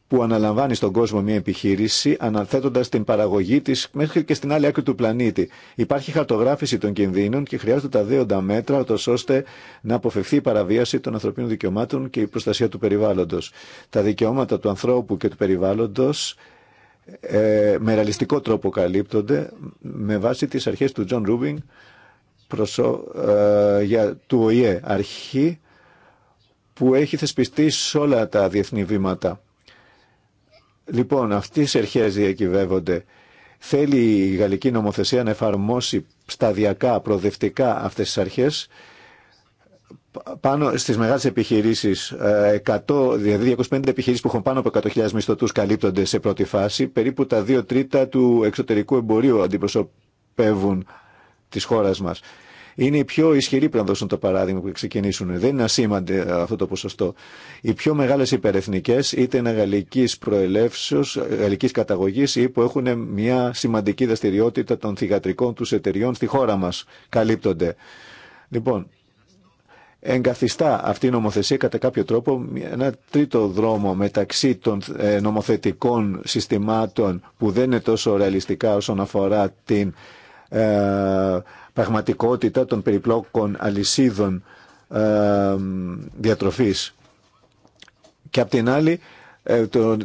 που αναλαμβάνει στον κόσμο μια επιχείρηση, αναθέτοντα την παραγωγή τη μέχρι και στην άλλη άκρη του πλανήτη. Υπάρχει χαρτογράφηση των κινδύνων και χρειάζονται τα δέοντα μέτρα, ώστε να αποφευθεί η παραβίαση των ανθρωπίνων δικαιωμάτων και η προστασία του περιβάλλοντο. Τα δικαιώματα του ανθρώπου και του περιβάλλοντο ε, με ρεαλιστικό τρόπο καλύπτονται με βάση τις αρχές του Τζον Ρούμπινγκ ε, για του ΟΗΕ αρχή που έχει θεσπιστεί σε όλα τα διεθνή βήματα Λοιπόν, αυτές οι αρχές διακυβεύονται. Θέλει η γαλλική νομοθεσία να εφαρμόσει σταδιακά, προοδευτικά αυτές τις αρχές πάνω στις μεγάλες επιχειρήσεις, 100, ε, δηλαδή 250 επιχειρήσεις που έχουν πάνω από 100.000 μισθωτούς καλύπτονται σε πρώτη φάση, περίπου τα 2 τρίτα του εξωτερικού εμπορίου αντιπροσωπεύουν της χώρας μας είναι οι πιο ισχυροί που να δώσουν το παράδειγμα που ξεκινήσουν. Δεν είναι ασήμαντο ε, αυτό το ποσοστό. Οι πιο μεγάλε υπερεθνικέ, είτε είναι γαλλική προελεύσεω, ε, γαλλική καταγωγή ή που έχουν μια σημαντική δραστηριότητα των θηγατρικών του εταιριών στη χώρα μα, καλύπτονται. Λοιπόν, εγκαθιστά αυτή η νομοθεσία κατά κάποιο τρόπο ένα τρίτο δρόμο μεταξύ των ε, νομοθετικών συστημάτων που δεν είναι τόσο ρεαλιστικά όσον αφορά την πραγματικότητα των περιπλόκων αλυσίδων ε, διατροφής και απ' την άλλη ε, το,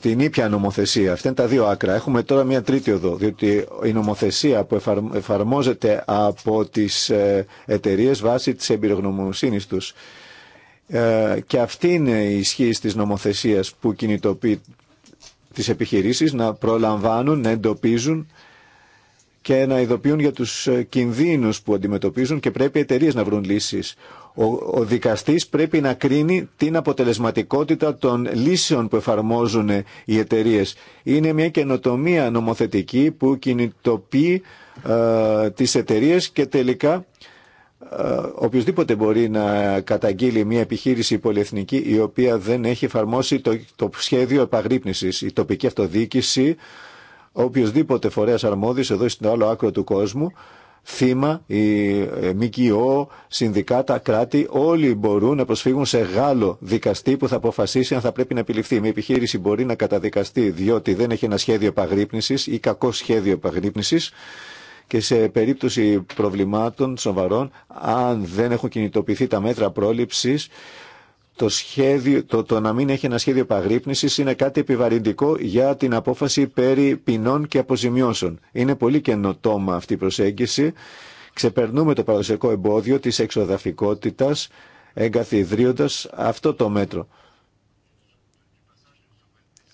την ήπια νομοθεσία. Αυτά είναι τα δύο άκρα. Έχουμε τώρα μια τρίτη οδό, διότι η νομοθεσία που εφαρμόζεται από τις ε, εταιρείε βάσει της εμπειρογνωμοσύνης τους ε, και αυτή είναι η ισχύ της νομοθεσίας που κινητοποιεί τις επιχειρήσεις να προλαμβάνουν, να εντοπίζουν και να ειδοποιούν για τους ε, κινδύνους που αντιμετωπίζουν και πρέπει οι εταιρείε να βρουν λύσεις. Ο, ο δικαστής πρέπει να κρίνει την αποτελεσματικότητα των λύσεων που εφαρμόζουν οι εταιρείε. Είναι μια καινοτομία νομοθετική που κινητοποιεί ε, τις εταιρείε και τελικά ε, οποιοδήποτε μπορεί να καταγγείλει μια επιχείρηση πολυεθνική η οποία δεν έχει εφαρμόσει το, σχέδιο επαγρύπνησης. Η τοπική αυτοδιοίκηση οποιοδήποτε φορέας αρμόδιος εδώ στην άλλο άκρο του κόσμου, θύμα, η ε, ΜΚΟ, συνδικάτα, κράτη, όλοι μπορούν να προσφύγουν σε Γάλλο δικαστή που θα αποφασίσει αν θα πρέπει να επιληφθεί. Μια επιχείρηση μπορεί να καταδικαστεί διότι δεν έχει ένα σχέδιο επαγρύπνησης ή κακό σχέδιο επαγρύπνησης και σε περίπτωση προβλημάτων σοβαρών, αν δεν έχουν κινητοποιηθεί τα μέτρα πρόληψης, το, σχέδιο, το, το να μην έχει ένα σχέδιο επαγρύπνησης είναι κάτι επιβαρυντικό για την απόφαση περί ποινών και αποζημιώσεων. Είναι πολύ καινοτόμα αυτή η προσέγγιση. Ξεπερνούμε το παραδοσιακό εμπόδιο της εξοδαφικότητας εγκαθιδρύοντας αυτό το μέτρο.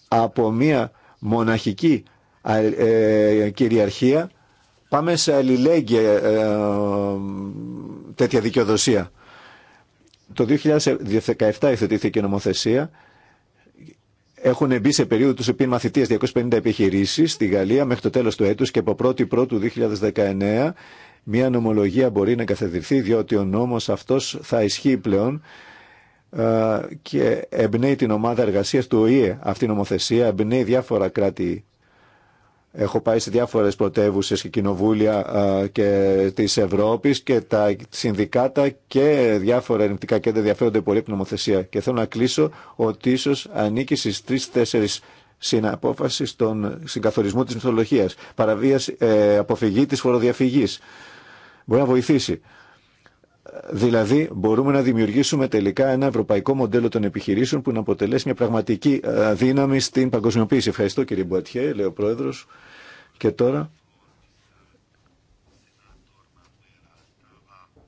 Από μια μοναχική ε, ε, κυριαρχία πάμε σε αλληλέγγυα ε, τέτοια δικαιοδοσία. Το 2017 υιοθετήθηκε η νομοθεσία. Έχουν μπει σε περίοδο του επί μαθητείας 250 επιχειρήσεις στη Γαλλία μέχρι το τέλο του έτους και από 1η Πρώτου 2019 μια νομολογία μπορεί να καθεδρυθεί διότι ο νόμος αυτός θα ισχύει πλέον ε, και εμπνέει την ομάδα εργασίας του ΟΗΕ. Αυτή η νομοθεσία εμπνέει διάφορα κράτη Έχω πάει σε διάφορες πρωτεύουσε και κοινοβούλια και της Ευρώπης και τα συνδικάτα και διάφορα ερευνητικά κέντρα ενδιαφέρονται πολύ από την νομοθεσία. Και θέλω να κλείσω ότι ίσω ανήκει στις τρει-τέσσερι συναπόφαση των συγκαθορισμού της μυθολογίας, παραβίαση, ε, αποφυγή της φοροδιαφυγής. Μπορεί να βοηθήσει. Δηλαδή μπορούμε να δημιουργήσουμε τελικά ένα ευρωπαϊκό μοντέλο των επιχειρήσεων που να αποτελέσει μια πραγματική ε, δύναμη στην παγκοσμιοποίηση. Ευχαριστώ κύριε Μπουατιέ, λέει ο πρόεδρο. Και τώρα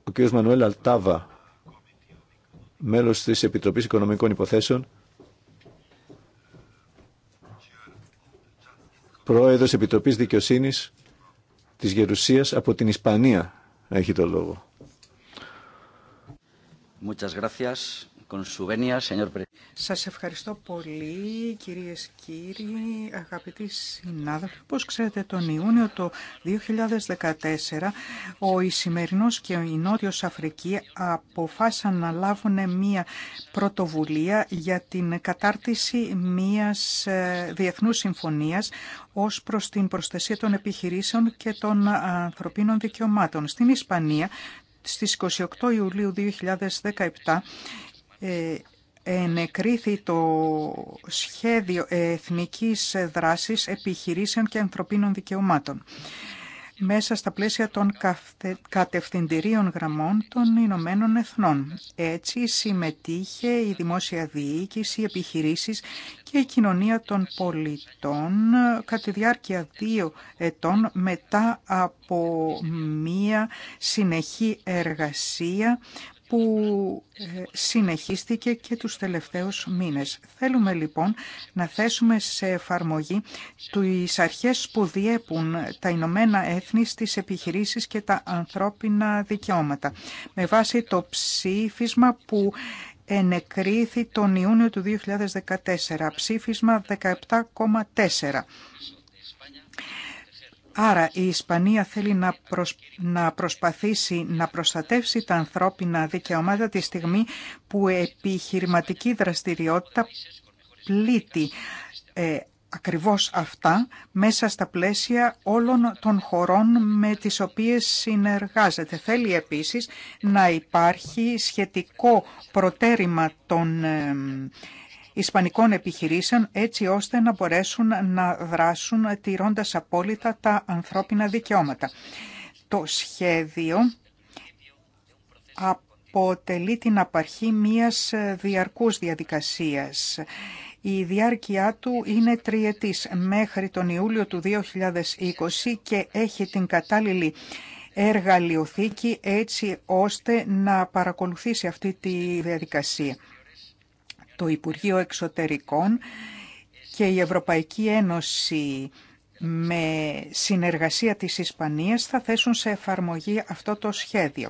ο κύριος Μανουέλ Αλτάβα, μέλος της Επιτροπής Οικονομικών Υποθέσεων, Πρόεδρος Επιτροπής Δικαιοσύνης της Γερουσίας από την Ισπανία έχει το λόγο. Muchas gracias. Σας ευχαριστώ πολύ κυρίες και κύριοι, αγαπητοί συνάδελφοι. Πώς ξέρετε τον Ιούνιο το 2014 ο Ισημερινός και η Νότιος Αφρική αποφάσισαν να λάβουν μια πρωτοβουλία για την κατάρτιση μιας ε, διεθνούς συμφωνίας ως προς την προστασία των επιχειρήσεων και των ε, ανθρωπίνων δικαιωμάτων. Στην Ισπανία στις 28 Ιουλίου 2017 ε, ενεκρίθη το σχέδιο εθνικής δράσης επιχειρήσεων και ανθρωπίνων δικαιωμάτων μέσα στα πλαίσια των κατευθυντηρίων γραμμών των Ηνωμένων Εθνών. Έτσι συμμετείχε η δημόσια διοίκηση, οι επιχειρήσεις και η κοινωνία των πολιτών κατά τη διάρκεια δύο ετών μετά από μία συνεχή εργασία που ε, συνεχίστηκε και τους τελευταίους μήνες. Θέλουμε λοιπόν να θέσουμε σε εφαρμογή τις αρχές που διέπουν τα Ηνωμένα Έθνη στις επιχειρήσεις και τα ανθρώπινα δικαιώματα. Με βάση το ψήφισμα που ενεκρίθη τον Ιούνιο του 2014, ψήφισμα 17,4 Άρα η Ισπανία θέλει να, να προσπαθήσει να προστατεύσει τα ανθρώπινα δικαιώματα τη στιγμή που επιχειρηματική δραστηριότητα πλήττει ε, ακριβώς αυτά μέσα στα πλαίσια όλων των χωρών με τις οποίες συνεργάζεται. Θέλει επίσης να υπάρχει σχετικό προτέρημα των ε, ισπανικών επιχειρήσεων έτσι ώστε να μπορέσουν να δράσουν τηρώντας απόλυτα τα ανθρώπινα δικαιώματα. Το σχέδιο αποτελεί την απαρχή μιας διαρκούς διαδικασίας. Η διάρκεια του είναι τριετής μέχρι τον Ιούλιο του 2020 και έχει την κατάλληλη εργαλειοθήκη έτσι ώστε να παρακολουθήσει αυτή τη διαδικασία το Υπουργείο Εξωτερικών και η Ευρωπαϊκή Ένωση με συνεργασία της Ισπανίας θα θέσουν σε εφαρμογή αυτό το σχέδιο.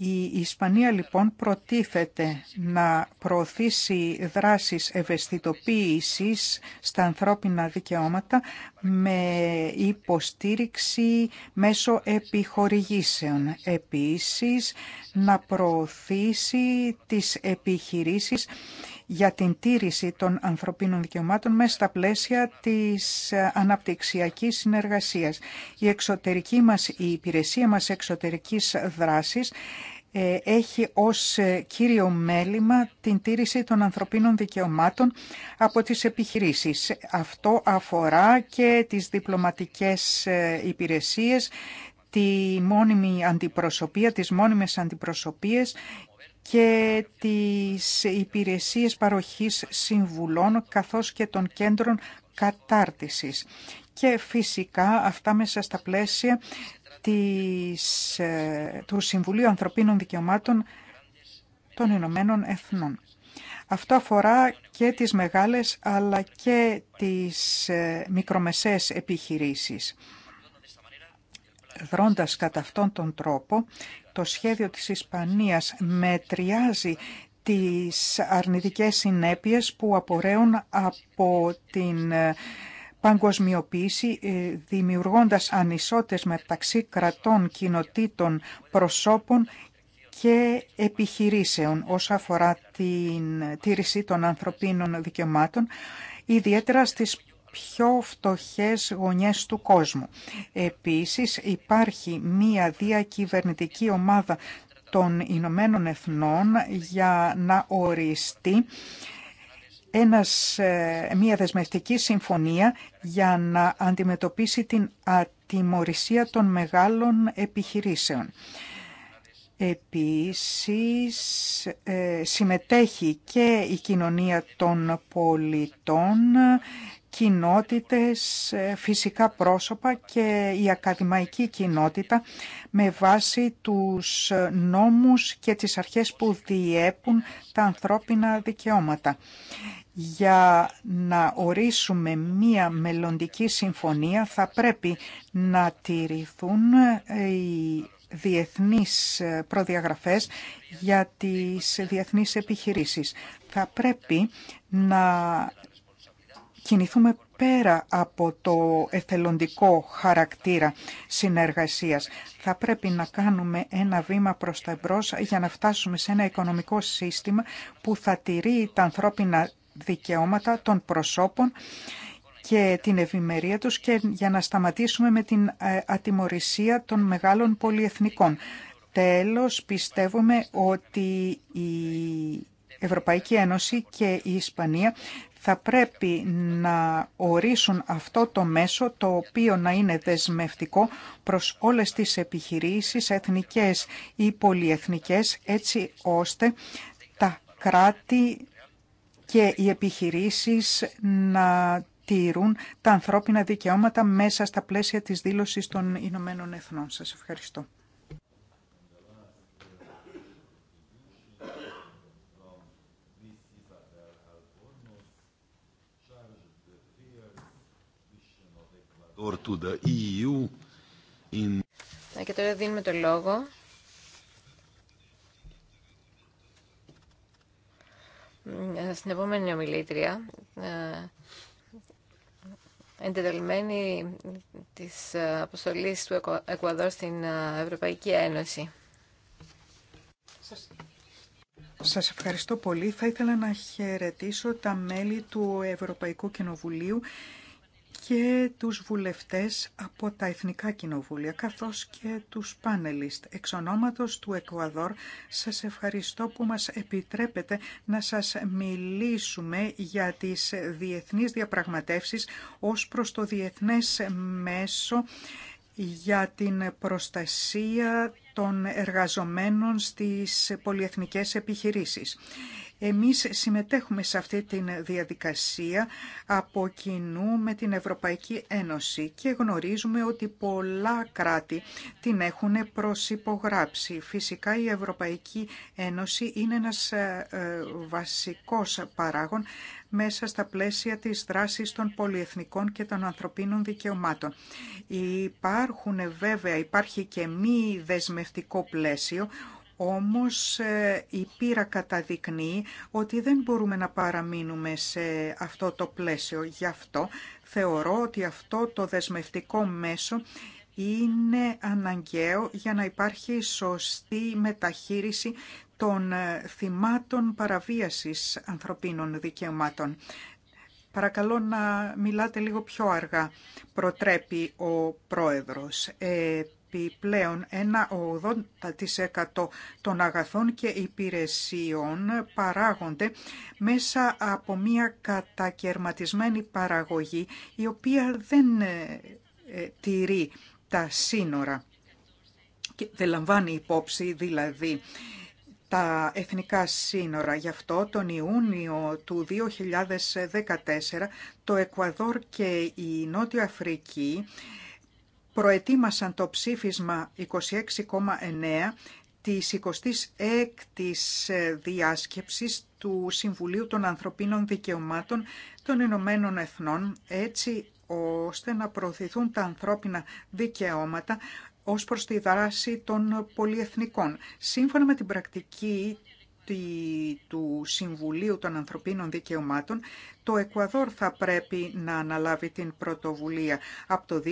Η Ισπανία λοιπόν προτίθεται να προωθήσει δράσεις ευαισθητοποίησης στα ανθρώπινα δικαιώματα με υποστήριξη μέσω επιχορηγήσεων. Επίσης να προωθήσει τις επιχειρήσεις για την τήρηση των ανθρωπίνων δικαιωμάτων μέσα στα πλαίσια της ε, αναπτυξιακής συνεργασίας. Η εξωτερική μας, η υπηρεσία μας εξωτερικής δράσης ε, έχει ως ε, κύριο μέλημα την τήρηση των ανθρωπίνων δικαιωμάτων από τις επιχειρήσεις. Αυτό αφορά και τις διπλωματικές υπηρεσίες, τη μόνιμη αντιπροσωπεία, τις μόνιμες αντιπροσωπείες και τις υπηρεσίες παροχής συμβουλών καθώς και των κέντρων κατάρτισης. Και φυσικά αυτά μέσα στα πλαίσια της, ε, του Συμβουλίου Ανθρωπίνων Δικαιωμάτων των Ηνωμένων Εθνών. Αυτό αφορά και τις μεγάλες αλλά και τις ε, μικρομεσαίες επιχειρήσεις δρώντας κατά αυτόν τον τρόπο, το σχέδιο της Ισπανίας μετριάζει τις αρνητικές συνέπειες που απορρέουν από την ε, παγκοσμιοποίηση, ε, δημιουργώντας ανισότητες μεταξύ κρατών, κοινοτήτων, προσώπων και επιχειρήσεων όσον αφορά την τήρηση των ανθρωπίνων δικαιωμάτων, ιδιαίτερα στις πιο φτωχές γωνιές του κόσμου. Επίσης υπάρχει μία διακυβερνητική ομάδα των Ηνωμένων Εθνών για να οριστεί ένας, ε, μια δεσμευτική συμφωνία για να αντιμετωπίσει την ατιμορρησία των μεγάλων επιχειρήσεων. Επίσης ε, συμμετέχει και η κοινωνία των πολιτών κοινότητες, ε, φυσικά πρόσωπα και η ακαδημαϊκή κοινότητα με βάση τους ε, νόμους και τις αρχές που διέπουν τα ανθρώπινα δικαιώματα. Για να ορίσουμε μία μελλοντική συμφωνία θα πρέπει να τηρηθούν ε, οι διεθνείς προδιαγραφές για τις διεθνείς επιχειρήσεις. Θα πρέπει να κινηθούμε πέρα από το εθελοντικό χαρακτήρα συνεργασίας. Θα πρέπει να κάνουμε ένα βήμα προς τα εμπρός για να φτάσουμε σε ένα οικονομικό σύστημα που θα τηρεί τα ανθρώπινα δικαιώματα των προσώπων και την ευημερία τους και για να σταματήσουμε με την ε, ατιμορρησία των μεγάλων πολυεθνικών. Τέλος, πιστεύουμε ότι η Ευρωπαϊκή Ένωση και η Ισπανία θα πρέπει να ορίσουν αυτό το μέσο το οποίο να είναι δεσμευτικό προς όλες τις επιχειρήσεις εθνικές ή πολυεθνικές έτσι ώστε τα κράτη και οι επιχειρήσεις να τηρούν τα ανθρώπινα δικαιώματα μέσα στα πλαίσια της δήλωσης των Ηνωμένων Εθνών. Σας ευχαριστώ. E ναι, και τώρα δίνουμε το λόγο ε, στην επόμενη ομιλήτρια, ε, εντεταλμένη της ε, αποστολής του Εκουαδόρ στην Ευρωπαϊκή Ένωση. Σας ευχαριστώ πολύ. Θα ήθελα να χαιρετήσω τα μέλη του Ευρωπαϊκού Κοινοβουλίου και τους βουλευτές από τα Εθνικά Κοινοβούλια, καθώς και τους πάνελιστ. Εξ ονόματος του Εκουαδόρ, σας ευχαριστώ που μας επιτρέπετε να σας μιλήσουμε για τις διεθνείς διαπραγματεύσεις ως προς το Διεθνές Μέσο για την προστασία των εργαζομένων στις πολυεθνικές επιχειρήσεις. Εμείς συμμετέχουμε σε αυτή τη διαδικασία από κοινού με την Ευρωπαϊκή Ένωση και γνωρίζουμε ότι πολλά κράτη την έχουν προσυπογράψει. Φυσικά η Ευρωπαϊκή Ένωση είναι ένας ε, ε, βασικός παράγων μέσα στα πλαίσια της δράσης των πολυεθνικών και των ανθρωπίνων δικαιωμάτων. Υπάρχουν βέβαια, υπάρχει και μη δεσμευτικό πλαίσιο, όμως ε, η πείρα καταδεικνύει ότι δεν μπορούμε να παραμείνουμε σε αυτό το πλαίσιο. Γι' αυτό θεωρώ ότι αυτό το δεσμευτικό μέσο είναι αναγκαίο για να υπάρχει σωστή μεταχείριση των ε, θυμάτων παραβίασης ανθρωπίνων δικαιωμάτων. Παρακαλώ να μιλάτε λίγο πιο αργά, προτρέπει ο Πρόεδρος. Ε, επιπλέον ένα 80% των αγαθών και υπηρεσιών παράγονται μέσα από μια κατακαιρματισμένη παραγωγή η οποία δεν ε, ε, τηρεί τα σύνορα και δεν λαμβάνει υπόψη δηλαδή τα εθνικά σύνορα. Γι' αυτό τον Ιούνιο του 2014 το Εκουαδόρ και η Νότια Αφρική προετοίμασαν το ψήφισμα 26,9 της 26ης ε, διάσκεψης του Συμβουλίου των Ανθρωπίνων Δικαιωμάτων των Ηνωμένων Εθνών, έτσι ώστε να προωθηθούν τα ανθρώπινα δικαιώματα ως προς τη δράση των πολιεθνικών. Σύμφωνα με την πρακτική του Συμβουλίου των Ανθρωπίνων Δικαιωμάτων, το Εκουαδόρ θα πρέπει να αναλάβει την πρωτοβουλία. Από το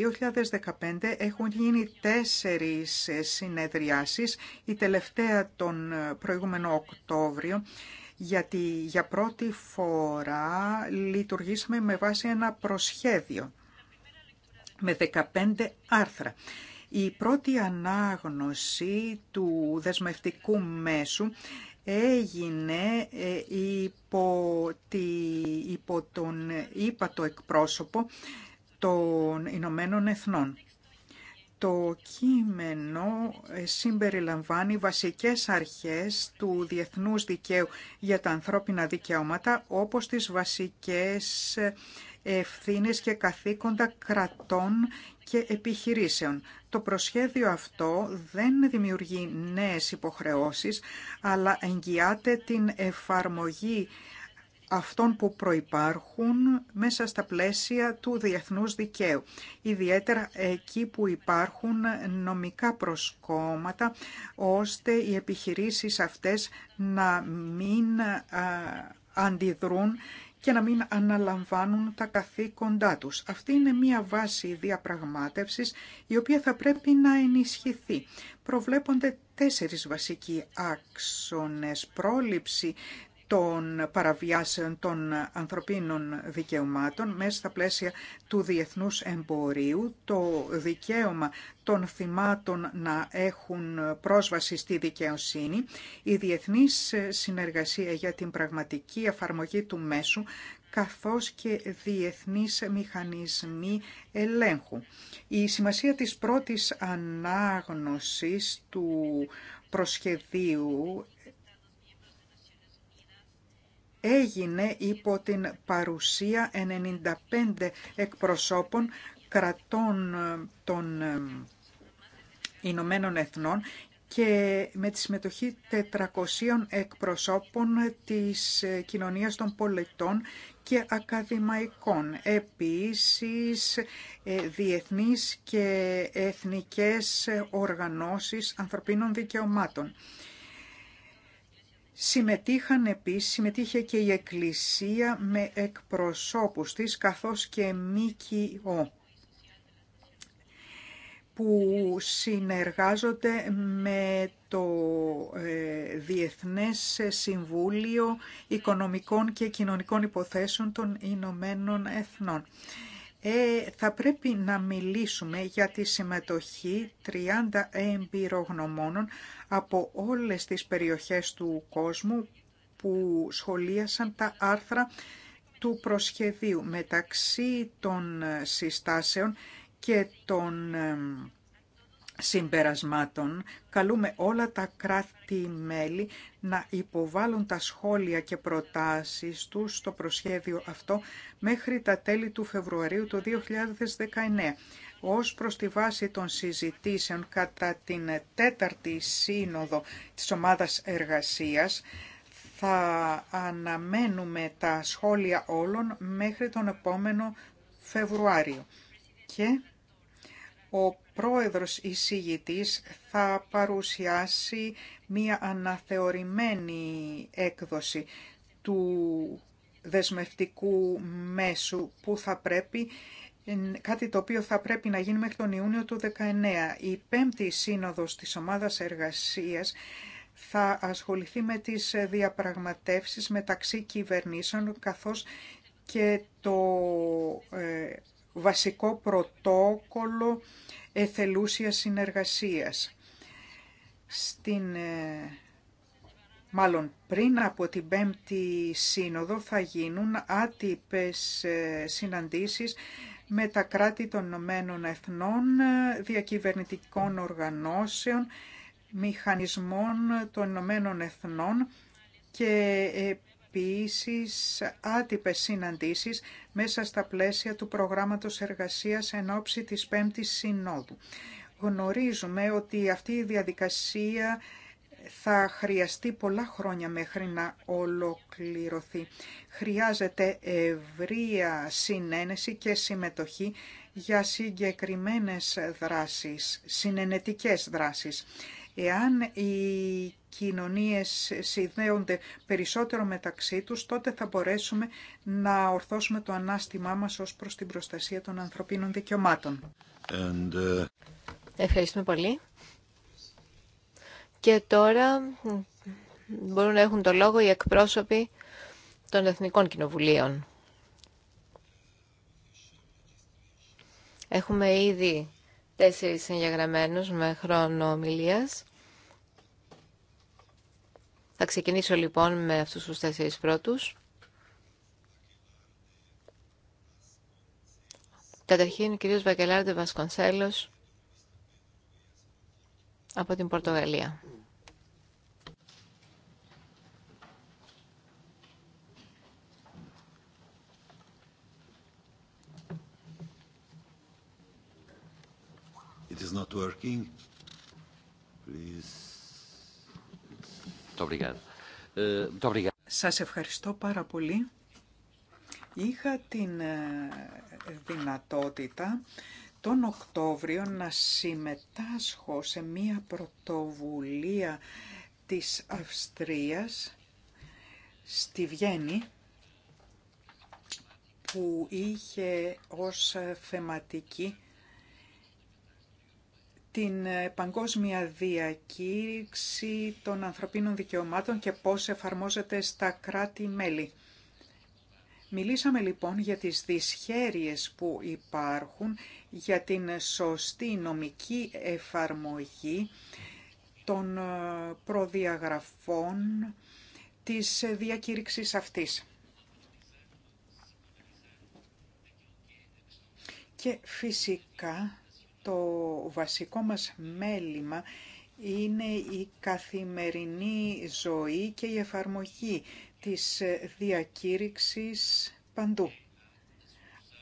2015 έχουν γίνει τέσσερις συνεδριάσεις, η τελευταία τον προηγούμενο Οκτώβριο, γιατί για πρώτη φορά λειτουργήσαμε με βάση ένα προσχέδιο με 15 άρθρα. Η πρώτη ανάγνωση του δεσμευτικού μέσου έγινε ε, υπό, τη, υπό τον ύπατο εκπρόσωπο των Ηνωμένων Εθνών. Το κείμενο ε, συμπεριλαμβάνει βασικές αρχές του διεθνούς δικαίου για τα ανθρώπινα δικαιώματα, όπως τις βασικές ε, ευθύνες και καθήκοντα κρατών και επιχειρήσεων. Το προσχέδιο αυτό δεν δημιουργεί νέες υποχρεώσεις, αλλά εγγυάται την εφαρμογή αυτών που προϋπάρχουν μέσα στα πλαίσια του διεθνούς δικαίου, ιδιαίτερα εκεί που υπάρχουν νομικά προσκόμματα, ώστε οι επιχειρήσεις αυτές να μην αντιδρούν και να μην αναλαμβάνουν τα καθήκοντά τους. Αυτή είναι μία βάση διαπραγμάτευσης η οποία θα πρέπει να ενισχυθεί. Προβλέπονται τέσσερις βασικοί άξονες. Πρόληψη των παραβιάσεων των ανθρωπίνων δικαιωμάτων μέσα στα πλαίσια του διεθνούς εμπορίου, το δικαίωμα των θυμάτων να έχουν πρόσβαση στη δικαιοσύνη, η διεθνής συνεργασία για την πραγματική εφαρμογή του μέσου, καθώς και διεθνείς μηχανισμοί ελέγχου. Η σημασία της πρώτης ανάγνωσης του προσχεδίου έγινε υπό την παρουσία 95 εκπροσώπων κρατών ε, των ε, Ηνωμένων Εθνών και με τη συμμετοχή 400 εκπροσώπων της ε, κοινωνίας των πολιτών και ακαδημαϊκών. Επίσης, διεθνείς και εθνικές οργανώσεις ανθρωπίνων δικαιωμάτων. Συμμετείχαν επίσης, συμμετείχε και η Εκκλησία με εκπροσώπους της, καθώς και ΜΚΟ που συνεργάζονται με το ε, Διεθνές Συμβούλιο Οικονομικών και Κοινωνικών Υποθέσεων των Ηνωμένων Εθνών. Ε, θα πρέπει να μιλήσουμε για τη συμμετοχή 30 εμπειρογνωμόνων από όλες τις περιοχές του κόσμου που σχολίασαν τα άρθρα του προσχεδίου μεταξύ των συστάσεων και των συμπερασμάτων, καλούμε όλα τα κράτη-μέλη να υποβάλουν τα σχόλια και προτάσεις τους στο προσχέδιο αυτό μέχρι τα τέλη του Φεβρουαρίου του 2019 ως προς τη βάση των συζητήσεων κατά την τέταρτη σύνοδο της ομάδας εργασίας θα αναμένουμε τα σχόλια όλων μέχρι τον επόμενο Φεβρουάριο. Και ο πρόεδρος εισηγητής θα παρουσιάσει μία αναθεωρημένη έκδοση του δεσμευτικού μέσου που θα πρέπει κάτι το οποίο θα πρέπει να γίνει μέχρι τον Ιούνιο του 19. Η πέμπτη σύνοδος της ομάδας εργασίας θα ασχοληθεί με τις διαπραγματεύσεις μεταξύ κυβερνήσεων καθώς και το ε, βασικό πρωτόκολλο εθελούσια συνεργασίας. Στην, ε, μάλλον πριν από την Πέμπτη Σύνοδο θα γίνουν άτυπες ε, συναντήσεις με τα κράτη των Ηνωμένων Εθνών, ε, διακυβερνητικών οργανώσεων, μηχανισμών των Ηνωμένων Εθνών και επίσης άτυπες συναντήσεις μέσα στα πλαίσια του προγράμματος εργασίας εν ώψη της Πέμπτης Συνόδου. Γνωρίζουμε ότι αυτή η διαδικασία θα χρειαστεί πολλά χρόνια μέχρι να ολοκληρωθεί. Χρειάζεται ευρεία συνένεση και συμμετοχή για συγκεκριμένες δράσεις, συνενετικές δράσεις. Εάν η κοινωνίες συνδέονται περισσότερο μεταξύ τους, τότε θα μπορέσουμε να ορθώσουμε το ανάστημά μας ως προς την προστασία των ανθρωπίνων δικαιωμάτων. And, ε, Ευχαριστούμε πολύ. Και τώρα μπορούν να έχουν το λόγο οι εκπρόσωποι των Εθνικών Κοινοβουλίων. Έχουμε ήδη τέσσερις εγγεγραμμένους με χρόνο ομιλίας. Θα ξεκινήσω λοιπόν με αυτούς τους τέσσερις πρώτους. Καταρχήν, ο κύριος Βακελάρντε Βασκονσέλος από την Πορτογαλία. It is not ε, Σας ευχαριστώ πάρα πολύ. Είχα την ε, δυνατότητα τον Οκτώβριο να συμμετάσχω σε μία πρωτοβουλία της Αυστρίας στη Βιέννη που είχε ως θεματική την ε, παγκόσμια διακήρυξη των ανθρωπίνων δικαιωμάτων και πώς εφαρμόζεται στα κράτη-μέλη. Μιλήσαμε λοιπόν για τις δυσχέρειες που υπάρχουν για την σωστή νομική εφαρμογή των ε, προδιαγραφών της διακήρυξης αυτής. Και φυσικά το βασικό μας μέλημα είναι η καθημερινή ζωή και η εφαρμογή της διακήρυξης παντού.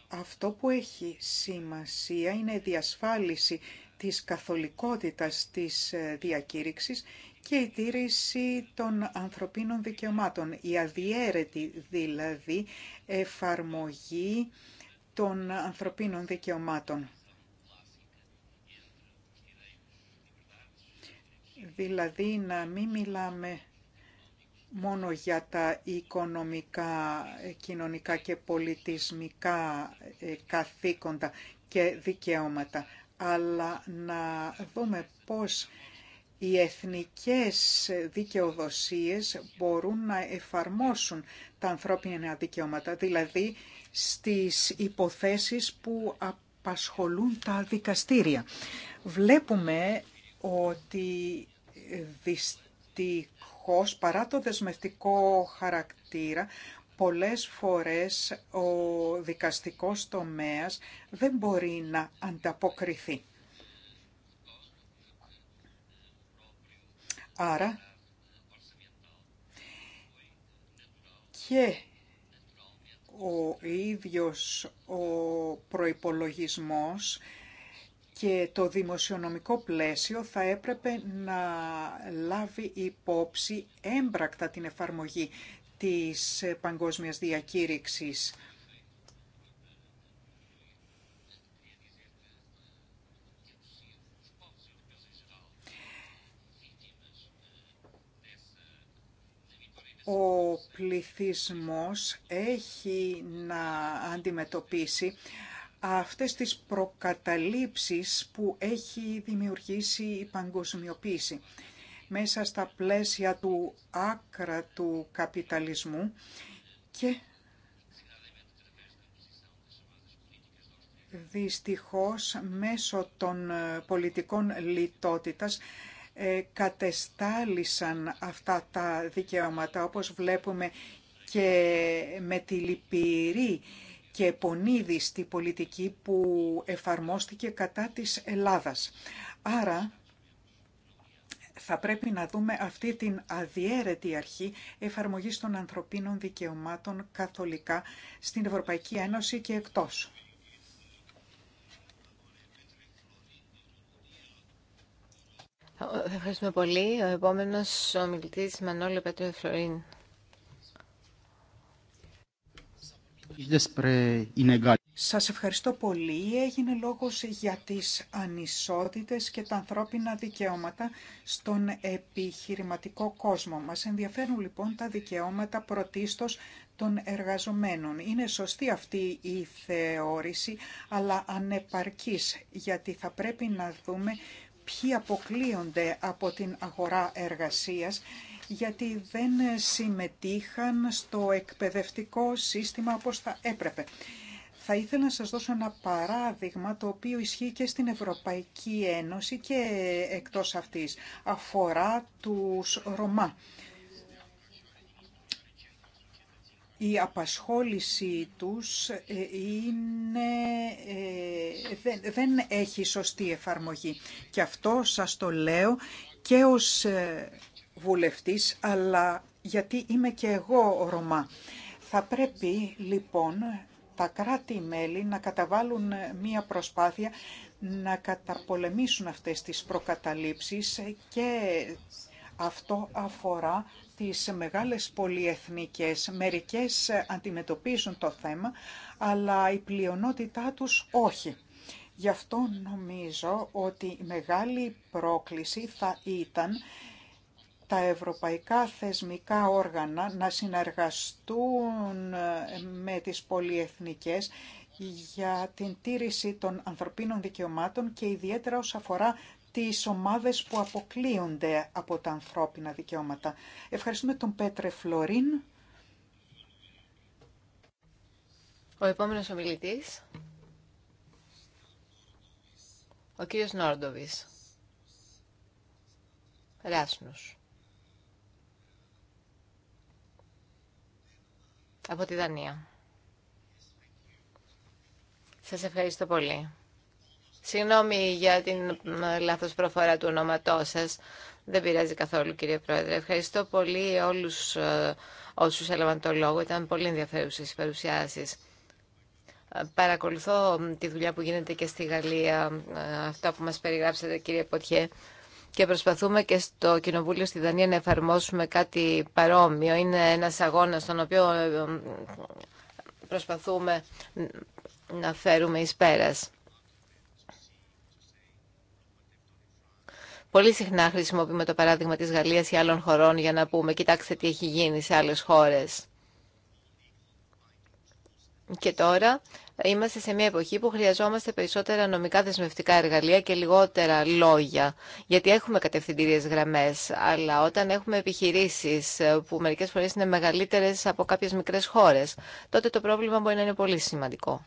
Αυτό που έχει σημασία είναι η διασφάλιση της καθολικότητας της διακήρυξης και η τήρηση των ανθρωπίνων δικαιωμάτων, η αδιέρετη δηλαδή εφαρμογή των ανθρωπίνων δικαιωμάτων. δηλαδή να μην μιλάμε μόνο για τα οικονομικά, κοινωνικά και πολιτισμικά ε, καθήκοντα και δικαιώματα, αλλά να δούμε πώς οι εθνικές δικαιοδοσίες μπορούν να εφαρμόσουν τα ανθρώπινα δικαιώματα, δηλαδή στις υποθέσεις που απασχολούν τα δικαστήρια. Βλέπουμε ότι δυστυχώς παρά το δεσμευτικό χαρακτήρα πολλές φορές ο δικαστικός τομέας δεν μπορεί να ανταποκριθεί. Άρα και ο ίδιος ο προϋπολογισμός και το δημοσιονομικό πλαίσιο θα έπρεπε να λάβει υπόψη έμπρακτα την εφαρμογή της παγκόσμιας διακήρυξης. Ο πληθυσμός έχει να αντιμετωπίσει αυτές τις προκαταλήψεις που έχει δημιουργήσει η παγκοσμιοποίηση. Μέσα στα πλαίσια του άκρα του καπιταλισμού και δυστυχώς μέσω των πολιτικών λιτότητας ε, κατεστάλησαν αυτά τα δικαιώματα όπως βλέπουμε και με τη λυπηρή και πονίδι στη πολιτική που εφαρμόστηκε κατά της Ελλάδας. Άρα θα πρέπει να δούμε αυτή την αδιέρετη αρχή εφαρμογής των ανθρωπίνων δικαιωμάτων καθολικά στην Ευρωπαϊκή Ένωση και εκτός. Ευχαριστούμε πολύ. Ο επόμενος ομιλητής Μανώλη Πέτρο Φλωρίν. Σα ευχαριστώ πολύ. Έγινε λόγο για τι ανισότητες και τα ανθρώπινα δικαιώματα στον επιχειρηματικό κόσμο. μα. ενδιαφέρουν λοιπόν τα δικαιώματα πρωτίστως των εργαζομένων. Είναι σωστή αυτή η θεώρηση, αλλά ανεπαρκής, γιατί θα πρέπει να δούμε ποιοι αποκλείονται από την αγορά εργασίας γιατί δεν συμμετείχαν στο εκπαιδευτικό σύστημα όπως θα έπρεπε. Θα ήθελα να σας δώσω ένα παράδειγμα το οποίο ισχύει και στην Ευρωπαϊκή Ένωση και εκτός αυτής. Αφορά τους Ρωμά. Η απασχόλησή τους ε, είναι, ε, δεν, δεν έχει σωστή εφαρμογή. Και αυτό σας το λέω και ως ε, βουλευτής, αλλά γιατί είμαι και εγώ Ρωμά. Θα πρέπει λοιπόν τα κράτη-μέλη να καταβάλουν μία προσπάθεια να καταπολεμήσουν αυτές τις προκαταλήψεις και αυτό αφορά τις μεγάλες πολυεθνικές. Μερικές αντιμετωπίζουν το θέμα, αλλά η πλειονότητά τους όχι. Γι' αυτό νομίζω ότι η μεγάλη πρόκληση θα ήταν τα ευρωπαϊκά θεσμικά όργανα να συνεργαστούν ε, με τις πολυεθνικές για την τήρηση των ανθρωπίνων δικαιωμάτων και ιδιαίτερα όσον αφορά τις ομάδες που αποκλείονται από τα ανθρώπινα δικαιώματα. Ευχαριστούμε τον Πέτρε Φλωρίν. Ο επόμενος ομιλητής, ο κύριος Νόρντοβης, Ράσνους. από τη Δανία. Σας ευχαριστώ πολύ. Συγγνώμη για την ε, λάθος προφορά του ονόματός σας. Δεν πειράζει καθόλου, κύριε Πρόεδρε. Ευχαριστώ πολύ όλους ε, όσους έλαβαν το λόγο. Ήταν πολύ ενδιαφέρουσες οι παρουσιάσεις. Ε, παρακολουθώ τη δουλειά που γίνεται και στη Γαλλία, Αυτό που μας περιγράψατε, κύριε Ποτιέ και προσπαθούμε και στο Κοινοβούλιο στη Δανία να εφαρμόσουμε κάτι παρόμοιο. Είναι ένας αγώνας στον οποίο ε, προσπαθούμε να φέρουμε εις πέρας. Πολύ συχνά χρησιμοποιούμε το παράδειγμα της Γαλλίας ή άλλων χωρών για να πούμε «Κοιτάξτε τι έχει γίνει σε άλλες χώρες». Και τώρα Είμαστε σε μια εποχή που χρειαζόμαστε περισσότερα νομικά δεσμευτικά εργαλεία και λιγότερα λόγια. Γιατί έχουμε κατευθυντήριε γραμμέ, αλλά όταν έχουμε επιχειρήσει ε, που μερικέ φορέ είναι μεγαλύτερε από κάποιε μικρέ χώρε, τότε το πρόβλημα μπορεί να είναι πολύ σημαντικό.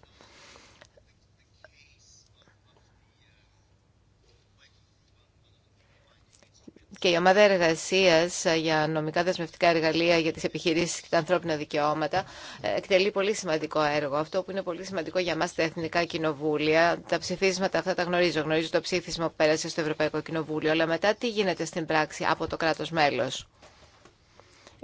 και η ομάδα εργασία ε, για νομικά δεσμευτικά εργαλεία για τι επιχειρήσει και τα ανθρώπινα δικαιώματα ε, εκτελεί πολύ σημαντικό έργο. Αυτό που είναι πολύ σημαντικό για μα τα εθνικά κοινοβούλια, τα ψηφίσματα αυτά τα γνωρίζω. Γνωρίζω το ψήφισμα που πέρασε στο Ευρωπαϊκό Κοινοβούλιο, αλλά μετά τι γίνεται στην πράξη από το κράτο μέλο.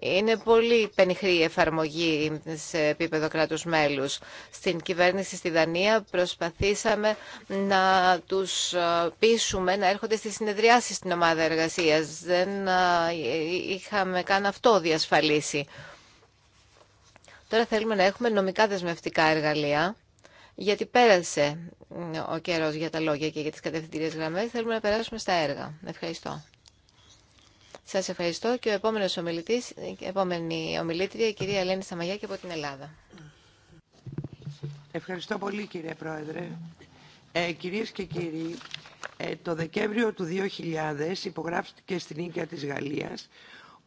Είναι πολύ πενιχρή η εφαρμογή σε επίπεδο κράτους μέλους. Στην κυβέρνηση στη Δανία προσπαθήσαμε να τους ε, πείσουμε να έρχονται στις συνεδριάσεις στην ομάδα εργασίας. Δεν ε, είχαμε καν αυτό διασφαλίσει. Τώρα θέλουμε να έχουμε νομικά δεσμευτικά εργαλεία, γιατί πέρασε ο καιρός για τα λόγια και για τις κατευθυντήριες γραμμές. Θέλουμε να περάσουμε στα έργα. Ευχαριστώ. Σας ευχαριστώ και ο επόμενος ομιλητής, η επόμενη ομιλήτρια, η κυρία Ελένη Σαμαγιάκη από την Ελλάδα. Ευχαριστώ πολύ κύριε Πρόεδρε. Ε, κυρίες και κύριοι, ε, το Δεκέμβριο του 2000 υπογράφηκε στην Ίκαια της Γαλλίας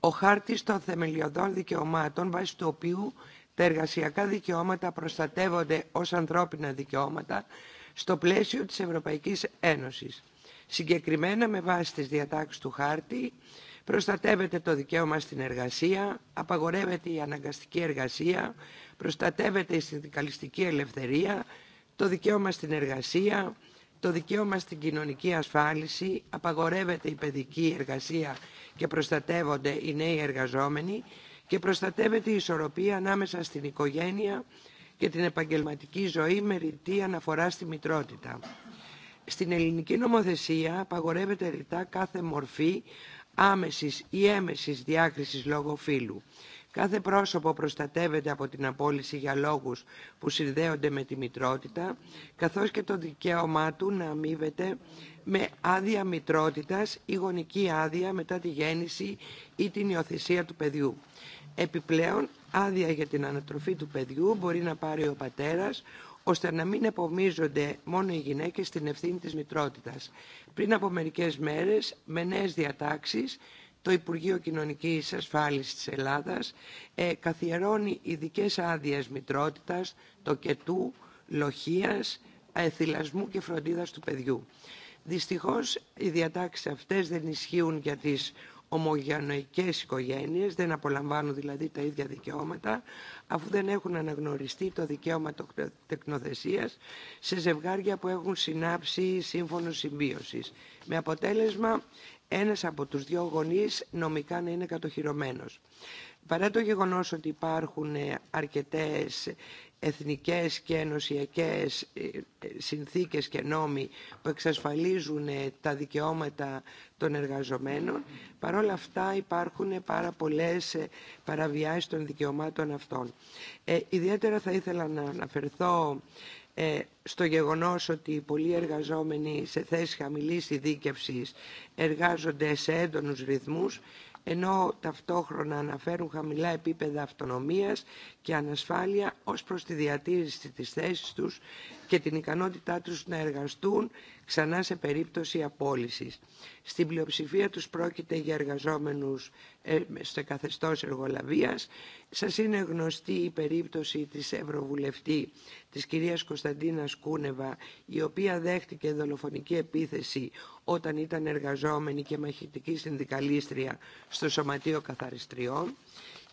ο χάρτης των θεμελιωδών δικαιωμάτων βάσει του οποίου τα εργασιακά δικαιώματα προστατεύονται ως ανθρώπινα δικαιώματα στο πλαίσιο της Ευρωπαϊκής Ένωσης. Συγκεκριμένα με βάση τις διατάξεις του χάρτη προστατεύεται το δικαίωμα στην εργασία, απαγορεύεται η αναγκαστική εργασία, προστατεύεται η συνδικαλιστική ελευθερία, το δικαίωμα στην εργασία, το δικαίωμα στην κοινωνική ασφάλιση, απαγορεύεται η παιδική εργασία και προστατεύονται οι νέοι εργαζόμενοι και προστατεύεται η ισορροπία ανάμεσα στην οικογένεια και την επαγγελματική ζωή με ρητή αναφορά στη μητρότητα. Στην ελληνική νομοθεσία απαγορεύεται ρητά κάθε μορφή άμεσης ή έμεσης διάκρισης λόγω φύλου. Κάθε πρόσωπο προστατεύεται από την απόλυση για λόγους που συνδέονται με τη μητρότητα, καθώς και το δικαίωμά του να αμείβεται με άδεια μητρότητας ή γονική άδεια μετά τη γέννηση ή την υιοθεσία του παιδιού. Επιπλέον, άδεια για την ανατροφή του παιδιού μπορεί να πάρει ο πατέρας, ώστε να μην επομίζονται μόνο οι γυναίκες στην ευθύνη της μητρότητας. Πριν από μερικές μέρες, με νέες διατάξεις, το Υπουργείο Κοινωνικής Ασφάλισης της Ελλάδας ε, καθιερώνει ειδικέ άδειε μητρότητας, τοκετού, λοχίας, εθυλασμού και φροντίδας του παιδιού. Δυστυχώς, οι διατάξεις αυτές δεν ισχύουν για τις ομογενοϊκές οικογένειες, δεν απολαμβάνουν δηλαδή τα ίδια δικαιώματα, αφού δεν έχουν αναγνωριστεί το δικαίωμα τεκνοθεσίας σε ζευγάρια που έχουν συνάψει σύμφωνο συμβίωσης. Με αποτέλεσμα ένας από τους δύο γονείς νομικά να είναι κατοχυρωμένος. Παρά το γεγονός ότι υπάρχουν ε, αρκετές εθνικές και ενωσιακές ε, ε, συνθήκες και νόμοι που εξασφαλίζουν ε, τα δικαιώματα των εργαζομένων. παρόλα αυτά υπάρχουν πάρα πολλές παραβιάσεις των δικαιωμάτων αυτών. Ε, ιδιαίτερα θα ήθελα να αναφερθώ στο γεγονός ότι πολλοί εργαζόμενοι σε θέσεις χαμηλής ειδίκευσης εργάζονται σε έντονους ρυθμούς ενώ ταυτόχρονα αναφέρουν χαμηλά επίπεδα αυτονομίας και ανασφάλεια ως προς τη διατήρηση της θέσης τους και την ικανότητά τους να εργαστούν ξανά σε περίπτωση απόλυσης. Στην πλειοψηφία τους πρόκειται για εργαζόμενους ε, σε καθεστώς εργολαβίας. Σας είναι γνωστή η περίπτωση της Ευρωβουλευτή της κυρίας Κωνσταντίνας Κούνεβα η οποία δέχτηκε δολοφονική επίθεση όταν ήταν εργαζόμενη και μαχητική συνδικαλίστρια στο Σωματείο Καθαριστριών.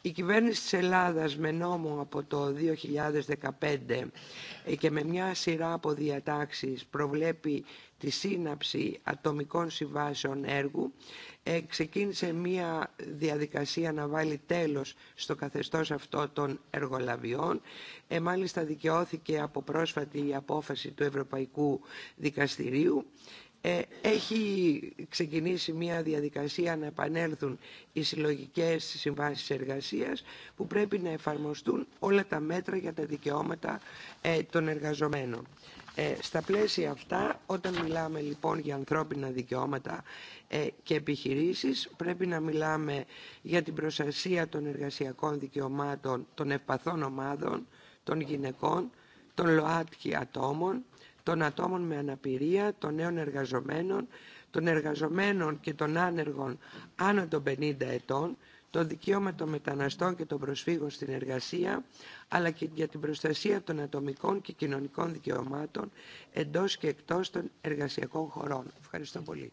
Η κυβέρνηση της Ελλάδας με νόμο από το 2015 ε, και με μια σειρά από διατάξεις προβλέπει τη σύναψη ατομικών συμβάσεων έργου ε, ξεκίνησε μια διαδικασία να βάλει τέλος στο καθεστώς αυτό των εργολαβιών. Ε, μάλιστα δικαιώθηκε από πρόσφατη απόφαση του Ευρωπαϊκού Δικαστηρίου ε, έχει ξεκινήσει μια διαδικασία να επανέλθουν οι συλλογικές συμβάσεις εργασίας που πρέπει να εφαρμοστούν όλα τα μέτρα για τα δικαιώματα ε, των εργαζομένων. Ε, στα πλαίσια αυτά, όταν μιλάμε λοιπόν για ανθρώπινα δικαιώματα και επιχειρήσεις, πρέπει να μιλάμε για την προστασία των εργασιακών δικαιωμάτων των ευπαθών ομάδων, των γυναικών, των ΛΟΑΤΚΙ ατόμων, των ατόμων με αναπηρία, των νέων εργαζομένων, των εργαζομένων και των άνεργων άνω των 50 ετών, το δικαίωμα των μεταναστών και των προσφύγων στην εργασία, αλλά και για την προστασία των ατομικών και κοινωνικών δικαιωμάτων εντός και εκτός των εργασιακών χωρών. Ευχαριστώ πολύ.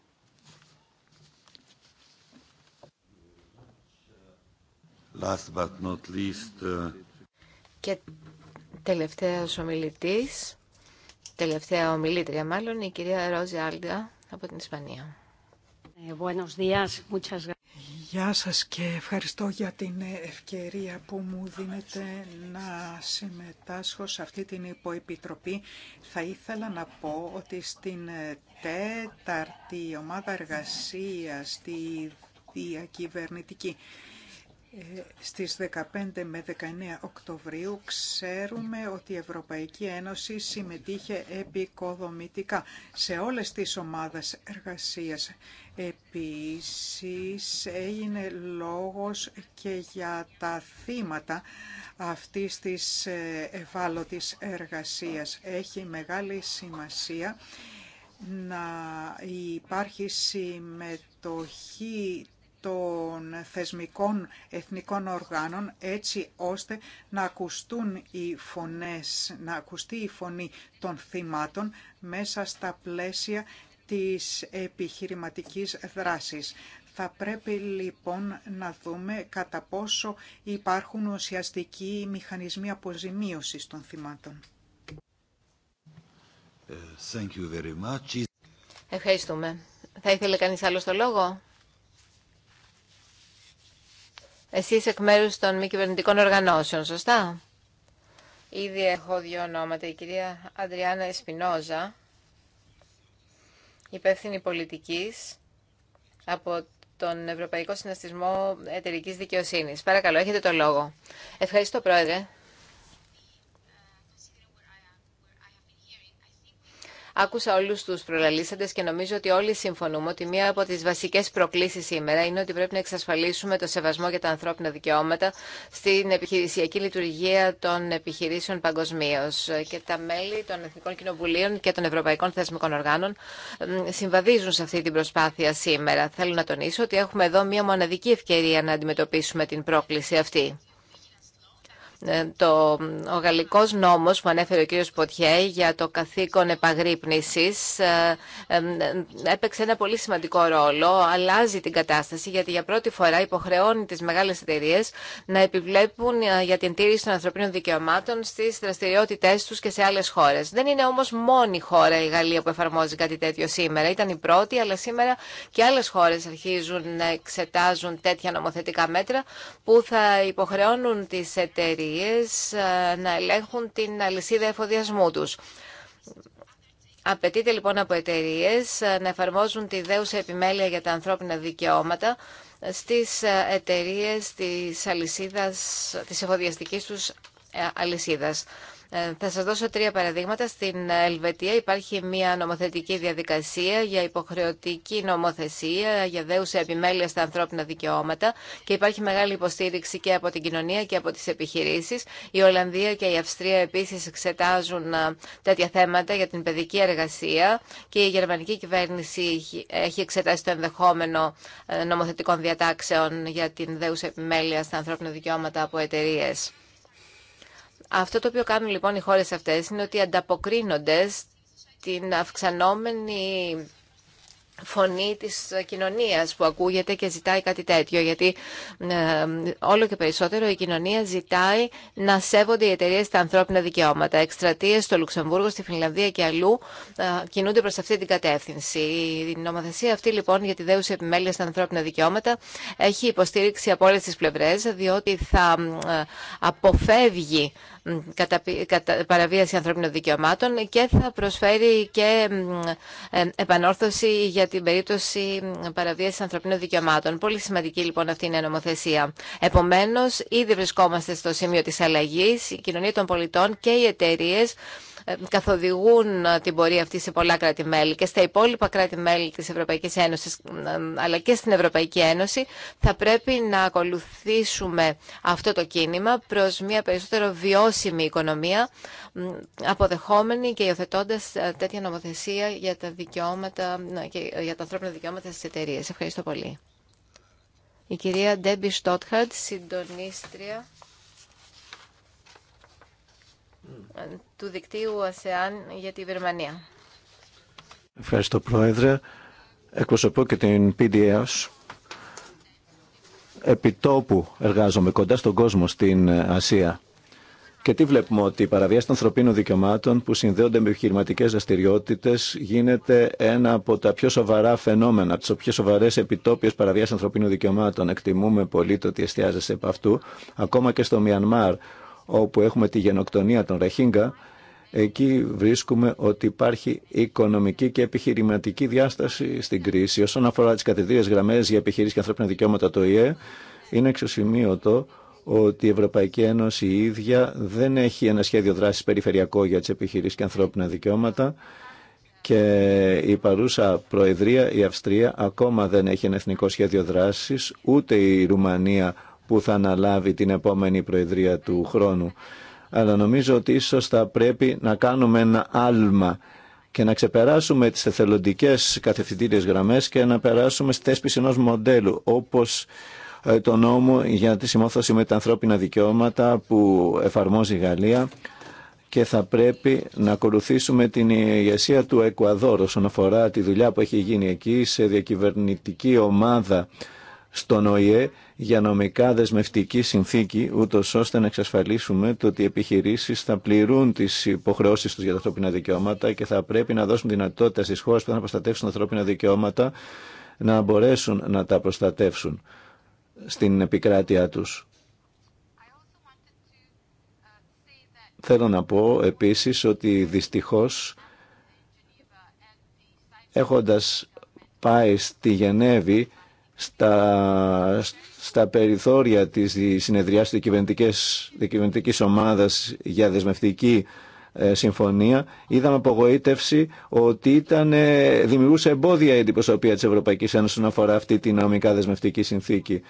Last but not least, uh, Και τελευταίος τελευταία ομιλήτρια μάλλον, η κυρία Ρόζη Άλντα από την Ισπανία. Ε, Γεια σας και ευχαριστώ για την ευκαιρία που μου δίνετε να συμμετάσχω σε αυτή την υποεπιτροπή. Θα ήθελα να πω ότι στην τέταρτη ομάδα εργασίας, στη διακυβερνητική, στις 15 με 19 Οκτωβρίου ξέρουμε ότι η Ευρωπαϊκή Ένωση συμμετείχε επικοδομητικά σε όλες τις ομάδες εργασίας. Επίσης έγινε λόγος και για τα θύματα αυτής της ε, ευάλωτης εργασίας. Έχει μεγάλη σημασία να υπάρχει συμμετοχή των θεσμικών εθνικών οργάνων έτσι ώστε να, ακουστούν οι φωνές, να ακουστεί η φωνή των θυμάτων μέσα στα πλαίσια της επιχειρηματικής δράσης. Θα πρέπει λοιπόν να δούμε κατά πόσο υπάρχουν ουσιαστικοί μηχανισμοί αποζημίωσης των θυμάτων. Ε, Ευχαριστούμε. Θα ήθελε κανείς άλλο το λόγο. Εσείς εκ μέρους των μη κυβερνητικών οργανώσεων, σωστά? Ήδη έχω δύο ονόματα. Η κυρία Αντριάννα Εσπινόζα, υπεύθυνη πολιτικής από τον Ευρωπαϊκό Συναστισμό Εταιρικής Δικαιοσύνης. Παρακαλώ, έχετε το λόγο. Ευχαριστώ, Πρόεδρε. Άκουσα όλου του προλαλήσαντε και νομίζω ότι όλοι συμφωνούμε ότι μία από τι βασικέ προκλήσει σήμερα είναι ότι πρέπει να εξασφαλίσουμε το σεβασμό για τα ανθρώπινα δικαιώματα στην επιχειρησιακή λειτουργία των επιχειρήσεων παγκοσμίω. Και τα μέλη των Εθνικών Κοινοβουλίων και των Ευρωπαϊκών Θεσμικών Οργάνων συμβαδίζουν σε αυτή την προσπάθεια σήμερα. Θέλω να τονίσω ότι έχουμε εδώ μία μοναδική ευκαιρία να αντιμετωπίσουμε την πρόκληση αυτή. Ε, το, ο γαλλικός νόμος που ανέφερε ο κύριος Ποτιέ για το καθήκον επαγρύπνησης ε, ε, έπαιξε ένα πολύ σημαντικό ρόλο, αλλάζει την κατάσταση γιατί για πρώτη φορά υποχρεώνει τις μεγάλες εταιρείε να επιβλέπουν για την τήρηση των ανθρωπίνων δικαιωμάτων στις δραστηριότητές τους και σε άλλες χώρες. Δεν είναι όμως μόνη χώρα η Γαλλία που εφαρμόζει κάτι τέτοιο σήμερα. Ήταν η πρώτη, αλλά σήμερα και άλλες χώρες αρχίζουν να εξετάζουν τέτοια νομοθετικά μέτρα που θα υποχρεώνουν τις εταιρείε ε, να ελέγχουν την αλυσίδα εφοδιασμού τους. Απαιτείται λοιπόν από εταιρείε ε, να εφαρμόζουν τη δέουσα επιμέλεια για τα ανθρώπινα δικαιώματα στις ε, εταιρείε της, αλυσίδας, της εφοδιαστικής τους αλυσίδας. Ε, θα σας δώσω τρία παραδείγματα. Στην Ελβετία υπάρχει μια νομοθετική διαδικασία για υποχρεωτική νομοθεσία, για δέουσα επιμέλεια στα ανθρώπινα δικαιώματα και υπάρχει μεγάλη υποστήριξη και από την κοινωνία και από τις επιχειρήσεις. Η Ολλανδία και η Αυστρία επίσης εξετάζουν ε, τέτοια θέματα για την παιδική εργασία και η γερμανική κυβέρνηση έχει εξετάσει το ενδεχόμενο ε, νομοθετικών διατάξεων για την δέουσα επιμέλεια στα ανθρώπινα δικαιώματα από εταιρείε. Αυτό το οποίο κάνουν λοιπόν οι χώρες αυτές είναι ότι ανταποκρίνονται στην αυξανόμενη φωνή της κοινωνίας που ακούγεται και ζητάει κάτι τέτοιο γιατί ε, όλο και περισσότερο η κοινωνία ζητάει να σέβονται οι εταιρείε τα ανθρώπινα δικαιώματα. Εκστρατείε στο Λουξεμβούργο, στη Φινλανδία και αλλού ε, κινούνται προς αυτή την κατεύθυνση. Η νομοθεσία αυτή λοιπόν για τη δέουση επιμέλεια στα ανθρώπινα δικαιώματα έχει υποστήριξη από όλε τι πλευρέ, διότι θα ε, αποφεύγει παραβίαση ανθρώπινων δικαιωμάτων και θα προσφέρει και ε, επανόρθωση για την περίπτωση παραβίαση ανθρωπίνων δικαιωμάτων. Πολύ σημαντική λοιπόν αυτή είναι η νομοθεσία. Επομένως ήδη βρισκόμαστε στο σημείο της αλλαγής Η κοινωνία των πολιτών και οι εταιρείε ε, καθοδηγούν ε, την πορεία αυτή σε πολλά κράτη-μέλη και στα υπόλοιπα κράτη-μέλη της Ευρωπαϊκής Ένωσης ε, αλλά και στην Ευρωπαϊκή Ένωση θα πρέπει να ακολουθήσουμε αυτό το κίνημα προς μια περισσότερο βιώσιμη οικονομία αποδεχόμενη και υιοθετώντα τέτοια νομοθεσία για τα δικαιώματα για τα ανθρώπινα δικαιώματα στις εταιρείες. Ευχαριστώ πολύ. Η κυρία Ντέμπι Στότχαρτ, συντονίστρια του δικτύου ΑΣΕΑΝ για τη Βερμανία. Ευχαριστώ Πρόεδρε. Εκπροσωπώ και την PDS. Επιτόπου εργάζομαι κοντά στον κόσμο στην Ασία. Και τι βλέπουμε ότι η παραβίαση των ανθρωπίνων δικαιωμάτων που συνδέονται με επιχειρηματικέ δραστηριότητε γίνεται ένα από τα πιο σοβαρά φαινόμενα, από τι πιο σοβαρέ επιτόπιε παραβίαση ανθρωπίνων δικαιωμάτων. Εκτιμούμε πολύ το ότι εστιάζεσαι από αυτού. Ακόμα και στο Μιανμάρ, όπου έχουμε τη γενοκτονία των Ραχίνγκα, εκεί βρίσκουμε ότι υπάρχει οικονομική και επιχειρηματική διάσταση στην κρίση. Όσον αφορά τις κατεδρίες γραμμές για επιχειρήσεις και ανθρώπινα δικαιώματα το ΙΕ, είναι εξωσημείωτο ότι η Ευρωπαϊκή Ένωση η ίδια δεν έχει ένα σχέδιο δράσης περιφερειακό για τις επιχειρήσεις και ανθρώπινα δικαιώματα και η παρούσα Προεδρία, η Αυστρία, ακόμα δεν έχει ένα εθνικό σχέδιο δράσης, ούτε η Ρουμανία που θα αναλάβει την επόμενη Προεδρία του χρόνου. Αλλά νομίζω ότι ίσως θα πρέπει να κάνουμε ένα άλμα και να ξεπεράσουμε τις εθελοντικές κατευθυντήριες γραμμές και να περάσουμε στη θέσπιση ενός μοντέλου, όπως ε, το νόμο για τη συμμόρφωση με τα ανθρώπινα δικαιώματα που εφαρμόζει η Γαλλία και θα πρέπει να ακολουθήσουμε την ηγεσία του Εκουαδόρ όσον αφορά τη δουλειά που έχει γίνει εκεί σε διακυβερνητική ομάδα στον ΟΗΕ για νομικά δεσμευτική συνθήκη, ούτω ώστε να εξασφαλίσουμε το ότι οι επιχειρήσει θα πληρούν τι υποχρεώσει του για τα ανθρώπινα δικαιώματα και θα πρέπει να δώσουν δυνατότητα στι χώρε που θα προστατεύσουν τα ανθρώπινα δικαιώματα να μπορέσουν να τα προστατεύσουν στην επικράτειά τους. Θέλω να πω επίσης ότι δυστυχώς έχοντας πάει στη Γενέβη στα, στα περιθώρια της συνεδριάς της κυβερνητικής ομάδας για δεσμευτική ε, συμφωνία, είδαμε απογοήτευση ότι ήταν, ε, δημιουργούσε εμπόδια η αντιπροσωπεία της Ευρωπαϊκής Ένωσης όσον αφορά αυτή τη νομικά δεσμευτική συνθήκη.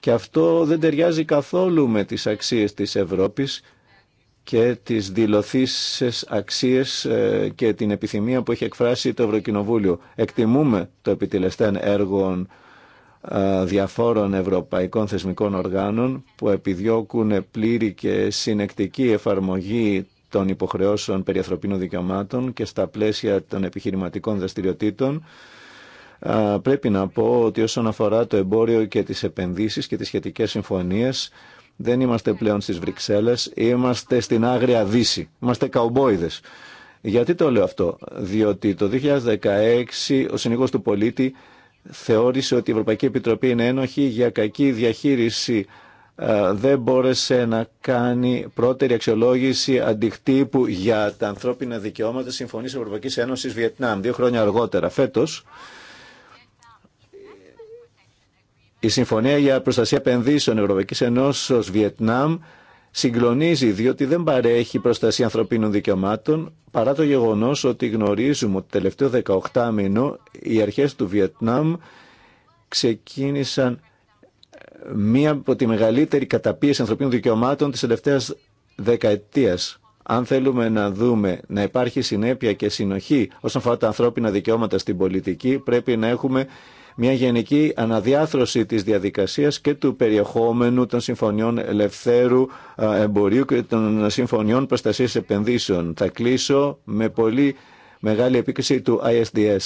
Και αυτό δεν ταιριάζει καθόλου με τις αξίες της Ευρώπης και τις δηλωθήσεις αξίες ε, και την επιθυμία που έχει εκφράσει το Ευρωκοινοβούλιο. Εκτιμούμε το επιτελεστέν έργο διαφόρων ευρωπαϊκών θεσμικών οργάνων που επιδιώκουν πλήρη και συνεκτική εφαρμογή των υποχρεώσεων περί ανθρωπίνων δικαιωμάτων και στα πλαίσια των επιχειρηματικών δραστηριοτήτων. Πρέπει να πω ότι όσον αφορά το εμπόριο και τις επενδύσεις και τις σχετικές συμφωνίες δεν είμαστε πλέον στις Βρυξέλλες, είμαστε στην Άγρια Δύση, είμαστε καουμπόιδες. Γιατί το λέω αυτό, διότι το 2016 ο Συνήγος του Πολίτη θεώρησε ότι η Ευρωπαϊκή Επιτροπή είναι ένοχη για κακή διαχείριση. Ε, δεν μπόρεσε να κάνει πρώτερη αξιολόγηση αντικτύπου για τα ανθρώπινα δικαιώματα Συμφωνής Ευρωπαϊκής Ένωσης Βιετνάμ. Δύο χρόνια αργότερα, φέτος, η Συμφωνία για Προστασία Επενδύσεων Ευρωπαϊκής Ενώσεως Βιετνάμ συγκλονίζει διότι δεν παρέχει προστασία ανθρωπίνων δικαιωμάτων παρά το γεγονός ότι γνωρίζουμε ότι το τελευταίο 18 μήνο οι αρχές του Βιετνάμ ξεκίνησαν ε, μία από τη μεγαλύτερη καταπίεση ανθρωπίνων δικαιωμάτων της τελευταίας δεκαετίας. Αν θέλουμε να δούμε να υπάρχει συνέπεια και συνοχή όσον αφορά τα ανθρώπινα δικαιώματα στην πολιτική, πρέπει να έχουμε μια γενική αναδιάθρωση της διαδικασίας και του περιεχόμενου των συμφωνιών ελευθέρου εμπορίου και των συμφωνιών προστασίας επενδύσεων. Θα κλείσω με πολύ μεγάλη επίκριση του ISDS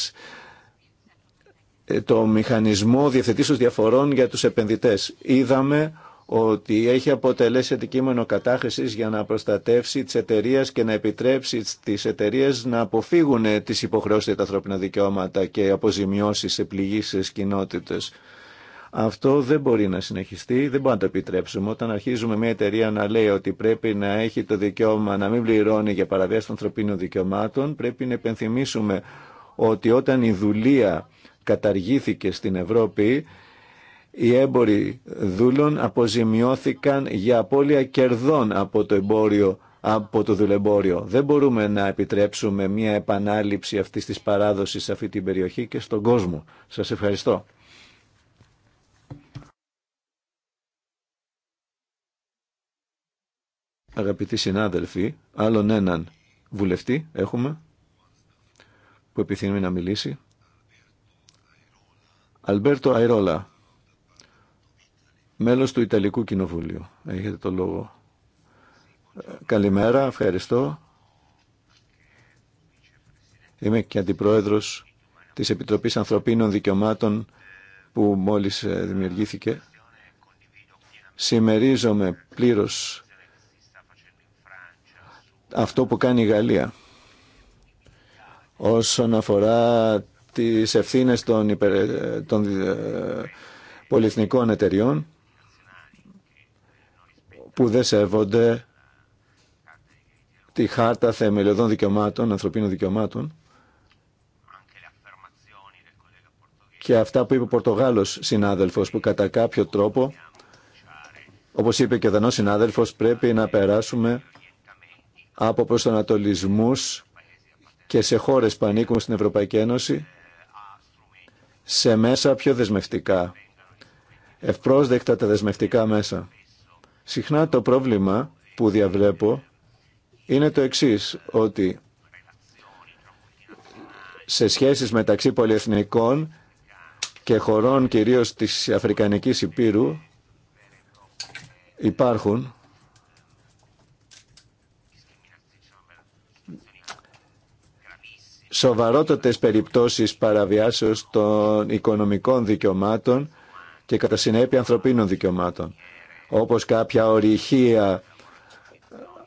ε, το μηχανισμό διευθετήσεως διαφορών για τους επενδυτές. Είδαμε ότι έχει αποτελέσει αντικείμενο κατάχρηση για να προστατεύσει τι εταιρείε και να επιτρέψει τι εταιρείε να αποφύγουν τι υποχρεώσει για τα ανθρώπινα δικαιώματα και αποζημιώσει σε πληγήσει κοινότητε. Αυτό δεν μπορεί να συνεχιστεί, δεν μπορούμε να το επιτρέψουμε. Όταν αρχίζουμε μια εταιρεία να λέει ότι πρέπει να έχει το δικαίωμα να μην πληρώνει για παραβίαση των ανθρωπίνων δικαιωμάτων, πρέπει να επενθυμίσουμε ότι όταν η δουλεία καταργήθηκε στην Ευρώπη, οι έμποροι δούλων αποζημιώθηκαν για απώλεια κερδών από το εμπόριο από το δουλεμπόριο. Δεν μπορούμε να επιτρέψουμε μια επανάληψη αυτής της παράδοσης σε αυτή την περιοχή και στον κόσμο. Σας ευχαριστώ. Αγαπητοί συνάδελφοι, άλλον έναν βουλευτή έχουμε που επιθυμεί να μιλήσει. Αλμπέρτο Αϊρόλα μέλος του Ιταλικού Κοινοβουλίου. Έχετε το λόγο. Ε, καλημέρα, ευχαριστώ. Είμαι και αντιπρόεδρος της Επιτροπής Ανθρωπίνων Δικαιωμάτων που μόλις ε, δημιουργήθηκε. Σημερίζομαι πλήρως αυτό που κάνει η Γαλλία όσον αφορά τις ευθύνες των, των ε, πολυεθνικών εταιριών που δεν σέβονται τη χάρτα θεμελιωδών δικαιωμάτων, ανθρωπίνων δικαιωμάτων και αυτά που είπε ο Πορτογάλος συνάδελφος που κατά κάποιο τρόπο όπως είπε και ο Δανός συνάδελφος πρέπει να περάσουμε από προσανατολισμούς και σε χώρες που ανήκουν στην Ευρωπαϊκή Ένωση σε μέσα πιο δεσμευτικά ευπρόσδεκτα τα δεσμευτικά μέσα Συχνά το πρόβλημα που διαβλέπω είναι το εξής, ότι σε σχέσεις μεταξύ πολυεθνικών και χωρών κυρίως της Αφρικανικής Υπήρου υπάρχουν σοβαρότατες περιπτώσεις παραβιάσεως των οικονομικών δικαιωμάτων και κατά συνέπεια ανθρωπίνων δικαιωμάτων όπως κάποια ορυχεία,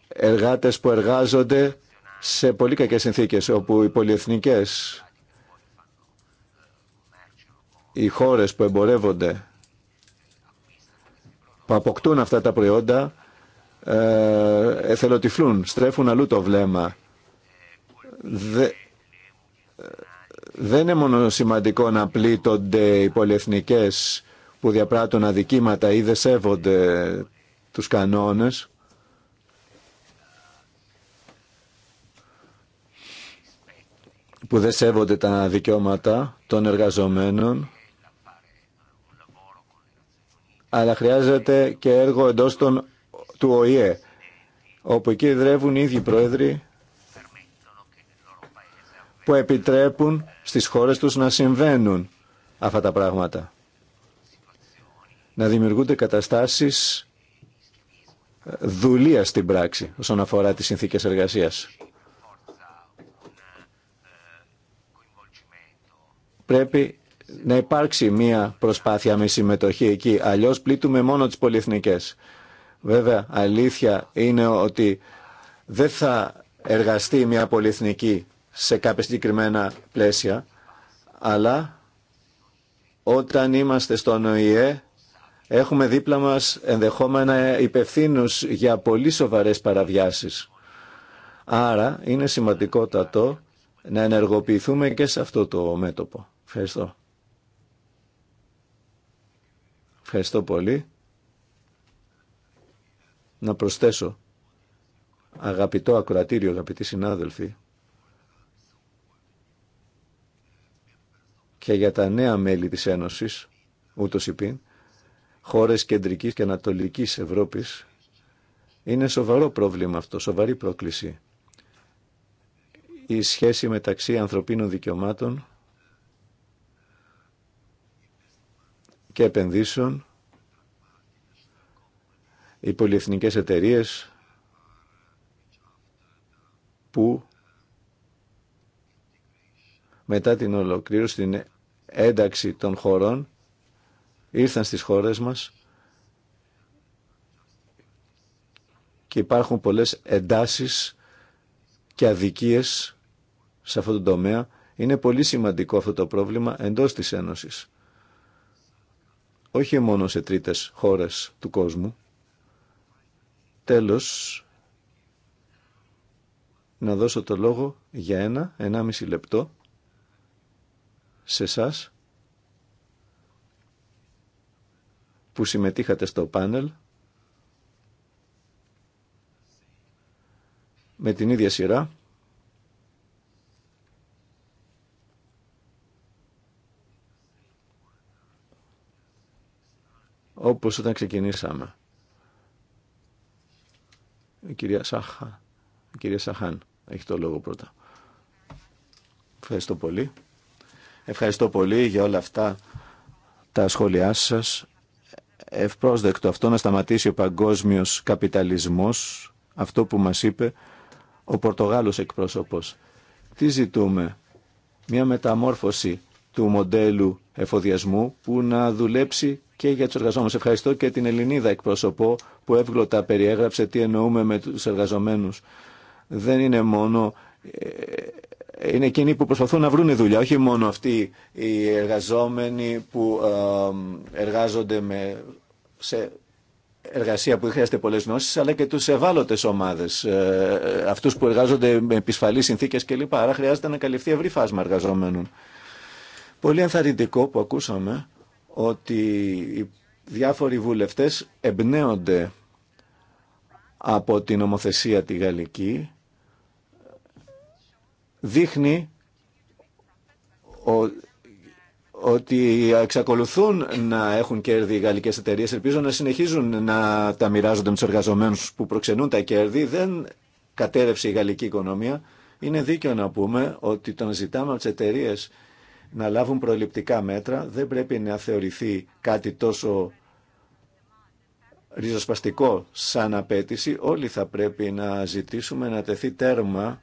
εργάτες που εργάζονται σε πολύ κακές συνθήκες, όπου οι πολυεθνικές, οι χώρες που εμπορεύονται, που αποκτούν αυτά τα προϊόντα, ε, εθελοτυφλούν, στρέφουν αλλού το βλέμμα. Δε, δεν είναι μόνο σημαντικό να πλήττονται οι πολυεθνικές που διαπράττουν αδικήματα ή δεν σέβονται τους κανόνες. που δεν σέβονται τα δικαιώματα των εργαζομένων αλλά χρειάζεται και έργο εντός των, του ΟΗΕ όπου εκεί δρεύουν οι ίδιοι πρόεδροι που επιτρέπουν στις χώρες τους να συμβαίνουν αυτά τα πράγματα να δημιουργούνται καταστάσεις ε, δουλεία στην πράξη όσον αφορά τις συνθήκες εργασίας. Πρέπει να υπάρξει μία προσπάθεια με συμμετοχή εκεί, αλλιώς πλήττουμε μόνο τις πολυεθνικές. Βέβαια, αλήθεια είναι ότι δεν θα εργαστεί μία πολυεθνική σε κάποια συγκεκριμένα πλαίσια, αλλά όταν είμαστε στον ΟΗΕ έχουμε δίπλα μας ενδεχόμενα υπευθύνους για πολύ σοβαρές παραβιάσεις. Άρα είναι σημαντικότατο να ενεργοποιηθούμε και σε αυτό το μέτωπο. Ευχαριστώ. Ευχαριστώ πολύ. Να προσθέσω, αγαπητό ακροατήριο, αγαπητοί συνάδελφοι, και για τα νέα μέλη της Ένωσης, ούτως υπήν, χώρες κεντρικής και ανατολικής Ευρώπης είναι σοβαρό πρόβλημα αυτό, σοβαρή πρόκληση. Η σχέση μεταξύ ανθρωπίνων δικαιωμάτων και επενδύσεων, οι πολυεθνικές εταιρείες που μετά την ολοκλήρωση, την ένταξη των χωρών, ήρθαν στις χώρες μας και υπάρχουν πολλές εντάσεις και αδικίες σε αυτό το τομέα. Είναι πολύ σημαντικό αυτό το πρόβλημα εντός της Ένωσης. Όχι μόνο σε τρίτες χώρες του κόσμου. Τέλος, να δώσω το λόγο για ένα, ενάμιση λεπτό σε σας που συμμετείχατε στο πάνελ με την ίδια σειρά. όπως όταν ξεκινήσαμε. Η κυρία, Σάχα, κυρία Σαχάν έχει το λόγο πρώτα. Ευχαριστώ πολύ. Ευχαριστώ πολύ για όλα αυτά τα σχόλιά σας ευπρόσδεκτο αυτό να σταματήσει ο παγκόσμιος καπιταλισμός, αυτό που μας είπε ο Πορτογάλος εκπρόσωπος. Τι ζητούμε, μια μεταμόρφωση του μοντέλου εφοδιασμού που να δουλέψει και για τους εργαζόμενους. Ευχαριστώ και την Ελληνίδα εκπρόσωπο που εύγλωτα περιέγραψε τι εννοούμε με τους εργαζομένους. Δεν είναι μόνο ε, ε, είναι εκείνοι που προσπαθούν να βρουν δουλειά, όχι μόνο αυτοί οι εργαζόμενοι που ε, εργάζονται με σε εργασία που χρειάζεται πολλέ γνώσει, αλλά και του ευάλωτε ομάδε, αυτού που εργάζονται με επισφαλεί συνθήκε κλπ. Άρα χρειάζεται να καλυφθεί ευρύ φάσμα εργαζόμενων. Πολύ ενθαρρυντικό που ακούσαμε ότι οι διάφοροι βουλευτέ εμπνέονται από την ομοθεσία τη γαλλική δείχνει ότι εξακολουθούν να έχουν κέρδη οι γαλλικέ εταιρείε. Ελπίζω να συνεχίζουν να τα μοιράζονται με του εργαζομένου που προξενούν τα κέρδη. Δεν κατέρευσε η γαλλική οικονομία. Είναι δίκαιο να πούμε ότι το να ζητάμε από τι εταιρείε να λάβουν προληπτικά μέτρα δεν πρέπει να θεωρηθεί κάτι τόσο ριζοσπαστικό σαν απέτηση. Όλοι θα πρέπει να ζητήσουμε να τεθεί τέρμα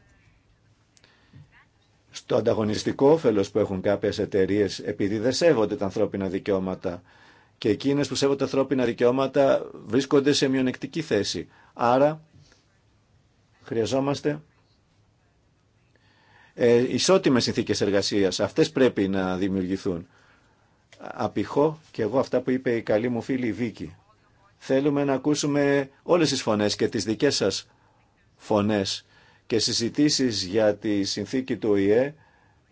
στο ανταγωνιστικό όφελος που έχουν κάποιες εταιρείε επειδή δεν σέβονται τα ανθρώπινα δικαιώματα και εκείνες που σέβονται τα ανθρώπινα δικαιώματα βρίσκονται σε μειονεκτική θέση. Άρα χρειαζόμαστε ε, ισότιμες συνθήκες εργασίας. Αυτές πρέπει να δημιουργηθούν. Απηχώ και εγώ αυτά που είπε η καλή μου φίλη Βίκη. Θέλουμε να ακούσουμε όλες τις φωνές και τις δικές σας φωνές και συζητήσεις για τη συνθήκη του ΟΗΕ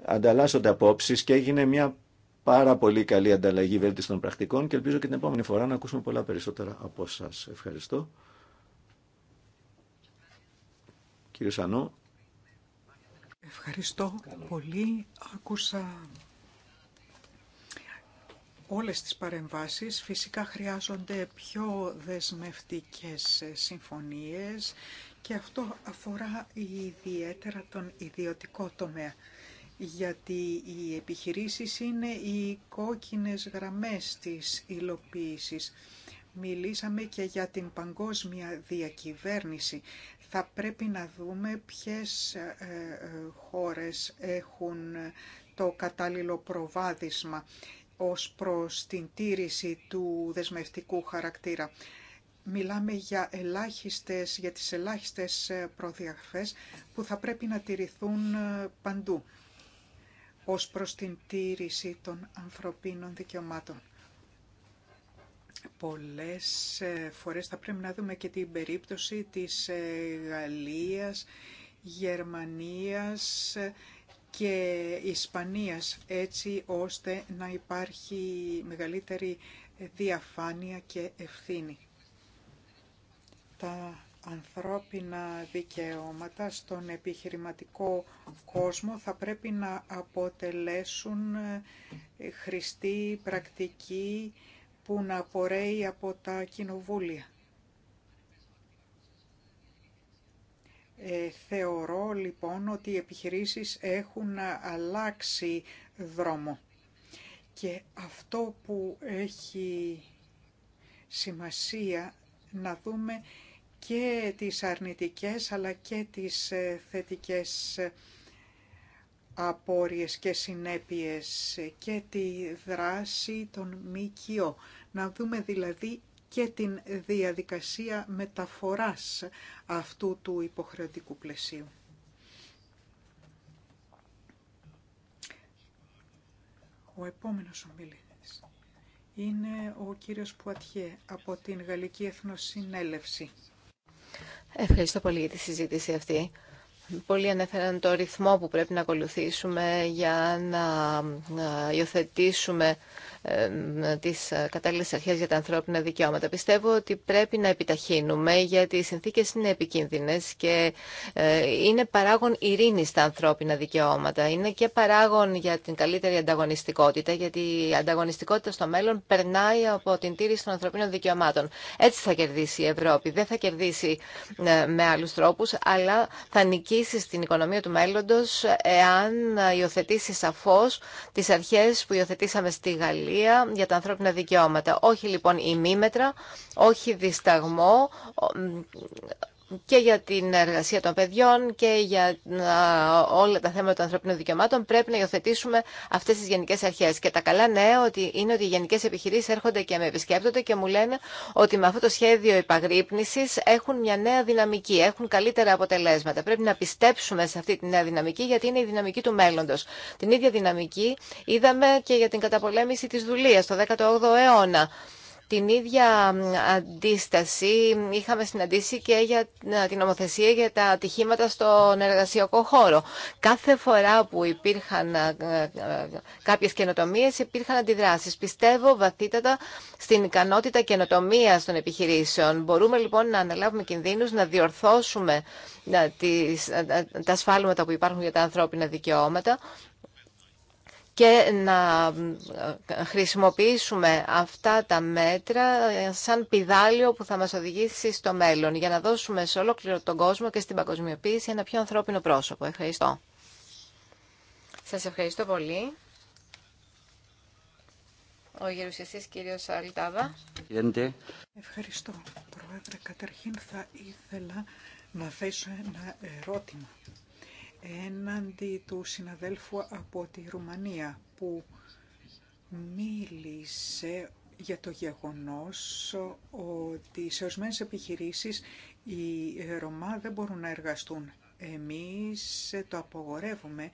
ανταλλάσσονται απόψεις και έγινε μια πάρα πολύ καλή ανταλλαγή των πρακτικών και ελπίζω και την επόμενη φορά να ακούσουμε πολλά περισσότερα από σας. Ευχαριστώ. Κύριε Σανό. Ευχαριστώ πολύ. Άκουσα όλες τις παρεμβάσεις. Φυσικά χρειάζονται πιο δεσμευτικές συμφωνίες και αυτό αφορά ιδιαίτερα τον ιδιωτικό τομέα γιατί οι επιχειρήσεις είναι οι κόκκινες γραμμές της υλοποίησης. Μιλήσαμε και για την παγκόσμια διακυβέρνηση. Θα πρέπει να δούμε ποιες ε, ε, χώρες έχουν ε, το κατάλληλο προβάδισμα ως προς την τήρηση του δεσμευτικού χαρακτήρα. Μιλάμε για, ελάχιστες, για τις ελάχιστες ε, προδιαγραφές που θα πρέπει να τηρηθούν ε, παντού ως προς την τήρηση των ανθρωπίνων δικαιωμάτων. Πολλές ε, φορές θα πρέπει να δούμε και την περίπτωση της Γαλλίας, Γερμανίας και Ισπανίας, έτσι ώστε να υπάρχει μεγαλύτερη διαφάνεια και ευθύνη τα ανθρώπινα δικαιώματα στον επιχειρηματικό κόσμο θα πρέπει να αποτελέσουν ε, χρηστή πρακτική που να απορρέει από τα κοινοβούλια. Ε, θεωρώ λοιπόν ότι οι επιχειρήσεις έχουν αλλάξει δρόμο και αυτό που έχει σημασία να δούμε και τις αρνητικές αλλά και τις ε, θετικές ε, απόρριες και συνέπειες και τη δράση των μίκιο, Να δούμε δηλαδή και την διαδικασία μεταφοράς αυτού του υποχρεωτικού πλαισίου. Ο επόμενος ομιλητής είναι ο κύριος Πουατιέ από την Γαλλική Εθνοσυνέλευση. Ευχαριστώ πολύ για τη συζήτηση αυτή. Πολύ ανέφεραν το ρυθμό που πρέπει να ακολουθήσουμε για να υιοθετήσουμε ε, τις ε, κατάλληλες αρχές για τα ανθρώπινα δικαιώματα. Πιστεύω ότι πρέπει να επιταχύνουμε γιατί οι συνθήκες είναι επικίνδυνες και ε, είναι παράγον ειρήνη στα ανθρώπινα δικαιώματα. Είναι και παράγον για την καλύτερη ανταγωνιστικότητα γιατί η ανταγωνιστικότητα στο μέλλον περνάει από την τήρηση των ανθρωπίνων δικαιωμάτων. Έτσι θα κερδίσει η Ευρώπη. Δεν θα κερδίσει με άλλους τρόπους αλλά θα νικήσει στην οικονομία του μέλλοντος εάν υιοθετήσει σαφώς τις αρχές που υιοθετήσαμε στη Γαλλία για τα ανθρώπινα δικαιώματα. Όχι λοιπόν ημίμετρα, όχι δισταγμό, και για την εργασία των παιδιών και για όλα τα θέματα των ανθρωπίνων δικαιωμάτων πρέπει να υιοθετήσουμε αυτέ τι γενικέ αρχέ. Και τα καλά νέα ότι είναι ότι οι γενικέ επιχειρήσει έρχονται και με επισκέπτονται και μου λένε ότι με αυτό το σχέδιο υπαγρύπνηση έχουν μια νέα δυναμική, έχουν καλύτερα αποτελέσματα. Πρέπει να πιστέψουμε σε αυτή τη νέα δυναμική γιατί είναι η δυναμική του μέλλοντο. Την ίδια δυναμική είδαμε και για την καταπολέμηση τη δουλεία το 18ο αιώνα την ίδια αντίσταση είχαμε συναντήσει και για ε, την νομοθεσία για τα ατυχήματα στον εργασιακό χώρο. Κάθε φορά που υπήρχαν ε, ε, κάποιες καινοτομίες υπήρχαν αντιδράσεις. Πιστεύω βαθύτατα στην ικανότητα καινοτομία των επιχειρήσεων. Μπορούμε λοιπόν να αναλάβουμε κινδύνους, να διορθώσουμε τα ασφάλματα που υπάρχουν για τα ανθρώπινα δικαιώματα και να ε, χρησιμοποιήσουμε αυτά τα μέτρα ε, σαν πιδάλιο που θα μας οδηγήσει στο μέλλον για να δώσουμε σε ολόκληρο τον κόσμο και στην παγκοσμιοποίηση ένα πιο ανθρώπινο πρόσωπο. Ευχαριστώ. Σας ευχαριστώ πολύ. Ο γερουσιαστής κύριος Αλτάβα. Ευχαριστώ, Πρόεδρε. Καταρχήν θα ήθελα να θέσω ένα ερώτημα έναντι του συναδέλφου από τη Ρουμανία που μίλησε για το γεγονός ότι σε ορισμένε επιχειρήσεις οι Ρωμά δεν μπορούν να εργαστούν. Εμείς το απογορεύουμε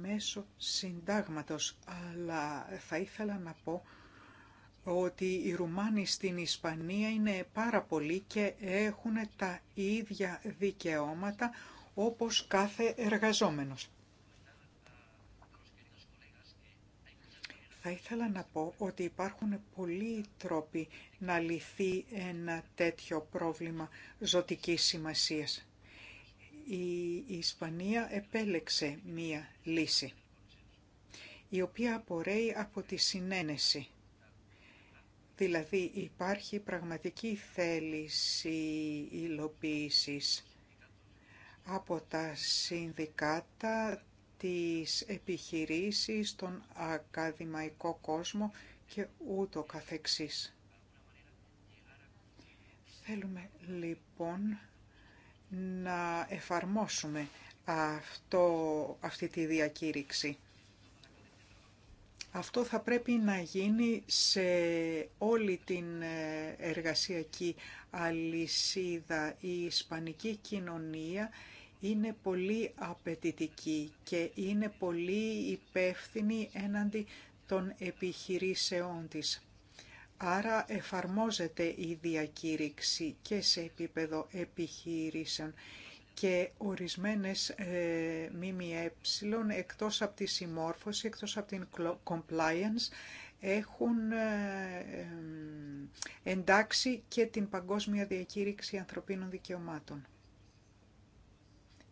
μέσω συντάγματος, αλλά θα ήθελα να πω ότι οι Ρουμάνοι στην Ισπανία είναι πάρα πολλοί και έχουν τα ίδια δικαιώματα όπως κάθε εργαζόμενος. Θα ήθελα να πω ότι υπάρχουν πολλοί τρόποι να λυθεί ένα τέτοιο πρόβλημα ζωτικής σημασίας. Η Ισπανία επέλεξε μία λύση, η οποία απορρέει από τη συνένεση. Δηλαδή υπάρχει πραγματική θέληση υλοποίησης από τα συνδικάτα, τις επιχειρήσεις, τον ακαδημαϊκό κόσμο και ούτω καθεξής. Θέλουμε λοιπόν να εφαρμόσουμε αυτό, αυτή τη διακήρυξη. Αυτό θα πρέπει να γίνει σε όλη την ε, εργασιακή αλυσίδα. Η ισπανική κοινωνία είναι πολύ απαιτητική και είναι πολύ υπεύθυνη έναντι των επιχειρήσεών της. Άρα εφαρμόζεται η διακήρυξη και σε επίπεδο επιχειρήσεων και ορισμένες ε, ΜΜΕ εκτός από τη συμμόρφωση, εκτός από την compliance έχουν ε, εντάξει και την Παγκόσμια Διακήρυξη Ανθρωπίνων Δικαιωμάτων.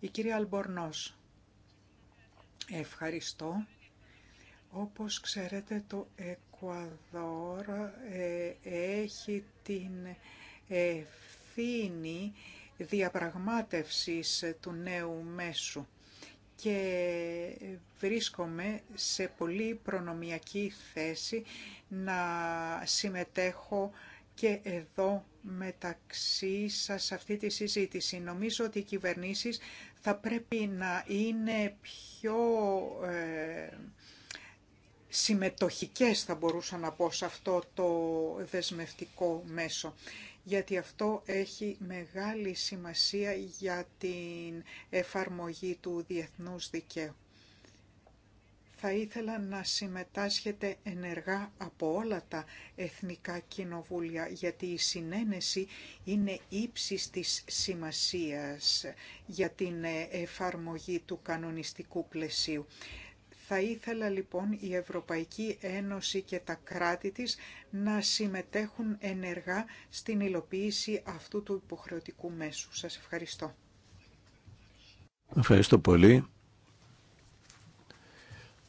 Η κυρία Αλμπορνός. Ευχαριστώ. Όπως ξέρετε το Εκουαδόρ ε, έχει την ευθύνη διαπραγμάτευσης του νέου μέσου και βρίσκομαι σε πολύ προνομιακή θέση να συμμετέχω και εδώ μεταξύ σας αυτή τη συζήτηση. Νομίζω ότι οι κυβερνήσεις θα πρέπει να είναι πιο ε, συμμετοχικές, θα μπορούσα να πω, σε αυτό το δεσμευτικό μέσο. Γιατί αυτό έχει μεγάλη σημασία για την εφαρμογή του διεθνούς δικαίου θα ήθελα να συμμετάσχετε ενεργά από όλα τα εθνικά κοινοβούλια, γιατί η συνένεση είναι ύψης της σημασίας για την ε, εφαρμογή του κανονιστικού πλαισίου. Θα ήθελα λοιπόν η Ευρωπαϊκή Ένωση και τα κράτη της να συμμετέχουν ενεργά στην υλοποίηση αυτού του υποχρεωτικού μέσου. Σας ευχαριστώ. Ευχαριστώ πολύ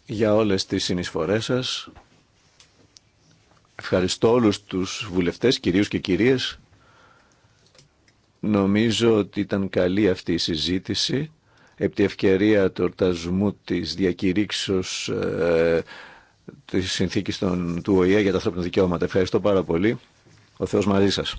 για όλες τις συνεισφορές σας. Ευχαριστώ όλους τους βουλευτές, κυρίους και κυρίες. Νομίζω ότι ήταν καλή αυτή η συζήτηση. επ' τη ευκαιρία του ορτασμού της διακηρύξεως ε, της συνθήκης των, του ΟΗΕ για τα ανθρώπινα δικαιώματα. Ευχαριστώ πάρα πολύ. Ο Θεός μαζί σας.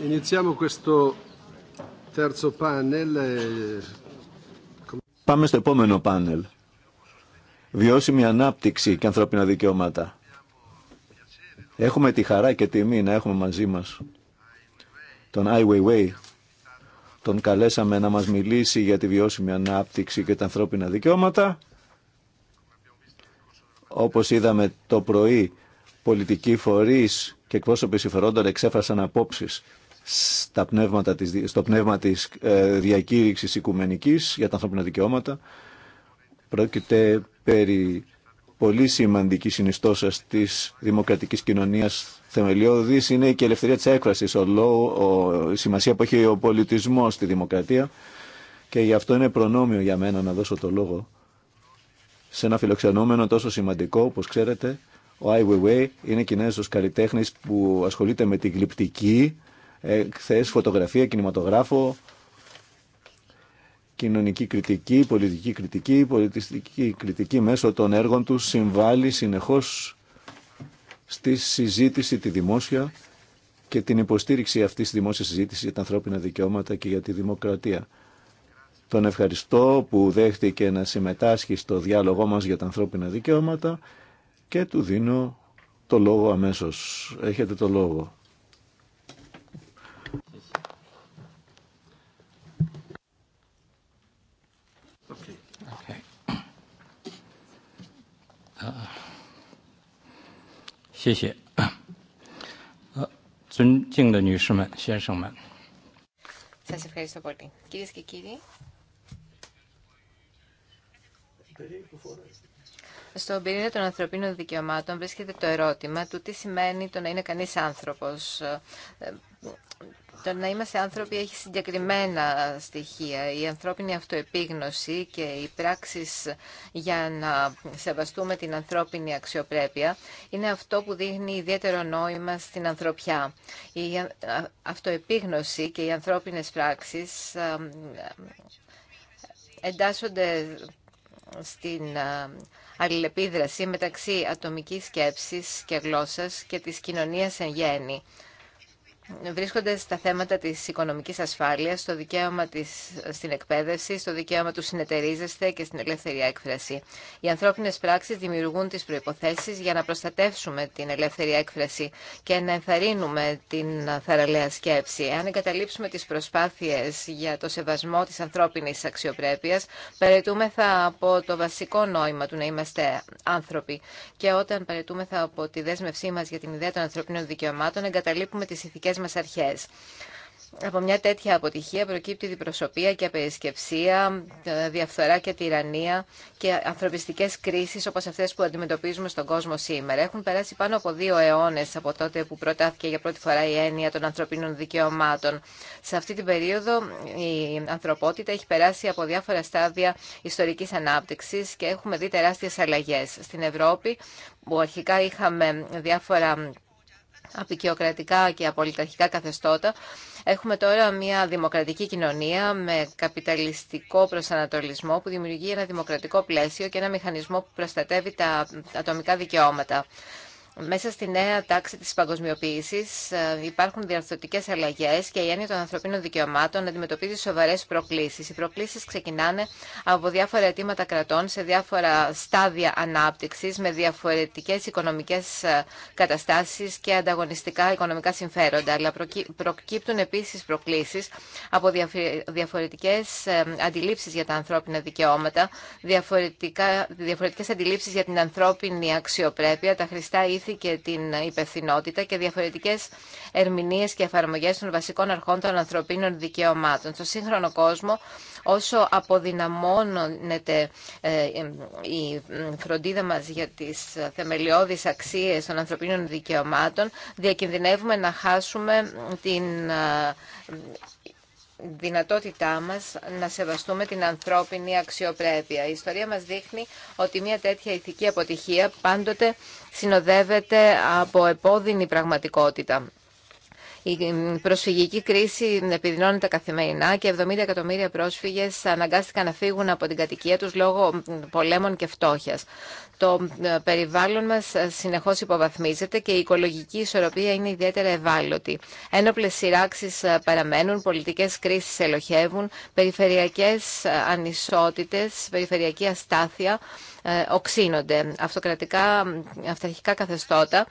Eh, Πάμε στο επόμενο πάνελ. Βιώσιμη ανάπτυξη και ανθρώπινα δικαιώματα. Έχουμε τη χαρά και τιμή να έχουμε μαζί μας τον Ai Weiwei. Τον καλέσαμε να μας μιλήσει για τη βιώσιμη ανάπτυξη και τα ανθρώπινα δικαιώματα. Όπως είδαμε το πρωί, πολιτικοί φορείς και εκπρόσωποι συμφερόντων εξέφρασαν απόψεις στα πνεύματα της, στο πνεύμα της ε, διακήρυξης οικουμενικής για τα ανθρώπινα δικαιώματα. Πρόκειται περί πολύ σημαντική συνιστόσα τη δημοκρατική κοινωνία θεμελιώδη είναι και η ελευθερία τη έκφραση, ο λόγο, η σημασία που έχει ο πολιτισμό στη δημοκρατία. Και γι' αυτό είναι προνόμιο για μένα να δώσω το λόγο σε ένα φιλοξενούμενο τόσο σημαντικό, όπως ξέρετε, ο Ai Weiwei είναι Κινέζος καλλιτέχνης που ασχολείται με τη γλυπτική ε, θές φωτογραφία, κινηματογράφο, κοινωνική κριτική, πολιτική κριτική, πολιτιστική κριτική μέσω των έργων του συμβάλλει συνεχώς στη συζήτηση τη δημόσια και την υποστήριξη αυτής της δημόσιας συζήτησης για τα ανθρώπινα δικαιώματα και για τη δημοκρατία. Τον ευχαριστώ που δέχτηκε να συμμετάσχει στο διάλογό μας για τα ανθρώπινα δικαιώματα και του δίνω το λόγο αμέσως. Έχετε το λόγο. Σα ευχαριστώ πολύ. Κυρίες και κύριοι, στον πυρήνα των ανθρωπίνων δικαιωμάτων βρίσκεται το ερώτημα του τι σημαίνει το να είναι κανείς άνθρωπος το να είμαστε άνθρωποι έχει συγκεκριμένα στοιχεία. Η ανθρώπινη αυτοεπίγνωση και οι πράξεις για να σεβαστούμε την ανθρώπινη αξιοπρέπεια είναι αυτό που δείχνει ιδιαίτερο νόημα στην ανθρωπιά. Η αυτοεπίγνωση και οι ανθρώπινες πράξεις ε, ε, εντάσσονται στην ε, αλληλεπίδραση μεταξύ ατομικής σκέψης και γλώσσας και της κοινωνίας εν γέννη βρίσκονται στα θέματα της οικονομικής ασφάλειας, στο δικαίωμα της, στην εκπαίδευση, στο δικαίωμα του συνεταιρίζεστε και στην ελεύθερη έκφραση. Οι ανθρώπινες πράξεις δημιουργούν τις προϋποθέσεις για να προστατεύσουμε την ελεύθερη έκφραση και να ενθαρρύνουμε την θαραλέα σκέψη. Αν εγκαταλείψουμε τις προσπάθειες για το σεβασμό της ανθρώπινης αξιοπρέπειας, παρετούμεθα από το βασικό νόημα του να είμαστε άνθρωποι. Και όταν παρετούμεθα από τη δέσμευσή μας για την ιδέα των ανθρωπίνων δικαιωμάτων, εγκαταλείπουμε τις ηθικές από μια τέτοια αποτυχία προκύπτει διπροσωπεία και απερισκευσία, ε, διαφθορά και τυραννία και ανθρωπιστικέ κρίσει, όπω αυτέ, που αντιμετωπίζουμε στον κόσμο σήμερα. Έχουν περάσει πάνω από δύο αιώνε από τότε που προτάθηκε για πρώτη φορά η έννοια των ανθρωπίνων δικαιωμάτων. Σε αυτή την περίοδο η ανθρωπότητα έχει περάσει από διάφορα στάδια ιστορική ανάπτυξη και έχουμε δει τεράστιε αλλαγέ. Στην Ευρώπη που αρχικά είχαμε διάφορα απεικιοκρατικά και απολυταρχικά καθεστώτα. Έχουμε τώρα μια δημοκρατική κοινωνία με καπιταλιστικό προσανατολισμό που δημιουργεί ένα δημοκρατικό πλαίσιο και ένα μηχανισμό που προστατεύει τα ατομικά δικαιώματα. Μέσα στη νέα τάξη της παγκοσμιοποίησης ε, υπάρχουν διαρθρωτικές αλλαγές και η έννοια των ανθρωπίνων δικαιωμάτων αντιμετωπίζει σοβαρές προκλήσεις. Οι προκλήσεις ξεκινάνε από διάφορα αιτήματα κρατών σε διάφορα στάδια ανάπτυξης με διαφορετικές οικονομικές ε, καταστάσεις και ανταγωνιστικά οικονομικά συμφέροντα. Αλλά προκύπτουν επίσης προκλήσεις από διαφορετικές ε, αντιλήψεις για τα ανθρώπινα δικαιώματα, διαφορετικές αντιλήψεις για την ανθρώπινη αξιοπρέπεια, τα χρηστά και την υπευθυνότητα και διαφορετικέ ερμηνείε και εφαρμογέ των βασικών αρχών των ανθρωπίνων δικαιωμάτων. Στο σύγχρονο κόσμο, όσο αποδυναμώνεται ε, η φροντίδα μα για τι θεμελιώδει αξίε των ανθρωπίνων δικαιωμάτων, διακινδυνεύουμε να χάσουμε την ε, δυνατότητά μας να σεβαστούμε την ανθρώπινη αξιοπρέπεια. Η ιστορία μας δείχνει ότι μια τέτοια ηθική αποτυχία πάντοτε συνοδεύεται από επώδυνη πραγματικότητα. Η προσφυγική κρίση επιδεινώνεται καθημερινά και 70 εκατομμύρια πρόσφυγες αναγκάστηκαν να φύγουν από την κατοικία τους λόγω πολέμων και φτώχειας. Το ε, περιβάλλον μας ε, συνεχώς υποβαθμίζεται και η οικολογική ισορροπία είναι ιδιαίτερα ευάλωτη. Ένοπλε σειράξει ε, παραμένουν, πολιτικές κρίσεις ελοχεύουν, περιφερειακέ ανισότητε, περιφερειακή αστάθεια οξύνονται. Αυτοκρατικά, αυταρχικά καθεστώτα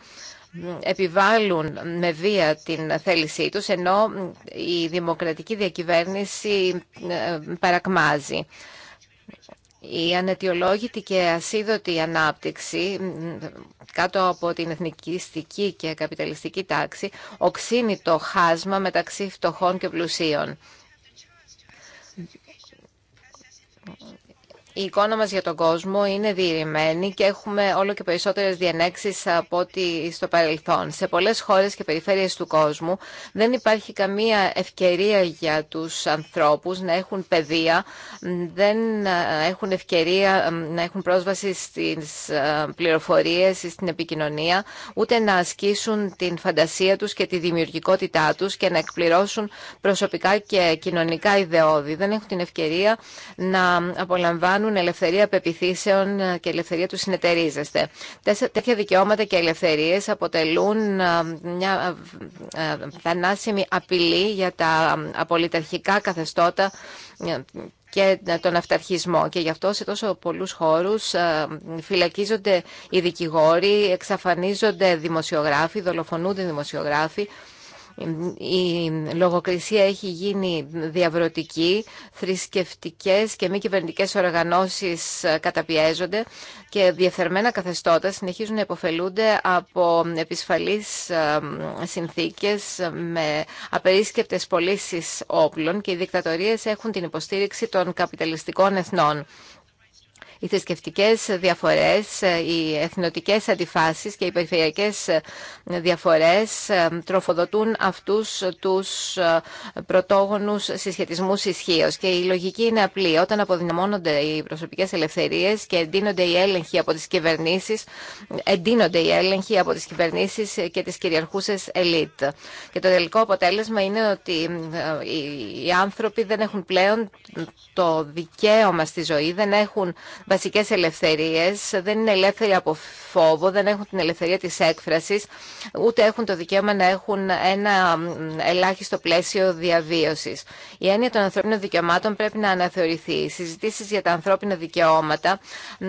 ναι. επιβάλλουν με βία την θέλησή τους, ενώ η δημοκρατική διακυβέρνηση ε, παρακμάζει. Η ανετιολόγητη και ασίδωτη ανάπτυξη κάτω από την εθνικιστική και καπιταλιστική τάξη οξύνει το χάσμα μεταξύ φτωχών και πλουσίων. η εικόνα μας για τον κόσμο είναι διηρημένη και έχουμε όλο και περισσότερες διενέξεις από ό,τι στο παρελθόν. Σε πολλές χώρες και περιφέρειες του κόσμου δεν υπάρχει καμία ευκαιρία για τους ανθρώπους να έχουν παιδεία, δεν έχουν ευκαιρία να έχουν πρόσβαση στις ε, πληροφορίες ή στην επικοινωνία, ούτε να ασκήσουν την φαντασία τους και τη δημιουργικότητά τους και να εκπληρώσουν προσωπικά και κοινωνικά ιδεώδη. Δεν έχουν την ευκαιρία να απολαμβάνουν η ελευθερία πεπιθήσεων και ελευθερία του συνεταιρίζεστε. Τέτοια δικαιώματα και ελευθερίες αποτελούν ε, μια ε, θανάσιμη απειλή για τα απολυταρχικά καθεστώτα ε, και τον αυταρχισμό. Και γι' αυτό σε τόσο πολλούς χώρους φυλακίζονται οι δικηγόροι, εξαφανίζονται δημοσιογράφοι, δολοφονούνται δημοσιογράφοι η λογοκρισία έχει γίνει διαβρωτική, θρησκευτικές και μη κυβερνητικέ οργανώσεις ε, καταπιέζονται και διαφερμένα καθεστώτα συνεχίζουν να υποφελούνται από επισφαλείς ε, συνθήκες ε, με απερίσκεπτες πωλήσει όπλων και οι δικτατορίες έχουν την υποστήριξη των καπιταλιστικών εθνών οι θρησκευτικέ διαφορέ, ε, οι εθνοτικέ αντιφάσει και οι περιφερειακέ ε, διαφορέ ε, τροφοδοτούν αυτού του πρωτόγονου συσχετισμού ισχύω. Και η λογική είναι απλή. Όταν αποδυναμώνονται οι προσωπικέ ελευθερίε και εντείνονται οι έλεγχοι από τι κυβερνήσει, εντείνονται οι έλεγχοι από τι κυβερνήσει και τι κυριαρχούσε ελίτ. Και το τελικό αποτέλεσμα είναι ότι οι άνθρωποι δεν έχουν πλέον το δικαίωμα στη ζωή, δεν έχουν βασικέ ελευθερίε δεν είναι ελεύθεροι από φόβο, δεν έχουν την ελευθερία τη έκφραση, ούτε έχουν το δικαίωμα να έχουν ένα ελάχιστο πλαίσιο διαβίωση. Η έννοια των ανθρώπινων δικαιωμάτων πρέπει να αναθεωρηθεί. Οι συζητήσει για τα ανθρώπινα δικαιώματα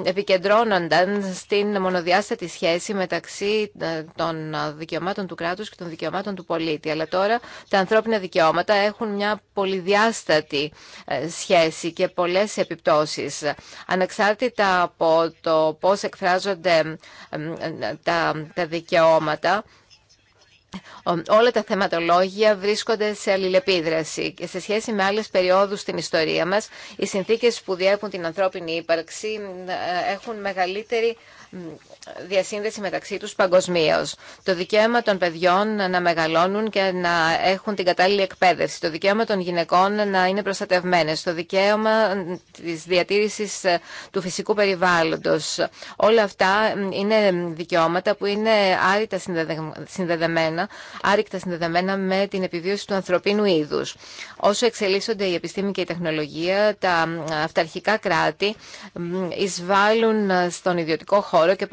επικεντρώνονταν στην μονοδιάστατη σχέση μεταξύ ε, των δικαιωμάτων του κράτου και των δικαιωμάτων του πολίτη. Αλλά τώρα τα ανθρώπινα δικαιώματα έχουν μια πολυδιάστατη ε, σχέση και πολλέ επιπτώσει. Ανεξάρτητα ανεξάρτητα από το πώς εκφράζονται τα, δικαιώματα, όλα τα θεματολόγια βρίσκονται σε αλληλεπίδραση και σε σχέση με άλλες περιόδους στην ιστορία μας οι συνθήκες που διέπουν την ανθρώπινη ύπαρξη ε, έχουν μεγαλύτερη διασύνδεση μεταξύ τους παγκοσμίω. Το δικαίωμα των παιδιών να μεγαλώνουν και να έχουν την κατάλληλη εκπαίδευση. Το δικαίωμα των γυναικών να είναι προστατευμένες. Το δικαίωμα της διατήρησης ε, του φυσικού περιβάλλοντος. Όλα αυτά είναι δικαιώματα που είναι άρρηκτα συνδεδεμένα, άρρηκτα συνδεδεμένα με την επιβίωση του ανθρωπίνου είδους. Όσο εξελίσσονται η επιστήμη και η τεχνολογία, τα αυταρχικά κράτη εισβάλλουν ε, στον ιδιωτικό χώρο και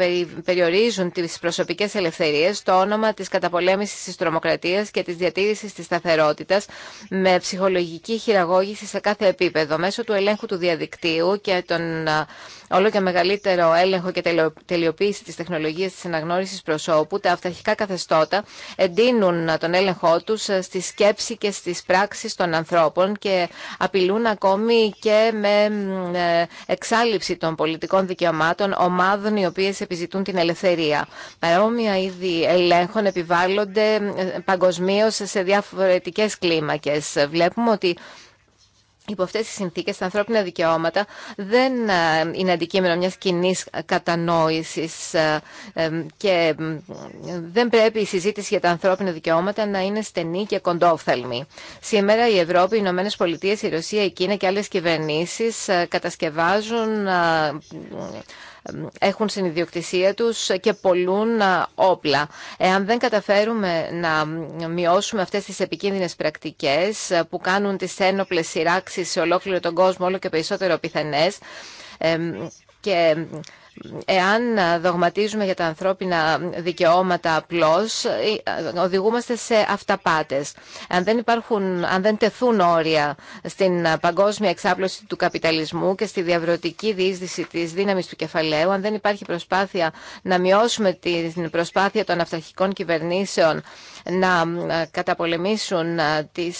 περιορίζουν τις προσωπικές ελευθερίες στο όνομα της καταπολέμησης της τρομοκρατίας και της διατήρησης της σταθερότητας με ψυχολογική χειραγώγηση σε κάθε επίπεδο μέσω του ελέγχου του διαδικτύου και των ε, όλο και μεγαλύτερο έλεγχο και τελειοποίηση τη τεχνολογία της αναγνώριση προσώπου, τα αυταρχικά καθεστώτα εντείνουν τον έλεγχό τους ε, στη σκέψη και στις πράξεις των ανθρώπων και απειλούν ακόμη και με ε, εξάλληψη των πολιτικών δικαιωμάτων ομάδων οι οποίες επιζητούν την ελευθερία. Παρόμοια είδη ελέγχων επιβάλλονται ε, παγκοσμίω σε διαφορετικέ κλίμακε. Βλέπουμε ότι Υπό αυτές τις συνθήκες τα ανθρώπινα δικαιώματα δεν ε, είναι αντικείμενο μιας κοινή κατανόησης ε, ε, και δεν πρέπει η συζήτηση για τα ανθρώπινα δικαιώματα να είναι στενή και κοντόφθαλμη. Σήμερα η Ευρώπη, οι Ηνωμένε Πολιτείε, η Ρωσία, η Κίνα και άλλες κυβερνήσεις κατασκευάζουν έχουν στην ιδιοκτησία τους και πολλούν ε, όπλα. Εάν δεν καταφέρουμε να μειώσουμε αυτές τις επικίνδυνες πρακτικές ε, που κάνουν τις ένοπλες σειράξεις σε ολόκληρο τον κόσμο όλο και περισσότερο πιθανές ε, και εάν ε, δογματίζουμε για τα ανθρώπινα δικαιώματα απλώς, ε, οδηγούμαστε σε αυταπάτες. Αν δεν, υπάρχουν, αν δεν τεθούν όρια στην παγκόσμια εξάπλωση του καπιταλισμού και στη διαβρωτική διείσδυση της δύναμης του κεφαλαίου, αν δεν υπάρχει προσπάθεια να μειώσουμε την προσπάθεια των αυταρχικών κυβερνήσεων να ε, καταπολεμήσουν τις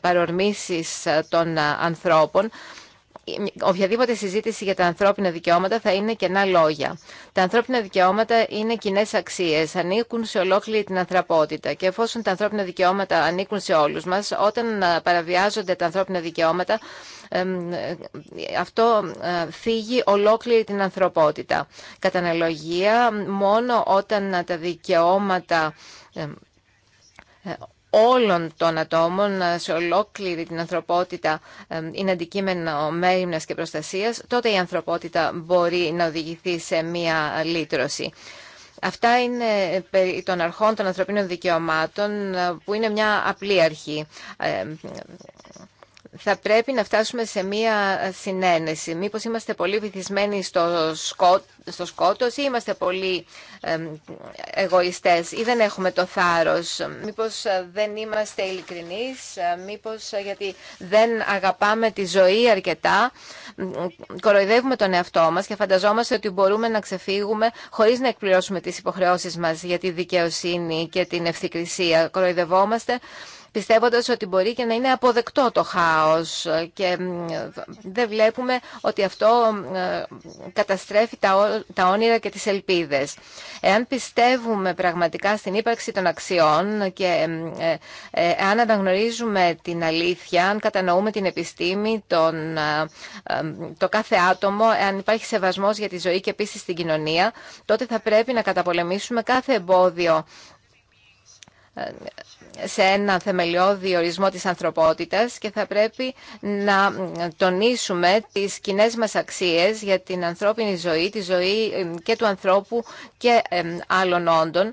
παρορμήσεις των ανθρώπων, οποιαδήποτε συζήτηση για τα ανθρώπινα δικαιώματα θα είναι κενά λόγια. Τα ανθρώπινα δικαιώματα είναι κοινέ αξίε, ανήκουν σε ολόκληρη την ανθρωπότητα. Και εφόσον τα ανθρώπινα δικαιώματα ανήκουν σε όλου μα, όταν ε, παραβιάζονται τα ανθρώπινα δικαιώματα, ε, αυτό φύγει ε, ολόκληρη την ανθρωπότητα. Κατά αναλογία, μόνο όταν τα δικαιώματα όλων των ατόμων ε, σε ολόκληρη την ανθρωπότητα ε, είναι αντικείμενο μέρημνας και προστασίας, τότε η ανθρωπότητα μπορεί να οδηγηθεί σε μία λύτρωση. Αυτά είναι περί των αρχών των ανθρωπίνων δικαιωμάτων, ε, που είναι μια απλή αρχή θα πρέπει να φτάσουμε σε μία συνένεση. Μήπως είμαστε πολύ βυθισμένοι στο, σκό, σκότος ή είμαστε πολύ εγωιστές ή δεν έχουμε το θάρρος. Μήπως ε, δεν είμαστε ειλικρινείς, ε, μήπως ε, γιατί δεν αγαπάμε τη ζωή αρκετά. Κοροϊδεύουμε τον εαυτό μας και φανταζόμαστε ότι μπορούμε να ξεφύγουμε χωρίς να εκπληρώσουμε τις υποχρεώσεις μας για τη δικαιοσύνη και την ευθυκρισία. Κοροϊδευόμαστε πιστεύοντας ότι μπορεί και να είναι αποδεκτό το χάος και δεν βλέπουμε ότι αυτό ε, καταστρέφει τα όνειρα και τις ελπίδες. Εάν πιστεύουμε πραγματικά στην ύπαρξη των αξιών και αν ε, ε, αναγνωρίζουμε την αλήθεια, αν κατανοούμε την επιστήμη, τον, το κάθε άτομο, αν υπάρχει σεβασμός για τη ζωή και επίσης την κοινωνία, τότε θα πρέπει να καταπολεμήσουμε κάθε εμπόδιο σε ένα θεμελιώδη ορισμό της ανθρωπότητας και θα πρέπει να τονίσουμε τις κοινέ μας αξίες για την ανθρώπινη ζωή, τη ζωή και του ανθρώπου και άλλων όντων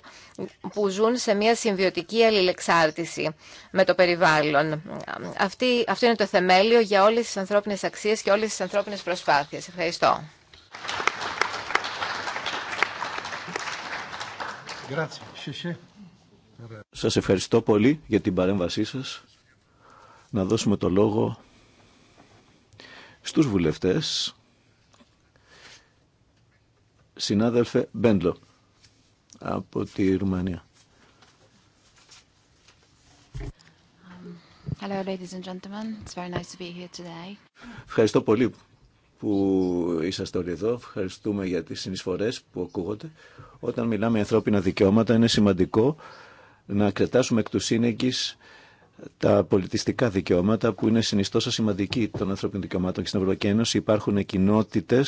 που ζουν σε μια συμβιωτική αλληλεξάρτηση με το περιβάλλον. Αυτή, αυτό είναι το θεμέλιο για όλες τις ανθρώπινες αξίες και όλες τις ανθρώπινες προσπάθειες. Ευχαριστώ. Grazie. Σας ευχαριστώ πολύ για την παρέμβασή σας. Να δώσουμε το λόγο στους βουλευτές. Συνάδελφε Μπέντλο από τη Ρουμανία. Ευχαριστώ πολύ που είσαστε όλοι εδώ. Ευχαριστούμε για τις συνεισφορές που ακούγονται. Όταν μιλάμε για ανθρώπινα δικαιώματα είναι σημαντικό να κρατάσουμε εκ του σύνεγγυς τα πολιτιστικά δικαιώματα που είναι συνιστόσα σημαντική των ανθρώπινων δικαιωμάτων. Και στην Ευρωπαϊκή Ένωση υπάρχουν κοινότητε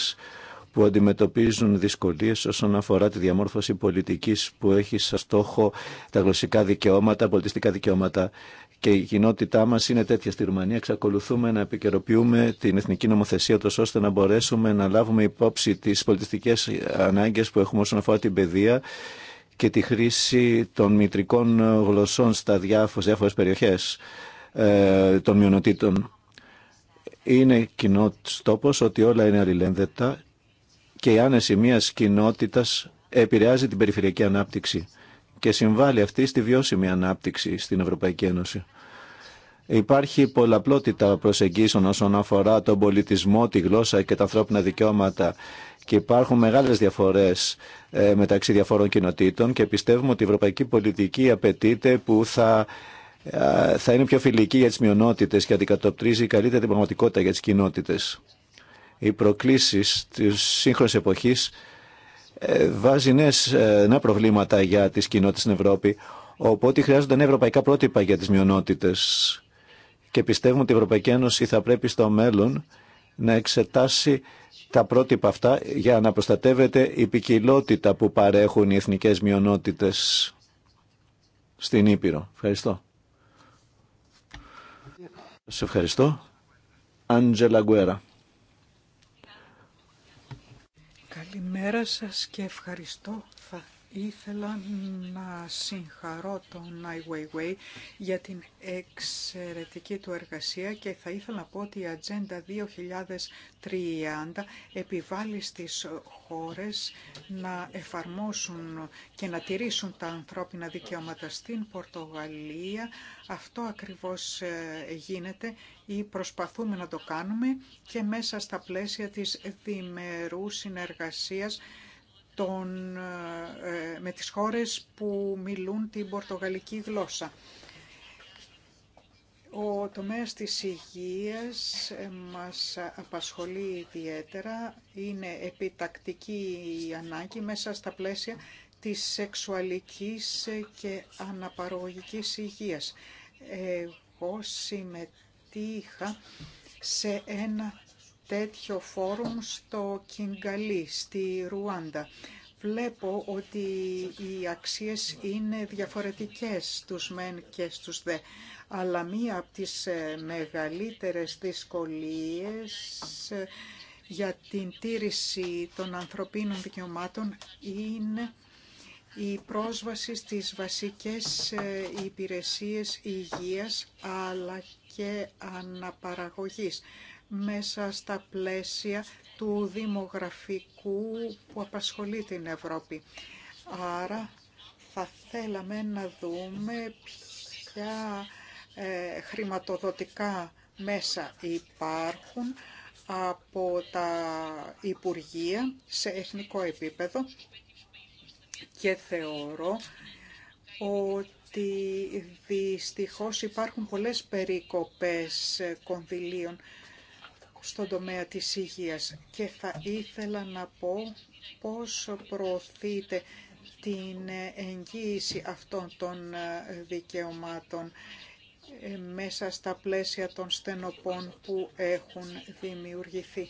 που αντιμετωπίζουν δυσκολίες όσον αφορά τη διαμόρφωση πολιτικής που έχει σαν στόχο τα γλωσσικά δικαιώματα, πολιτιστικά δικαιώματα. Και η κοινότητά μα είναι τέτοια στη Ρουμανία. Εξακολουθούμε να επικαιροποιούμε την εθνική νομοθεσία, τόσο ώστε να μπορέσουμε να λάβουμε υπόψη τι πολιτιστικέ ανάγκε που έχουμε όσον αφορά την παιδεία και τη χρήση των μητρικών γλωσσών στα διάφορες περιοχές ε, των μειονοτήτων. Είναι κοινό τόπος ότι όλα είναι αλληλένδετα και η άνεση μιας κοινότητας επηρεάζει την περιφερειακή ανάπτυξη και συμβάλλει αυτή στη βιώσιμη ανάπτυξη στην Ευρωπαϊκή Ένωση. Υπάρχει πολλαπλότητα προσεγγίσεων όσον αφορά τον πολιτισμό, τη γλώσσα και τα ανθρώπινα δικαιώματα και υπάρχουν μεγάλες διαφορές ε, μεταξύ διαφόρων κοινοτήτων και πιστεύουμε ότι η ευρωπαϊκή πολιτική απαιτείται που θα, θα είναι πιο φιλική για τις μειονότητες και αντικατοπτρίζει καλύτερη την πραγματικότητα για τις κοινότητες. Οι προκλήσεις της σύγχρονης εποχής ε, βάζει νέες, ε, νέα προβλήματα για τις κοινότητες στην Ευρώπη, οπότε χρειάζονται νέα ευρωπαϊκά πρότυπα για τις μειονότητες. Και πιστεύουμε ότι η Ευρωπαϊκή Ένωση θα πρέπει στο μέλλον να εξετάσει τα πρότυπα αυτά για να προστατεύεται η ποικιλότητα που παρέχουν οι εθνικές μειονότητες στην Ήπειρο. Ευχαριστώ. Σε ευχαριστώ. Άντζελα Γκουέρα. Καλημέρα σας και ευχαριστώ Ήθελα να συγχαρώ τον Ai Weiwei για την εξαιρετική του εργασία και θα ήθελα να πω ότι η Ατζέντα 2030 επιβάλλει στις χώρες να εφαρμόσουν και να τηρήσουν τα ανθρώπινα δικαιώματα στην Πορτογαλία. Αυτό ακριβώς ε, γίνεται ή προσπαθούμε να το κάνουμε και μέσα στα πλαίσια της διμερού συνεργασίας τον, ε, ε, με τις χώρες που μιλούν την πορτογαλική γλώσσα. Ο τομέας της υγείας ε, μας απασχολεί ιδιαίτερα. Είναι επιτακτική η ανάγκη μέσα στα πλαίσια της σεξουαλικής και αναπαραγωγικής υγείας. Εγώ συμμετείχα σε ένα τέτοιο φόρουμ στο Κιγκαλί, στη Ρουάντα. Βλέπω ότι οι αξίες είναι διαφορετικές στους μεν και στους δε, αλλά μία από τις ε, μεγαλύτερες δυσκολίες ε, για την τήρηση των ανθρωπίνων δικαιωμάτων είναι η πρόσβαση στις βασικές ε, υπηρεσίες υγείας αλλά και αναπαραγωγής μέσα στα πλαίσια του δημογραφικού που απασχολεί την Ευρώπη. Άρα θα θέλαμε να δούμε ποια ε, χρηματοδοτικά μέσα υπάρχουν από τα Υπουργεία σε εθνικό επίπεδο και θεωρώ ότι δυστυχώς υπάρχουν πολλές περίκοπες κονδυλίων στον τομέα της υγείας και θα ήθελα να πω πώς προωθείτε την εγγύηση αυτών των δικαιωμάτων ε, μέσα στα πλαίσια των στενοπών που έχουν δημιουργηθεί.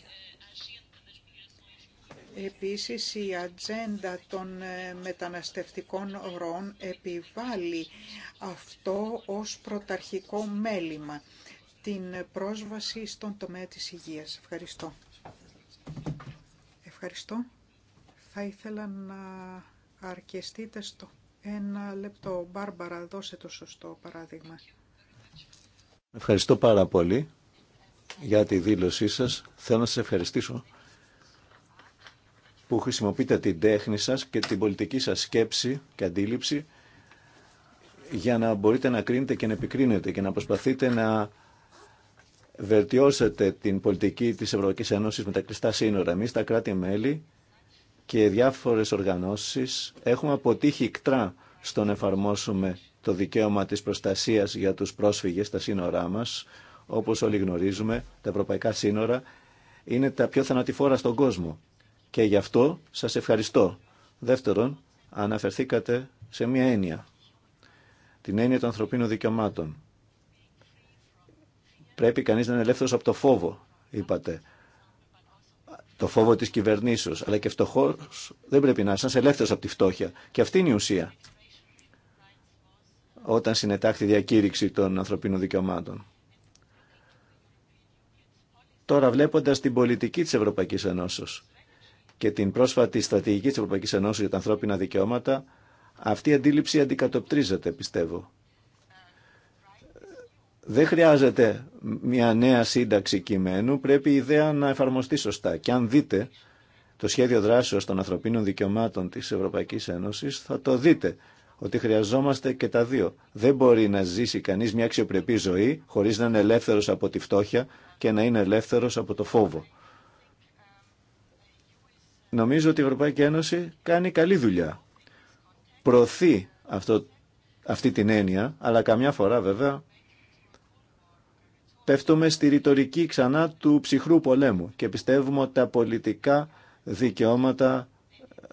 Επίσης, η ατζέντα των ε, μεταναστευτικών ροών επιβάλλει αυτό ως πρωταρχικό μέλημα την πρόσβαση στον τομέα της υγείας. Ευχαριστώ. Ευχαριστώ. Θα ήθελα να αρκεστείτε στο ένα λεπτό. Μπάρμπαρα, δώσε το σωστό παράδειγμα. Ευχαριστώ πάρα πολύ για τη δήλωσή σας. Θέλω να σας ευχαριστήσω που χρησιμοποιείτε την τέχνη σας και την πολιτική σας σκέψη και αντίληψη για να μπορείτε να κρίνετε και να επικρίνετε και να προσπαθείτε να βελτιώσετε την πολιτική της Ευρωπαϊκής Ένωσης με τα κλειστά σύνορα. Εμείς τα κράτη-μέλη και διάφορες οργανώσεις έχουμε αποτύχει κτρά στο να εφαρμόσουμε το δικαίωμα της προστασίας για τους πρόσφυγες στα σύνορά μας. Όπως όλοι γνωρίζουμε, τα ευρωπαϊκά σύνορα είναι τα πιο θανατηφόρα στον κόσμο. Και γι' αυτό σας ευχαριστώ. Δεύτερον, αναφερθήκατε σε μια έννοια. Την έννοια των ανθρωπίνων δικαιωμάτων. Πρέπει κανείς να είναι ελεύθερος από το φόβο, είπατε. Το φόβο της κυβερνήσεως, αλλά και φτωχό δεν πρέπει να είσαι ελεύθερος από τη φτώχεια. Και αυτή είναι η ουσία όταν συνετάχθη η διακήρυξη των ανθρωπίνων δικαιωμάτων. Τώρα βλέποντας την πολιτική της Ευρωπαϊκής Ενώσεως και την πρόσφατη στρατηγική της Ευρωπαϊκής Ενώσεως για τα ανθρώπινα δικαιώματα, αυτή η αντίληψη αντικατοπτρίζεται, πιστεύω. Δεν χρειάζεται μια νέα σύνταξη κειμένου, πρέπει η ιδέα να εφαρμοστεί σωστά. Και αν δείτε το σχέδιο δράσεως των ανθρωπίνων δικαιωμάτων της Ευρωπαϊκής Ένωσης, θα το δείτε ότι χρειαζόμαστε και τα δύο. Δεν μπορεί να ζήσει κανείς μια αξιοπρεπή ζωή χωρίς να είναι ελεύθερος από τη φτώχεια και να είναι ελεύθερος από το φόβο. Νομίζω ότι η Ευρωπαϊκή Ένωση κάνει καλή δουλειά. Προωθεί αυτό, αυτή την έννοια, αλλά καμιά φορά βέβαια πέφτουμε στη ρητορική ξανά του ψυχρού πολέμου και πιστεύουμε ότι τα πολιτικά δικαιώματα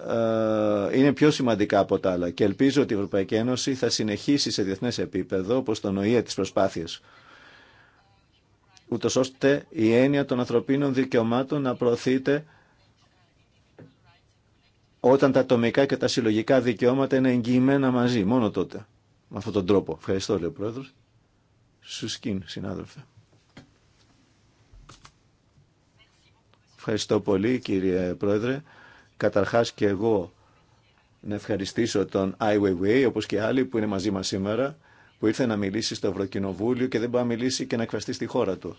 ε, είναι πιο σημαντικά από τα άλλα και ελπίζω ότι η Ευρωπαϊκή Ένωση θα συνεχίσει σε διεθνές επίπεδο όπως το νοεί της προσπάθειας. ούτως ώστε η έννοια των ανθρωπίνων δικαιωμάτων να προωθείται όταν τα ατομικά και τα συλλογικά δικαιώματα είναι εγγυημένα μαζί, μόνο τότε. Με αυτόν τον τρόπο. Ευχαριστώ, λέει ο Πρόεδρος. Σουσκίν, συνάδελφε. Ευχαριστώ πολύ κύριε Πρόεδρε. Καταρχάς και εγώ να ευχαριστήσω τον Ai Weiwei, όπως και άλλοι που είναι μαζί μας σήμερα, που ήρθε να μιλήσει στο Ευρωκοινοβούλιο και δεν μπορεί να μιλήσει και να εκφραστεί στη χώρα του.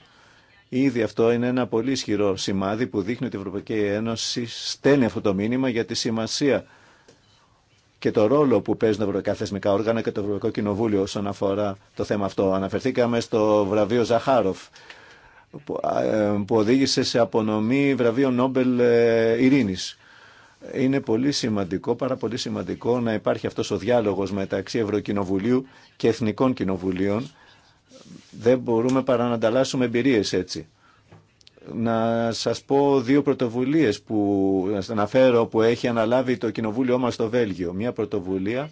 Ήδη αυτό είναι ένα πολύ ισχυρό σημάδι που δείχνει ότι η Ευρωπαϊκή Ένωση στέλνει αυτό το μήνυμα για τη σημασία και το ρόλο που παίζουν τα ευρωπαϊκά θεσμικά όργανα και το Ευρωπαϊκό Κοινοβούλιο όσον αφορά το θέμα αυτό. Αναφερθήκαμε στο βραβείο Ζαχάροφ ε, που οδήγησε σε απονομή βραβείο Νόμπελ ε, Ειρήνης. Είναι πολύ σημαντικό, πάρα πολύ σημαντικό να υπάρχει αυτός ο διάλογος μεταξύ Ευρωκοινοβουλίου και Εθνικών Κοινοβουλίων. Δεν μπορούμε παρά να ανταλλάσσουμε εμπειρίες έτσι. Να σας πω δύο πρωτοβουλίες που αναφέρω που έχει αναλάβει το κοινοβούλιο μας στο Βέλγιο. Μια πρωτοβουλία,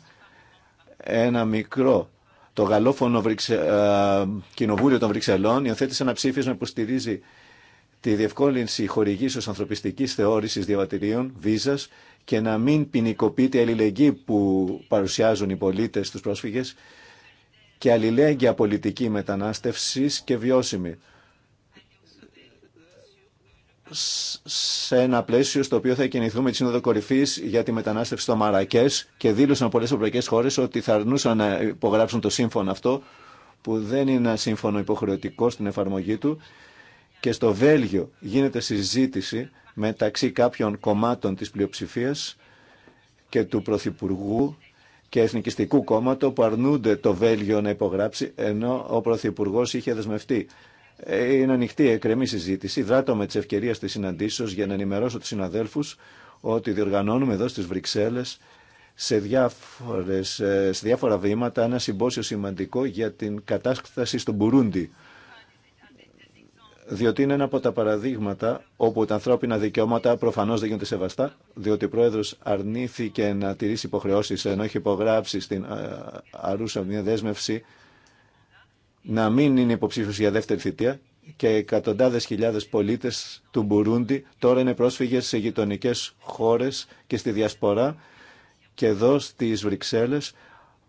ένα μικρό το γαλλόφωνο Βρυξε... Ε, κοινοβούλιο των Βρυξελών υιοθέτησε ένα ψήφισμα που στηρίζει τη διευκόλυνση ω ανθρωπιστικής θεώρηση διαβατηρίων, βίζας και να μην ποινικοποιείται η αλληλεγγύη που παρουσιάζουν οι πολίτες στους πρόσφυγες και αλληλέγγυα πολιτική μετανάστευση και βιώσιμη σε ένα πλαίσιο στο οποίο θα κινηθούμε τη Σύνοδο Κορυφή για τη μετανάστευση στο Μαρακέ και δήλωσαν πολλέ ευρωπαϊκέ χώρε ότι θα αρνούσαν να υπογράψουν το σύμφωνο αυτό, που δεν είναι ένα σύμφωνο υποχρεωτικό στην εφαρμογή του. Και στο Βέλγιο γίνεται συζήτηση μεταξύ κάποιων κομμάτων της πλειοψηφία και του Πρωθυπουργού και Εθνικιστικού Κόμματο που αρνούνται το Βέλγιο να υπογράψει, ενώ ο Πρωθυπουργό είχε δεσμευτεί είναι ανοιχτή η εκκρεμή συζήτηση. Δράτω με τι ευκαιρίε τη συναντήσεω για να ενημερώσω του συναδέλφου ότι διοργανώνουμε εδώ στι Βρυξέλλε σε, ε, σε διάφορα βήματα ένα συμπόσιο σημαντικό για την κατάσταση στον Μπουρούντι. Διότι είναι ένα από τα παραδείγματα όπου τα ανθρώπινα δικαιώματα προφανώ δεν γίνονται σεβαστά, διότι ο πρόεδρο αρνήθηκε να τηρήσει υποχρεώσει ενώ έχει υπογράψει στην ε, αρούσα μια δέσμευση να μην είναι υποψήφιος για δεύτερη θητεία και εκατοντάδες χιλιάδες πολίτες του Μπουρούντι τώρα είναι πρόσφυγες σε γειτονικέ χώρες και στη διασπορά και εδώ στις Βρυξέλλες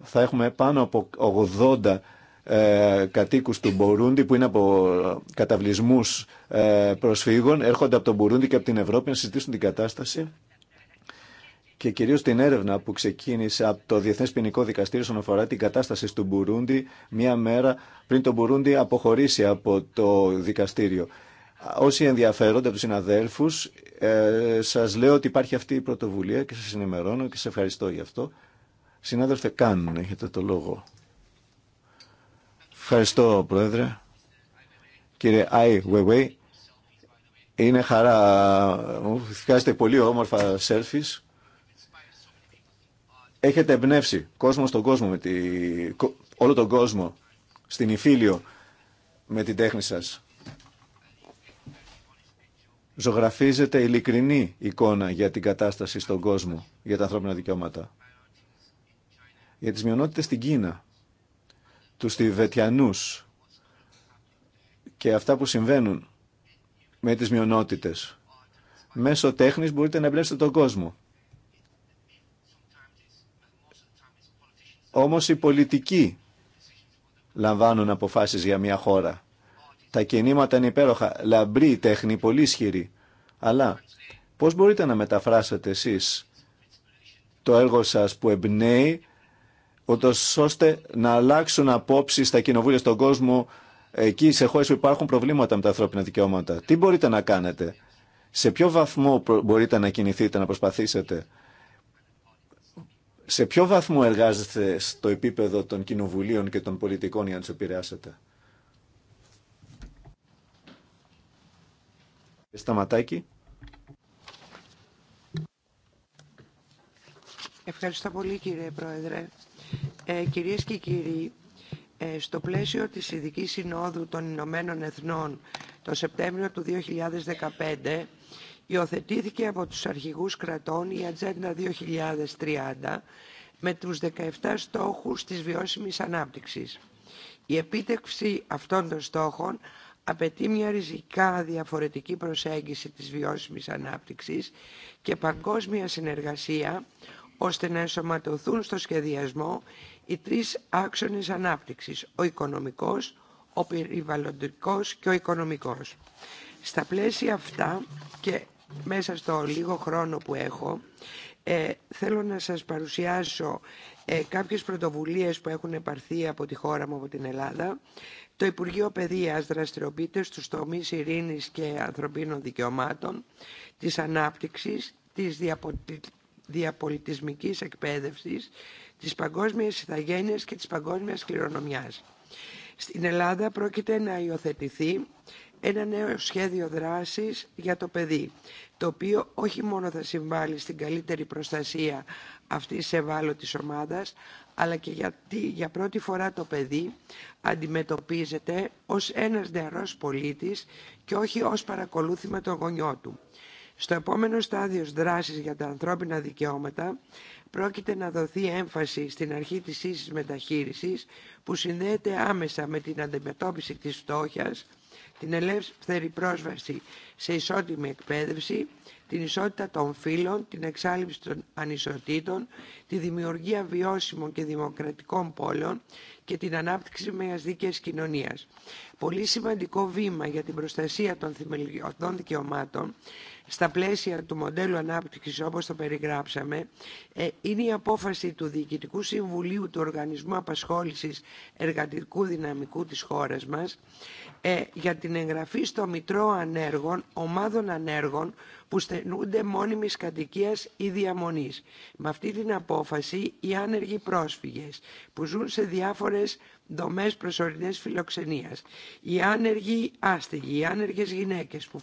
θα έχουμε πάνω από 80 ε, κατοίκους του Μπουρούντι που είναι από καταβλισμούς ε, προσφύγων έρχονται από τον Μπουρούντι και από την Ευρώπη να συζητήσουν την κατάσταση και κυρίως την έρευνα που ξεκίνησε από το Διεθνές Ποινικό Δικαστήριο όσον αφορά την κατάσταση του Μπουρούντι μία μέρα πριν το Μπουρούντι αποχωρήσει από το δικαστήριο. Όσοι ενδιαφέρονται από τους συναδέλφους, ε, σας λέω ότι υπάρχει αυτή η πρωτοβουλία και σας ενημερώνω και σας ευχαριστώ γι' αυτό. Συνάδελφε Κάνουν, έχετε το λόγο. Ευχαριστώ, Πρόεδρε. Κύριε Άι Βεβέι, είναι χαρά. Μου πολύ όμορφα σέλφις έχετε εμπνεύσει κόσμο στον κόσμο, με τη... όλο τον κόσμο, στην Ιφίλιο, με την τέχνη σας. Ζωγραφίζετε ειλικρινή εικόνα για την κατάσταση στον κόσμο, για τα ανθρώπινα δικαιώματα. Για τις μειονότητες στην Κίνα, τους Τιβετιανούς και αυτά που συμβαίνουν με τις μειονότητες. Μέσω τέχνης μπορείτε να εμπνεύσετε τον κόσμο Όμως οι πολιτικοί λαμβάνουν αποφάσεις για μια χώρα. Τα κινήματα είναι υπέροχα, λαμπρή τέχνη, πολύ ισχυρή. Αλλά πώς μπορείτε να μεταφράσετε εσείς το έργο σας που εμπνέει, ούτως ώστε να αλλάξουν απόψεις στα κοινοβούλια στον κόσμο εκεί σε χώρες που υπάρχουν προβλήματα με τα ανθρώπινα δικαιώματα. Τι μπορείτε να κάνετε, σε ποιο βαθμό μπορείτε να κινηθείτε, να προσπαθήσετε σε ποιο βαθμό εργάζεστε στο επίπεδο των κοινοβουλίων και των πολιτικών για να του επηρεάσετε. Σταματάκι. Ευχαριστώ πολύ κύριε Πρόεδρε. Ε, κυρίες και κύριοι, ε, στο πλαίσιο της Ειδικής Συνόδου των Ηνωμένων Εθνών το Σεπτέμβριο του 2015 υιοθετήθηκε από τους αρχηγούς κρατών η Ατζέντα 2030 με τους 17 στόχους της βιώσιμης ανάπτυξης. Η επίτευξη αυτών των στόχων απαιτεί μια ριζικά διαφορετική προσέγγιση της βιώσιμης ανάπτυξης και παγκόσμια συνεργασία ώστε να ενσωματωθούν στο σχεδιασμό οι τρεις άξονες ανάπτυξης, ο οικονομικός, ο περιβαλλοντικός και ο οικονομικός. Στα πλαίσια αυτά και μέσα στο λίγο χρόνο που έχω ε, θέλω να σας παρουσιάσω ε, κάποιες πρωτοβουλίες που έχουν επαρθεί από τη χώρα μου, από την Ελλάδα. Το Υπουργείο Παιδείας δραστηριοποιείται στους τομείς ειρήνης και ανθρωπίνων δικαιωμάτων, της ανάπτυξης, της διαπολιτισμικής εκπαίδευσης, της παγκόσμιας ηθαγένειας και της παγκόσμιας κληρονομιάς. Στην Ελλάδα πρόκειται να υιοθετηθεί ένα νέο σχέδιο δράσης για το παιδί, το οποίο όχι μόνο θα συμβάλλει στην καλύτερη προστασία αυτής της ευάλωτης ομάδας, αλλά και γιατί για πρώτη φορά το παιδί αντιμετωπίζεται ως ένας νεαρός πολίτης και όχι ως παρακολούθημα το γονιό του. Στο επόμενο στάδιο δράσης για τα ανθρώπινα δικαιώματα πρόκειται να δοθεί έμφαση στην αρχή της ίσης μεταχείρισης που συνδέεται άμεσα με την αντιμετώπιση της φτώχειας την ελεύθερη πρόσβαση σε ισότιμη εκπαίδευση, την ισότητα των φύλων, την εξάλληψη των ανισοτήτων, τη δημιουργία βιώσιμων και δημοκρατικών πόλων και την ανάπτυξη μιας δίκαιης κοινωνίας. Πολύ σημαντικό βήμα για την προστασία των θεμελιωδών δικαιωμάτων στα πλαίσια του μοντέλου ανάπτυξης όπως το περιγράψαμε ε, είναι η απόφαση του Διοικητικού Συμβουλίου του Οργανισμού Απασχόλησης Εργατικού Δυναμικού της χώρας μας ε, για την εγγραφή στο Μητρό Ανέργων ομάδων ανέργων που στενούνται μόνιμης κατοικία ή διαμονής. Με αυτή την απόφαση οι άνεργοι πρόσφυγες που ζουν σε διάφορες δομές προσωρινές φιλοξενίας. Οι άνεργοι άστεγοι, οι άνεργες γυναίκες που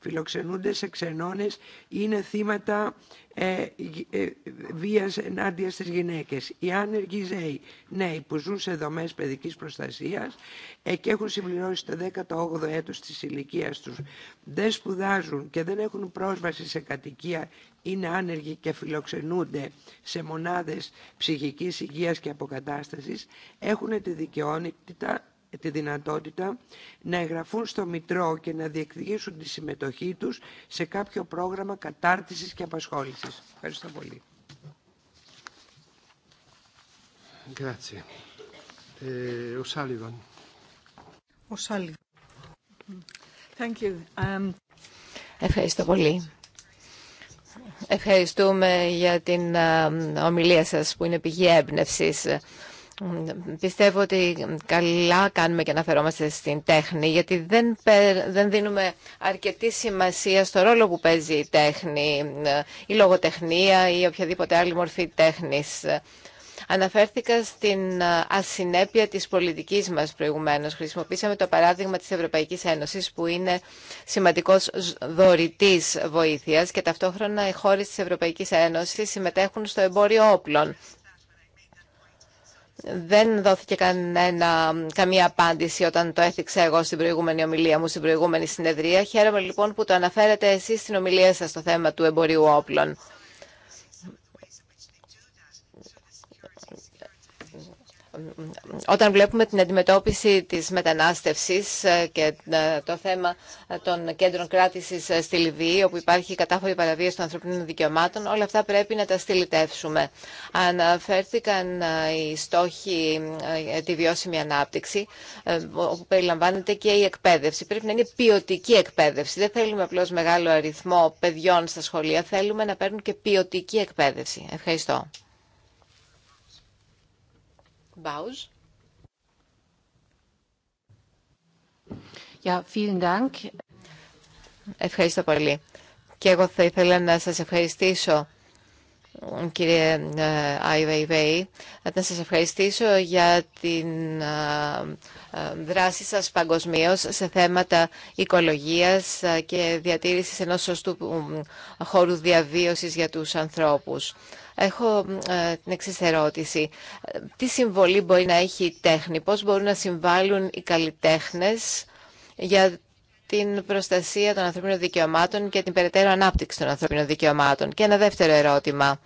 φιλοξενούνται σε ξενώνες είναι θύματα ε, ε, βίας ενάντια στις γυναίκες. Οι άνεργοι ζέοι, νέοι που ζουν σε δομές παιδικής προστασίας ε, και έχουν συμπληρώσει το 18ο έτος της ηλικίας τους, δεν σπουδάζουν και δεν έχουν πρόσβαση σε κατοικία είναι άνεργοι και φιλοξενούνται σε μονάδες ψυχικής υγείας και αποκατάστασης έχουν τη δικαιότητα τη δυνατότητα να εγγραφούν στο Μητρό και να διεκδικήσουν τη συμμετοχή τους σε κάποιο πρόγραμμα κατάρτισης και απασχόλησης. Ευχαριστώ πολύ. Ε, Ευχαριστώ πολύ. Ευχαριστούμε για την ομιλία σας που είναι πηγή έμπνευση. Πιστεύω ότι καλά κάνουμε και αναφερόμαστε στην τέχνη, γιατί δεν, δεν δίνουμε αρκετή σημασία στο ρόλο που παίζει η τέχνη, η λογοτεχνία ή οποιαδήποτε άλλη μορφή τέχνης. Αναφέρθηκα στην ασυνέπεια της πολιτικής μας προηγουμένως. Χρησιμοποίησαμε το παράδειγμα της Ευρωπαϊκής Ένωσης που είναι σημαντικός δωρητής βοήθειας και ταυτόχρονα οι χώρες της Ευρωπαϊκής Ένωσης συμμετέχουν στο εμπόριο όπλων. Δεν δόθηκε καμία απάντηση όταν το έθιξα εγώ στην προηγούμενη ομιλία μου, στην προηγούμενη συνεδρία. Χαίρομαι λοιπόν που το αναφέρετε εσείς στην ομιλία σας στο θέμα του εμπορίου όπλων. όταν βλέπουμε την αντιμετώπιση της μετανάστευσης ε, και ε, το θέμα των κέντρων κράτησης ε, στη Λιβύη, όπου υπάρχει κατάφορη παραβίαση των ανθρωπίνων δικαιωμάτων, όλα αυτά πρέπει να τα στυλιτεύσουμε. Αναφέρθηκαν οι στόχοι τη βιώσιμη ανάπτυξη, όπου περιλαμβάνεται και η εκπαίδευση. Πρέπει να είναι ποιοτική εκπαίδευση. Δεν θέλουμε απλώς μεγάλο αριθμό παιδιών στα σχολεία, θέλουμε να παίρνουν και ποιοτική εκπαίδευση. Ευχαριστώ. Ευχαριστώ πολύ. Και εγώ θα ήθελα να σας ευχαριστήσω κύριε Αϊβαϊβέη, ε, να σας ευχαριστήσω για την ε, ε, δράση σας παγκοσμίω σε θέματα οικολογίας και διατήρησης ενός σωστού χώρου διαβίωσης για τους ανθρώπους. Έχω ε, την εξή ερώτηση. Τι συμβολή μπορεί να έχει η τέχνη, πώς μπορούν να συμβάλλουν οι καλλιτέχνες για την προστασία των ανθρωπίνων δικαιωμάτων και την περαιτέρω ανάπτυξη των ανθρωπίνων δικαιωμάτων. Και ένα δεύτερο ερώτημα.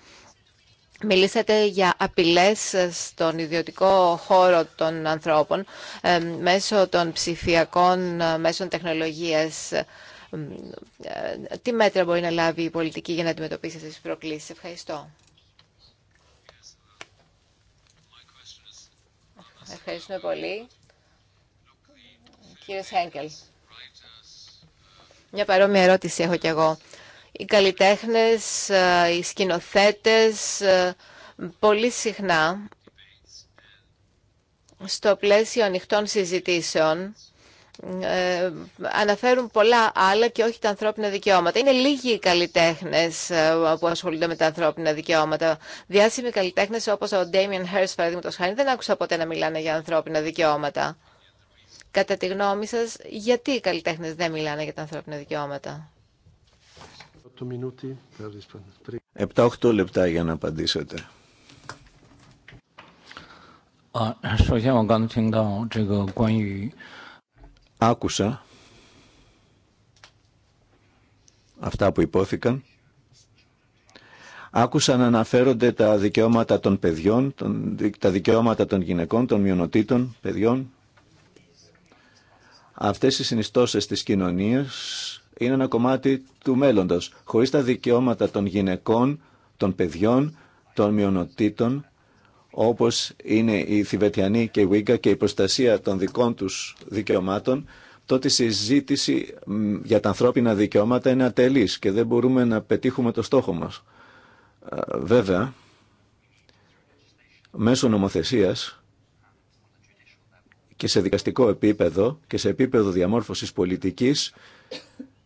Μιλήσατε για απειλές ε, στον ιδιωτικό χώρο των ανθρώπων ε, μέσω των ψηφιακών μέσων τεχνολογίας. Τι μέτρα μπορεί να λάβει η πολιτική για να αντιμετωπίσει αυτές τις προκλήσεις. Ευχαριστώ. Ευχαριστούμε πολύ. Κύριε Σέγκελ, Μια παρόμοια ερώτηση έχω κι εγώ. Οι καλλιτέχνες, ε, οι σκηνοθέτες, ε, πολύ συχνά στο πλαίσιο ανοιχτών συζητήσεων ε, αναφέρουν πολλά άλλα και όχι τα ανθρώπινα δικαιώματα. Είναι λίγοι οι καλλιτέχνε ε, που ασχολούνται με τα ανθρώπινα δικαιώματα. Διάσημοι καλλιτέχνε όπω ο Damian Hirst, παραδείγματο χάρη, δεν άκουσα ποτέ να μιλάνε για ανθρώπινα δικαιώματα. Κατά τη γνώμη σα, γιατί οι καλλιτέχνε δεν μιλάνε για τα ανθρώπινα δικαιώματα. 7-8 λεπτά για να απαντήσετε. Ε, άκουσα αυτά που υπόθηκαν. Άκουσα να αναφέρονται τα δικαιώματα των παιδιών, τα δικαιώματα των γυναικών, των μειονοτήτων παιδιών. Αυτές οι συνιστώσεις της κοινωνίας είναι ένα κομμάτι του μέλλοντος. Χωρίς τα δικαιώματα των γυναικών, των παιδιών, των μειονοτήτων, όπως είναι οι Θιβετιανοί και η Βίγκα και η προστασία των δικών τους δικαιωμάτων, τότε η συζήτηση για τα ανθρώπινα δικαιώματα είναι ατελής και δεν μπορούμε να πετύχουμε το στόχο μας. Ε, βέβαια, μέσω νομοθεσίας και σε δικαστικό επίπεδο και σε επίπεδο διαμόρφωσης πολιτικής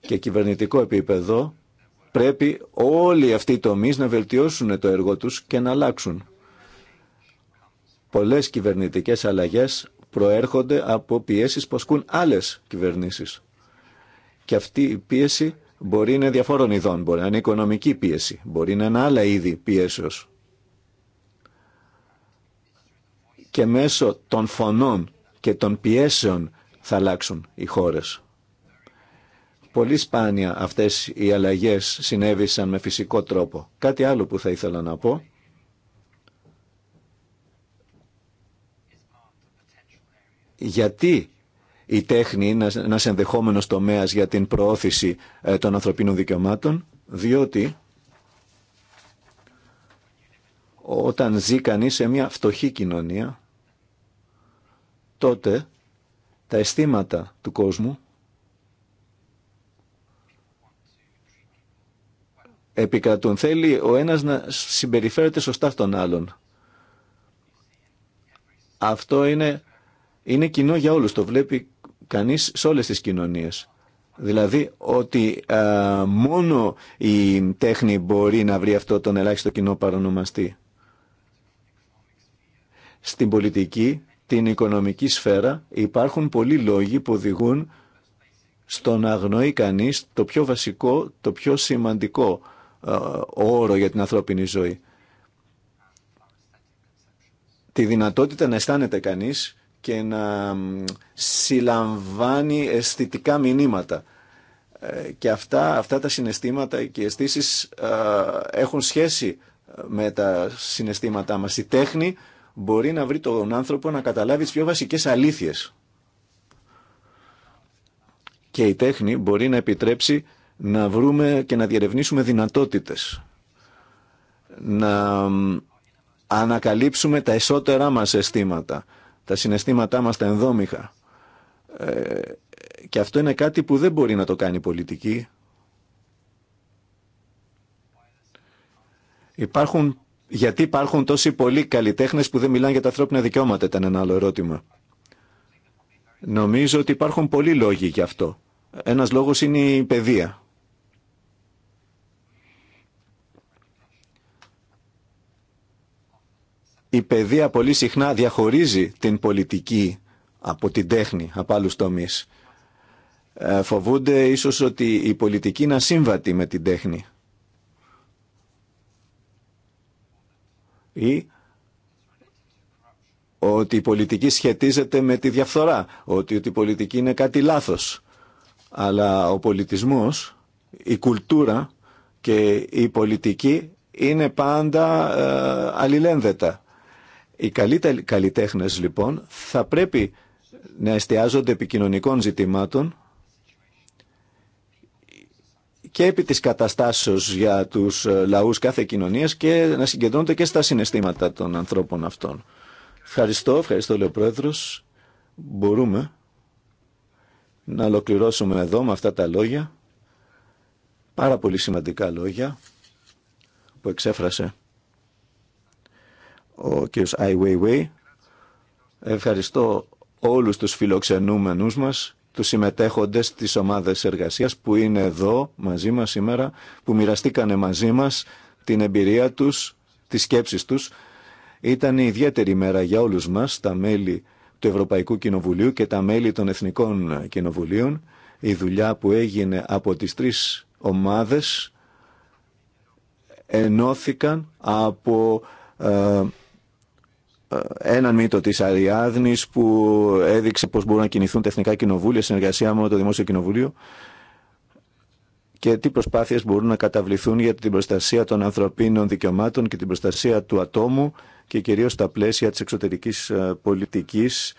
και κυβερνητικό επίπεδο πρέπει όλοι αυτοί οι τομείς να βελτιώσουν το έργο τους και να αλλάξουν. Πολλές κυβερνητικές αλλαγές προέρχονται από πιέσεις που ασκούν άλλες κυβερνήσεις. Και αυτή η πίεση μπορεί να είναι διαφόρων ειδών, μπορεί να είναι οικονομική πίεση, μπορεί να είναι άλλα είδη πίεσεως. Και μέσω των φωνών και των πιέσεων θα αλλάξουν οι χώρες. Πολύ σπάνια αυτές οι αλλαγές συνέβησαν με φυσικό τρόπο. Κάτι άλλο που θα ήθελα να πω γιατί η τέχνη είναι ένας ενδεχόμενος τομέας για την προώθηση ε, των ανθρωπίνων δικαιωμάτων, διότι όταν ζει κανείς σε μια φτωχή κοινωνία, τότε τα αισθήματα του κόσμου επικρατούν. Θέλει ο ένας να συμπεριφέρεται σωστά στον άλλον. Αυτό είναι είναι κοινό για όλους. Το βλέπει κανείς σε όλες τις κοινωνίες. Δηλαδή ότι ε, μόνο η τέχνη μπορεί να βρει αυτό τον ελάχιστο κοινό παρονομαστή. Στην πολιτική, την οικονομική σφαίρα υπάρχουν πολλοί λόγοι που οδηγούν στο να αγνοεί κανείς το πιο βασικό, το πιο σημαντικό ε, όρο για την ανθρώπινη ζωή. Τη δυνατότητα να αισθάνεται κανείς και να συλλαμβάνει αισθητικά μηνύματα. Ε, και αυτά, αυτά τα συναισθήματα και οι αισθήσει ε, έχουν σχέση ε, με τα συναισθήματά μας. Η τέχνη μπορεί να βρει τον άνθρωπο να καταλάβει τις πιο βασικές αλήθειες. Και η τέχνη μπορεί να επιτρέψει να βρούμε και να διερευνήσουμε δυνατότητες. Να ανακαλύψουμε τα εσωτερά μας αισθήματα τα συναισθήματά μας τα ενδόμηχα. Ε, και αυτό είναι κάτι που δεν μπορεί να το κάνει η πολιτική. Υπάρχουν, γιατί υπάρχουν τόσοι πολλοί καλλιτέχνες που δεν μιλάνε για τα ανθρώπινα δικαιώματα ήταν ένα άλλο ερώτημα. Νομίζω ότι υπάρχουν πολλοί λόγοι για αυτό. Ένας λόγος είναι η παιδεία. η παιδεία πολύ συχνά διαχωρίζει την πολιτική από την τέχνη, από άλλους τομείς. Ε, φοβούνται ίσως ότι η πολιτική είναι ασύμβατη με την τέχνη. Ή ότι η πολιτική σχετίζεται με τη διαφθορά, ότι, η πολιτική είναι κάτι λάθος. Αλλά ο πολιτισμός, η κουλτούρα και η πολιτική είναι πάντα ε, αλληλένδετα. Οι καλύτεροι λοιπόν θα πρέπει να εστιάζονται επικοινωνικών ζητημάτων και επί της καταστάσεως για τους ε, λαούς κάθε κοινωνίας και να συγκεντρώνονται και στα συναισθήματα των ανθρώπων αυτών. Ευχαριστώ, ευχαριστώ λέει ο Πρόεδρος. Μπορούμε να ολοκληρώσουμε εδώ με αυτά τα λόγια, πάρα πολύ σημαντικά λόγια που εξέφρασε ο κ. Ευχαριστώ όλους τους φιλοξενούμενους μας, τους συμμετέχοντες της ομάδας εργασίας που είναι εδώ μαζί μας σήμερα, που μοιραστήκανε μαζί μας την εμπειρία τους, τις σκέψεις τους. Ήταν η ιδιαίτερη μέρα για όλους μας, τα μέλη του Ευρωπαϊκού Κοινοβουλίου και τα μέλη των Εθνικών Κοινοβουλίων. Η δουλειά που έγινε από τις τρεις ομάδες ενώθηκαν από ε, ε, έναν μύτο της Αριάδνης που έδειξε πώς μπορούν να κινηθούν τα εθνικά κοινοβούλια συνεργασία με το Δημόσιο Κοινοβούλιο και τι προσπάθειες μπορούν να καταβληθούν για την προστασία των ανθρωπίνων δικαιωμάτων και την προστασία του ατόμου και κυρίως στα πλαίσια της εξωτερικής ε, πολιτικής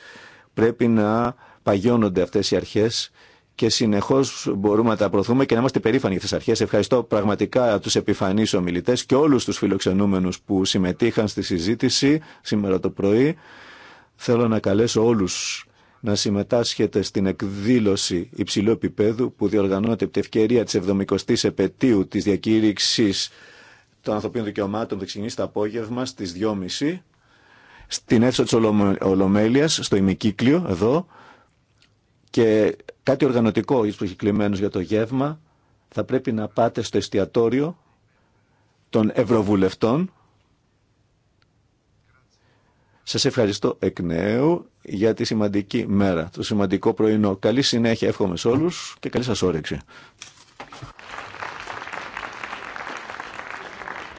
πρέπει να παγιώνονται αυτές οι αρχές και συνεχώ μπορούμε να τα προωθούμε και να είμαστε περήφανοι για τι αρχέ. Ευχαριστώ πραγματικά του επιφανεί ομιλητέ και όλου του φιλοξενούμενου που συμμετείχαν στη συζήτηση σήμερα το πρωί. Θέλω να καλέσω όλου να συμμετάσχετε στην εκδήλωση υψηλού επίπεδου που διοργανώνεται από την ευκαιρία τη 70η επαιτίου τη διακήρυξη των ανθρωπίνων δικαιωμάτων που ξεκινήσει το απόγευμα στι 2.30 στην αίθουσα τη Ολομέλεια, στο ημικύκλιο εδώ. Και κάτι οργανωτικό ίσως προσκεκλημένους για το γεύμα, θα πρέπει να πάτε στο εστιατόριο των Ευρωβουλευτών. Σας ευχαριστώ εκ νέου για τη σημαντική μέρα, το σημαντικό πρωινό. Καλή συνέχεια εύχομαι σε όλους και καλή σας όρεξη.